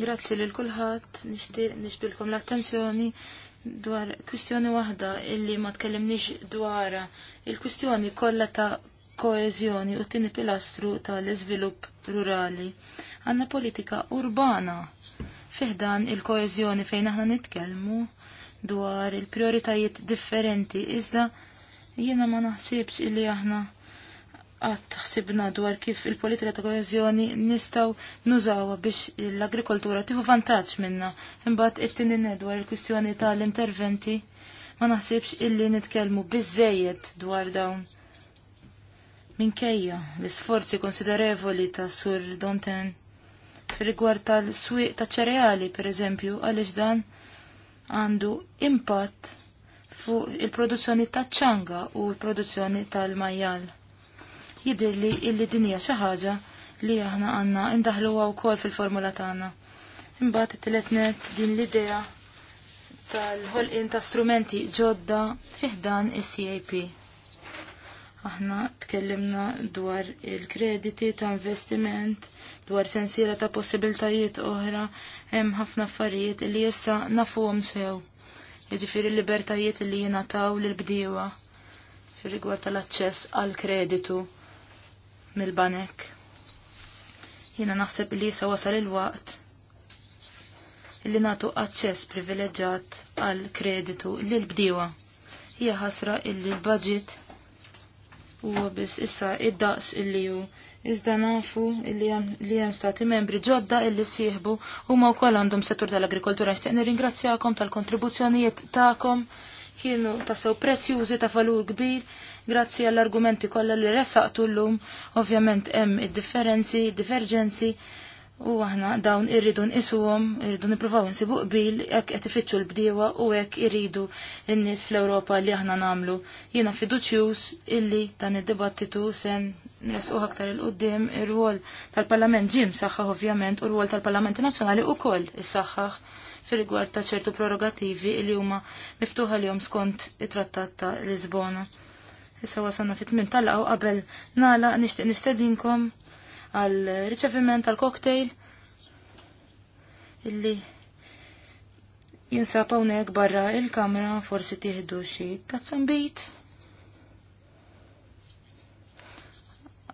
Grazzi lil kulħadd, nixtieq nixbilkom l-attenzjoni dwar kwistjoni waħda illi ma tkellimniex dwar il-kwistjoni kollha ta' koeżjoni u tini pilastru pilastru tal-iżvilupp rurali. Għanna politika urbana fiħdan il-koeżjoni fejn aħna nitkellmu dwar il-prioritajiet differenti iżda jiena ma naħsibx illi aħna għat taħsibna dwar kif il-politika ta' koezjoni nistaw nużawa biex l-agrikoltura tifu vantaġġ minna. Imbagħad it-tieni dwar il-kwistjoni tal-interventi ma naħsibx illi nitkellmu biżejjed dwar dawn. Minkejja l-isforzi konsiderevoli ta' Sur Donten fir-rigward tal-swieq ta' ċereali, per eżempju, għaliex dan għandu impatt fuq il-produzzjoni ta' ċanga u l-produzzjoni tal-majjal jidirli illi dinija xi ħaġa li aħna għandna ndaħluha wkoll fil-formula tagħna. Imbagħad it-tielet din l-idea tal-ħolqien ta' strumenti ġodda fiħdan is-CAP. Aħna tkellimna dwar il-krediti ta' investiment, dwar sensiela ta' possibiltajiet oħra, hemm ħafna affarijiet li issa nafuhom sew. Jiġifieri l-libertajiet li jingħataw lil bdiewa fir-rigward tal-aċċess għall kreditu mil banek Jiena naħseb li jisa wasal il-waqt li natu aċċess privileġġat għal kreditu li l-bdiwa. Hija ħasra illi l-budget huwa biss issa id-daqs illi hu iżda nafu li hemm stati membri ġodda illi sieħbu huma wkoll għandhom settur tal-agrikoltura nixtieq nirringrazzjakom tal-kontribuzzjonijiet tagħkom kienu tassew prezzjużi ta' falur kbir Grazzi għall-argumenti kollha li ressaqtu llum, ovvjament hemm id-differenzi, divergenzi u aħna dawn irridu nqisuhom, irridu nippruvaw insibu qbil hekk qed ifittxu l-bdiewa u hekk irridu n-nies fl-Ewropa li aħna nagħmlu. Jiena fiduċjuż illi dan id-dibattitu sen nisquh aktar il-qudiem ir-rwol tal-Parlament ġim saħħaħ ovvjament u r-rwol tal-Parlamenti Nazzjonali wkoll is-saħħaħ fil-rigward ta' ċertu prorogativi li huma miftuħa lihom skont it-trattat ta' Lisbona. Issa wasanna fit-tmim tal-qaw qabel nala nixtieq nistedinkom għal riċeviment tal cocktail illi jinsab hawnhekk barra il-kamra forsi tieħdu xi tazzambit.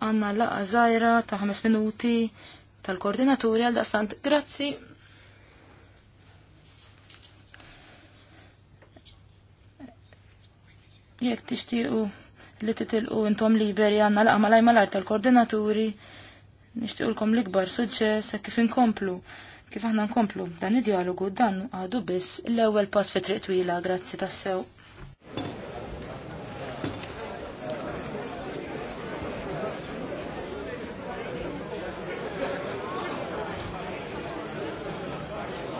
Għanna laqa żgħira ta' ħames minuti tal-koordinaturi għal daqstant. Grazzi. Jekk tixtiequ li titilqu intom liberi għanna laqma malaj malart tal-koordinaturi nishtiqulkom l-ikbar suċċess kif inkomplu kif aħna nkomplu dan id-dialogu dan għadu biss l-ewwel pass fi triq twila grazzi tassew.